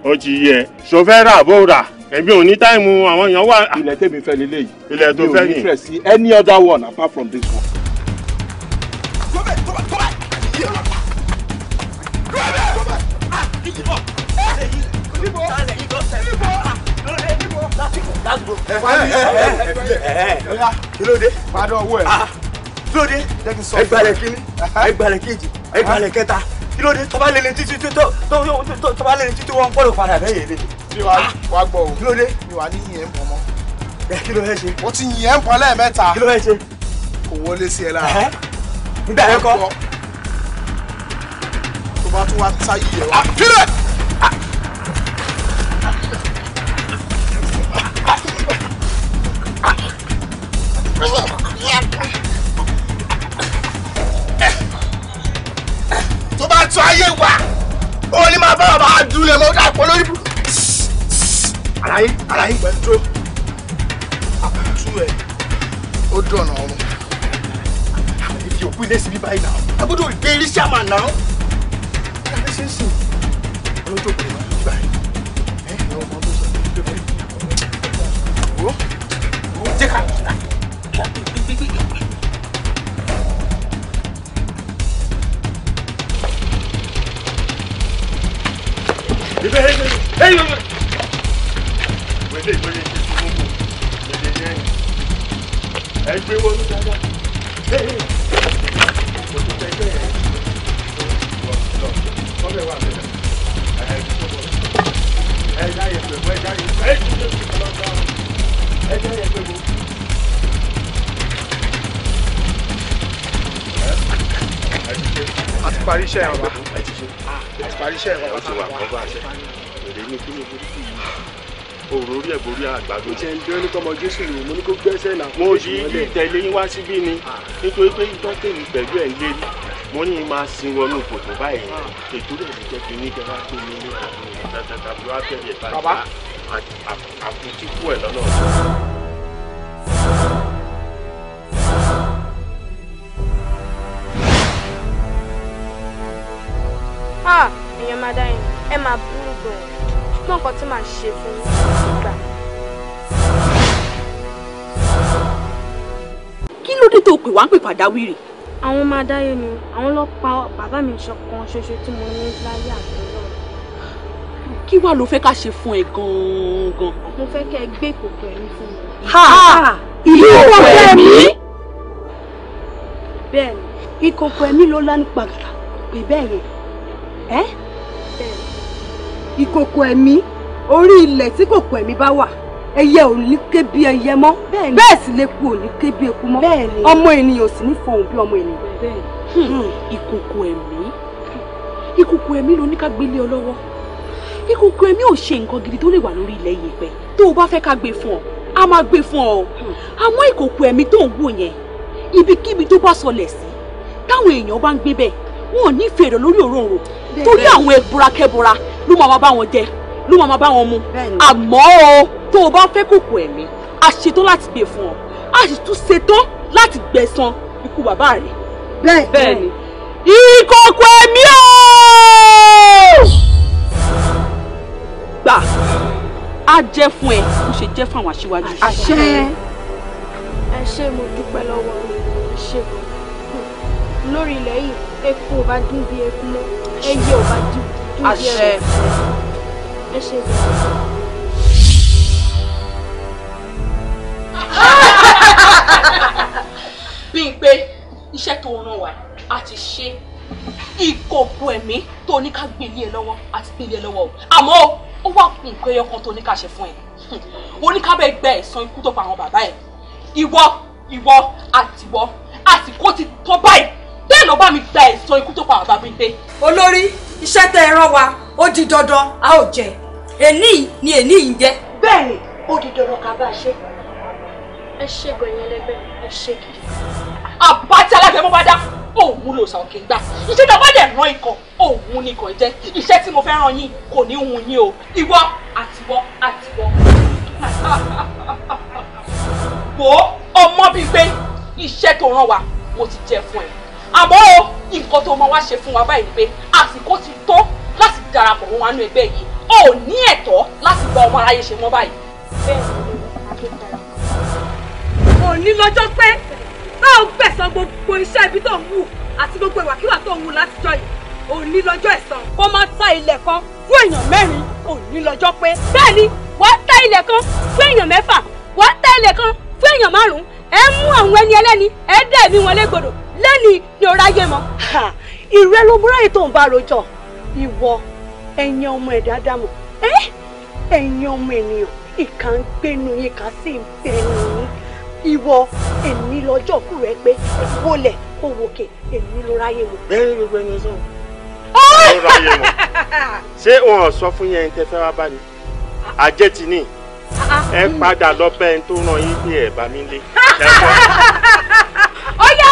Speaker 8: ó ti yẹ ṣòfẹ́ rà bó rà èmi ò ní táìmù àwọn èèyàn wà. ilẹ̀ tèmi fẹ́ lélẹ́yìí ilẹ̀ tó fẹ́ ni mi ò ní fẹ́ sí any other one apart from this one.
Speaker 4: kílódé padà ọwọ́ ẹ̀ kílódé ẹgbàlẹ̀ kínní ẹgbàlẹ̀ kejì ẹgbàlẹ̀ kẹta kílódé tọ́ba lè ní títí tó tọ́ba lè ní títí wọ́n ń pọ̀lọ̀ padà bẹ́ẹ̀ yẹn ni. mi wàá gbọ́ o kílódé mi wàá ní yẹn mọ̀ mọ́. ẹ kí ló fẹ́ ṣe. o ti yẹn pọ̀ lẹ́ẹ̀mẹ́ta. kí ló fẹ́ ṣe. kò wọlé sí ẹ lára. nígbà yẹn kọ́. tó bá tún wá táyé yẹn wá. kílódé. Ah, àlàyé àlàyé pẹ̀lú àbùtù ẹ̀ ó dọ̀nà ọ̀run àlàyé fi òkú ilé síbí báyìí náà agbọ́dọ̀ ìgbé iléeṣẹ́ àmà náà àlàyé ṣe ń sìn ọlọ́jọ́ òkú ìmọ̀ nígbà yìí ẹ̀ ẹ̀ ọmọ tó sọ pé pé
Speaker 1: wo wo jẹ́ ká
Speaker 8: Hey, hey, hey, hey, hey, hey lédè tó tẹ ẹgbẹ́ yẹn lọ sọ́bẹ̀ wà lẹ́yìn ẹ dáyẹ pé mo ẹ dáyẹ pé ẹ
Speaker 6: dáyẹ pé mo.
Speaker 4: àti parí iṣẹ́ ẹ̀ wá àti parí iṣẹ́
Speaker 8: òòrùn orí ẹ̀bùn orí àgbàdo. ìṣe ń dúró ní kọ́mọ jésù lò mo ní kó gbẹ́sẹ̀ náà. mo yí ìtẹ̀lé yín wá síbí ni ah. nítorí pé ìtọ́ tèmi pẹ̀lú ẹ̀ ń lé mo ní máa sin wọnú kòtò báyìí ah. ètò rẹ̀ ti jẹ́ kínní kẹ́ wá tó nílé tàbí wá
Speaker 3: tẹ̀lé bàbá
Speaker 7: èèyàn máa dá yín ẹ máa burú gan-an mọ nǹkan tí màá ṣe fún yín. ló dé tó o pè wá ń pè pàdáwìrì. àwọn máa dáyé ni àwọn lọ pa bàbá mi ṣọkan ṣoṣo tí mo ní láyé àtúntò. kí wàá ló fẹ́ ká ṣe fún ẹ gan-an. mo fẹ́ kẹ́ ẹ gbé ìkòkò ẹ̀mí fún mi. ìlú ìkòkò ẹ̀mí. bẹ́ẹ̀ni ìkòkò ẹ̀mí ló lá
Speaker 6: ní pàgàrà pé bẹ́ẹ̀ yẹn ẹ́ ìkòkò ẹ̀mí orí ilẹ̀ tí kòkò ẹ̀mí bá wà ẹyẹ ò ní ké bí ẹyẹ mọ́ bẹ́ẹ̀ sì lè kú ò ní ké bí eku mọ́ ọmọ ènìyàn sì ní fọhùn bí ọmọ ènìyàn. Hmm.
Speaker 7: ìkòkò ẹ̀mí ìkòkò ẹ̀mí ló ní ká gbélé ọ lọ́wọ́ ìkòkò ẹ̀mí ò ṣe nǹkan gidi tó lè wà lórí ilẹ̀ yìí tó o bá fẹ́ ká gbé fún ọ a máa gbé fún ọ hmm. àmọ́ ìkòkò ẹ̀mí tó ń wò yẹn ibikíbi tó bá sọlẹ̀ sí táwọn èèyàn bá ń gbé bẹ́ẹ̀ wọn ò ní fèrè lórí òróǹro torí àwọn ẹbùrakẹbùra ló máa bá wọn jẹ ló máa bá wọn mu àmọ́ o tó o bá fẹ́ kòkò ẹ̀mí a ṣetán láti gbè e fún ọ a sì tún ṣetán láti gbẹ̀san ikú bàbá rẹ. bẹ́ẹ̀ bẹ́ẹ̀ ni ìkòkò ẹ̀mí o. gbà á jẹ́ fún ẹ bó ṣe jẹ́ fún àwọn aṣíwájú. àṣẹ ẹ ṣé mo dúpẹ́ lọ́wọ́ ṣe lórí ilẹ̀ yìí eku ò bá dún bí eku ẹyẹ ò bá dún bí ẹyẹ ẹ ṣe. Bímpé iṣẹ́ tó ràn wá a ti ṣe ìkòkò ẹ̀mí tó ní ká gbélé ẹ lọ́wọ́ àti gbélé ẹ lọ́wọ́ o àmọ́ ó wà kún nǹkan ẹyọ kan tó ní ká ṣe fún ẹ ó ní ká bẹ́ẹ̀ gba ẹ̀san ikú tó pa àwọn bàbá ẹ̀ ìwọ ìwọ àtiwọ àsìkò ti tó báyìí bẹ́ẹ̀ ló bá mi gba
Speaker 6: ẹ̀san ikú tó pa àwọn bàbá mi pé. olórí iṣẹ́ tẹ ẹ rán wa ó di dandan a ò jẹ èní ni èní yìí jẹ. bẹ́ẹ̀ ni ó di dandan ká bá a ṣe ẹ ṣe gọ̀yìn ẹlẹgbẹ́ ẹ ṣe kì í.
Speaker 4: àbájá alábẹ́ mo bá dá òun ló sàn kí n gbà iṣẹ́ tó bá dẹ̀ rán ikọ̀ òun ni kò jẹ́ iṣẹ́ tí mo fẹ́ ràn yín kò ní hun yín o ìwọ
Speaker 7: àtiwọ àtiwọ.
Speaker 4: wo ọmọ bíi pé iṣẹ́ tó rán wa mo ti jẹ fún ẹ àmọ́ o nǹkan
Speaker 7: tó mọ wá ṣe fún wa báyìí ni pé àsìkò ti tó láti darapọ̀ wọn wá nú ẹgbẹ́ yìí o ò ní ẹ̀tọ́ láti gba ọmọ aráyé ṣe mọ́ báyìí. bẹ́ẹ̀ ni
Speaker 1: mo máa fi tẹ̀lé
Speaker 7: ò ní lọ́jọ́ pé bá ò gbẹ̀san gbogbo iṣẹ́ ibi tó ń wù àti gbogbo ìwàkiwà tó ń wù látijọ́ yìí ò ní lọ́jọ́ ẹ̀san. kó má ta ilẹ̀ kan fún èèyàn mẹ́rin ò ní lọ́jọ́ pé. bẹ́ẹ̀ ni wọ́n ta ilẹ̀ kan fún èèyàn mẹ́fà wọ́n ta ilẹ̀ kan fún èèyàn márùn-ún ẹ mú àwọn ẹni ẹlẹ́ni ẹ dẹ̀ mí wọn légbodò lẹ́ni ni ọ̀rá yé mọ́.
Speaker 6: ìrẹ́ ló múra ètò ń bá rojọ́ ìwọ ẹ̀yin ọmọ ẹ̀dá dámọ̀ ẹ̀yin ọmọ ènìyàn ìkà ń gbénu yín kà sí ń bẹnu yín ìwọ èmi lọ́jọ́ kù rẹ pé wọlé kó wòkè èmi ló ráyè wò. bẹ́ẹ̀
Speaker 8: ni gbogbo ẹni sọ ló ah! ráyè wò ṣé wọn sọ fún yẹn tẹ fẹ́ wá bá ní àjẹ́ ti ní ẹ ah, ah. padà lọ bẹ́ ẹni tó ràn yín bí ẹ̀ bá mi lé.
Speaker 1: ó gbà.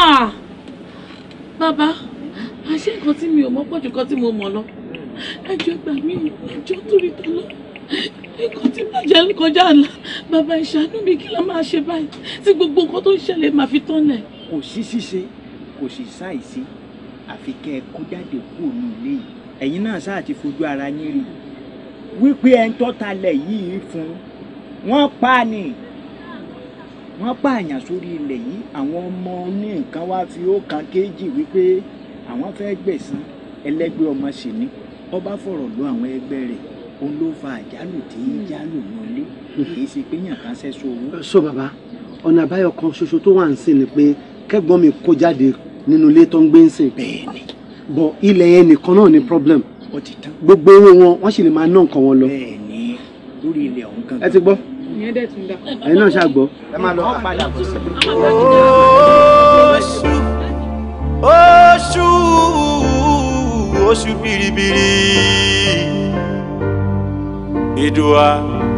Speaker 4: Ah! bàbá àṣé nǹkan tí mi ò mọ̀ pọ̀ ju nǹkan tí mo mọ̀ lọ ẹjọ́ gbà mí ò ẹjọ́ torí tó lọ nǹkan tí bàjẹ́ ń kọjá àlá bàbá ìṣàánú mi kí la máa ṣe báyìí tí gbogbo nǹkan tó ń ṣẹlẹ̀ máa fi tán lẹ̀. kò sí ṣíṣe kò sì ṣàìsí àfi kẹ́ ẹ kó jáde kúrò ní ilé yìí ẹ̀yin náà ṣáà ti fojú ara yín rí wípé ẹ̀ ń tọ́talẹ̀ yìí fún wọ́n pa ni wọ́n pààyàn sórí ilẹ̀ yìí àwọn ọmọ ní nǹkan wá fi ó kan kéjì wípé àwọn fẹ́ gbẹ̀san ẹlẹ́gbẹ́ ọmọ sì ni ọba fọ̀rọ̀ lọ àwọn ẹgbẹ́ rẹ̀ òun ló fa àjálù tí ń jálù mọ́lé kì í ṣe pé yàn kan ṣẹ́ sówó. so Baba, ọ̀nà àbáyọ kan ṣoṣo tó wà ń sìn ni pé kẹ́gbọ́n mi kó jáde nínú ilé tó ń gbé ń sìn. bẹ́ẹ̀ni. bọ ilẹ̀ yẹn nìkan náà ni problem. ó ti tán. gbogbo owó wọn wọ́n sì lè máa ná nǹkan wọn lọ. bẹ́ẹ̀ni lórí ilẹ̀ ọ̀hún kan. ẹ ti gbọ́
Speaker 3: ìyẹn dẹ̀ tún dà. ẹ̀yin náà ṣàgbọ́. ẹ máa lọ padà bọ̀ sí. oṣù oṣù oṣù biribiri ìdùà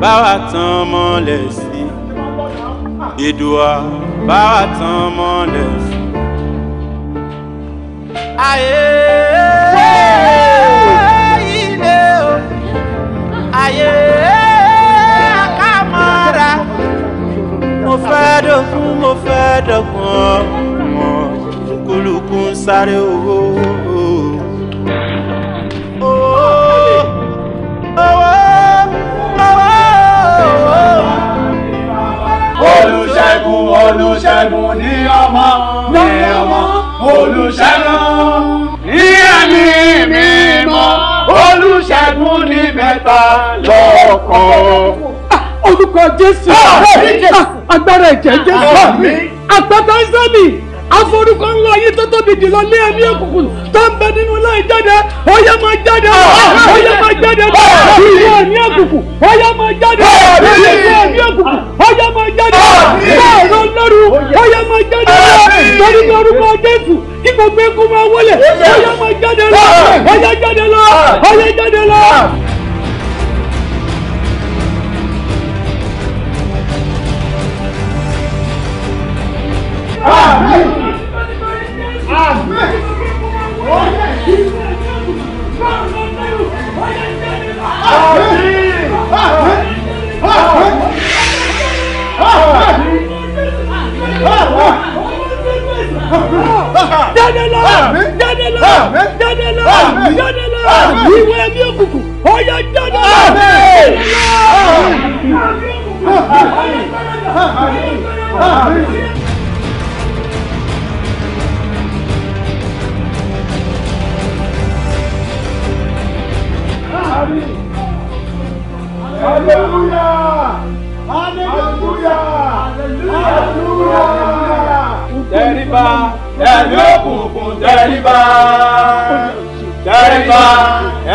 Speaker 3: báwa tán mọ́lẹ̀ sí ìdùà báwa tán mọ́lẹ̀ sí. ayé ilé o ayé. mo fẹ́ dógún mo fẹ́ dọ́gbọ̀n wọn kúlùkù ń sáré owó.
Speaker 4: olùṣègùn olùṣègùn ní ọmọ ní
Speaker 3: ọmọ olùṣègùn ní ẹ̀mí mímọ́ olùṣègùn ní mẹ́ta lọ́kàn orúkọ
Speaker 4: jésù ah! Ah! Ah! agbára ẹ̀jẹ̀ jésù àpáta sẹ́mi aforúkọ ńlá yìí tó tóbi jùlọ lé ẹni òkùnkùn tó ń bẹ nínú láì jáde ọyẹ máa jáde ọyẹ máa jáde
Speaker 1: ìwọ ẹni òkùnkùn ọyẹ máa jáde ìwọ ẹni òkùnkùn ọyẹ máa jáde báàrọ
Speaker 2: lọrù ọyẹ máa jáde torí ní orúkọ jésù kí gbogbo ẹkún máa wọlé ọyẹ máa jáde lọ ọyẹ jáde lọ ọyẹ jáde lọ.
Speaker 1: Ah! Amém!
Speaker 3: ẹ̀mí òkùnkùn
Speaker 4: tẹríba tẹríba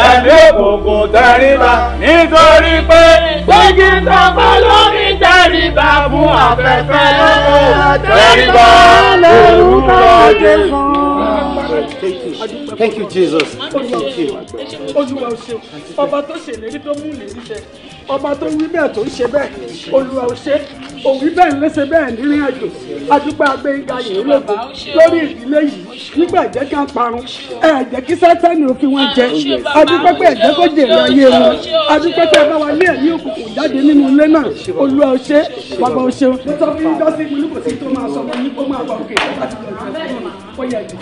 Speaker 3: ẹ̀mí òkùnkùn tẹríba nítorí pé gbégi tọpọ lórí tẹríba fún afẹ́fẹ́ tẹríba
Speaker 1: lórúkọ Jésù. Thank you, Jesus. Thank you.
Speaker 4: Olúwa o ṣeun. Ọba tó ṣèlérí tó mú ìlérí ṣẹ. Ọba tó wí bẹ́ẹ̀ tó ń ṣe bẹ́ẹ̀. Olúwa o ṣe òwú bẹ́ẹ̀ lẹ́sẹ̀ bẹ́ẹ̀ nírìn àjò adúpẹ́ agbẹ́yìnká yìí lóko lórí ìdílé yìí nígbà jẹ́ ká parun ẹ jẹ́ kí sátani òfin wọn jẹ adúpẹ́ pé ẹ̀jẹ̀ kó jèrè ayé wọn adúpẹ́ pé ẹ bá wa lé ẹ̀mí òkùnkùn jáde nínú ilé náà olúwa ó ṣe bàbá ó ṣe. mo sọ fún yín dọ́sí ìpínlẹ̀ kò sí tó máa sọ fún yín kó máa bá òkè àti ìgbà ìgbà bóyá ìdìbò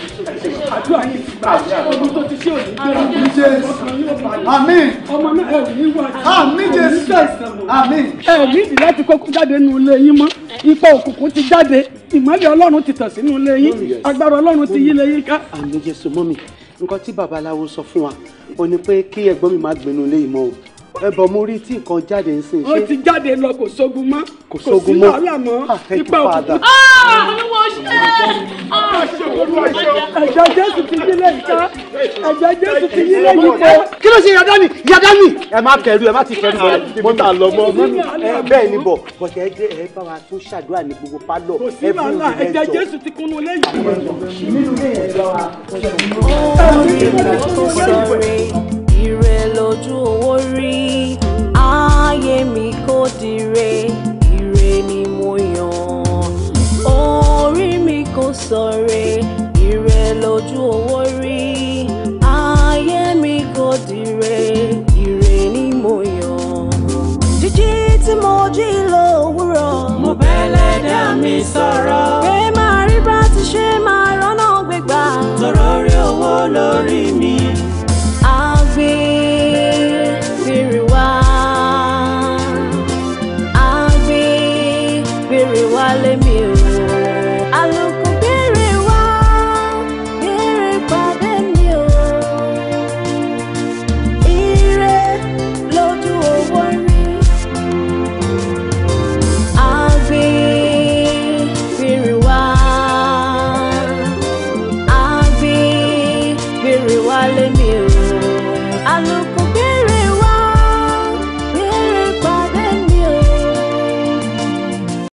Speaker 4: ti kókó jáde nínú ilé yín mọ́ ipa òkùnkùn ti jáde ìmọ́lẹ̀ ọlọ́run ti tàn sínú ilé yín agbára ọlọ́run ti yí ilé yín ká. àmín jésù mọ́mi nǹkan tí babaláwo sọ fún wa ó ní pé kí ẹ̀gbọ́n mi má gbénu ilé yìí mọ́ o ẹbọ mo rí tí nǹkan jáde ń sìn. ó ti jáde lọ kò sógun mọ́ kò sí wàhálà mọ́ ah, ipa òkú. Ah, olúwo ah, ṣe ẹ̀jẹ̀ jésù ti yí lẹ́yìn ká ẹ̀jẹ̀ jésù ti yí lẹ́yìn ká. kí ló ṣe yadani yadani. ẹ má kẹrù ẹ má ti kẹrù bọ̀rẹ̀ mo tà lọ mọ́ bẹ́ẹ̀ ni bọ̀ bọ̀tẹ̀ ẹ bá wa tún ṣàdúrà ní gbogbo pálọ̀ ẹ fún ìrìnàjò. ẹ̀jẹ̀ jésù ti kúnnú lẹ́yìn.
Speaker 2: nínú ilé yẹn lọ wa ire lójú owó rí ayé mi kò dire ire ni mo yàn orí mi kò sọre ire lójú owó rí ayé mi kò dire ire ni mo yàn jíjí tí mo jí lówùúrọ̀ mo bẹ́lẹ̀ dá mi sọ̀rọ̀ pé màá rí bá ti ṣe máa rọ́nà gbégbá
Speaker 1: tọrọ rí owó lórí mi.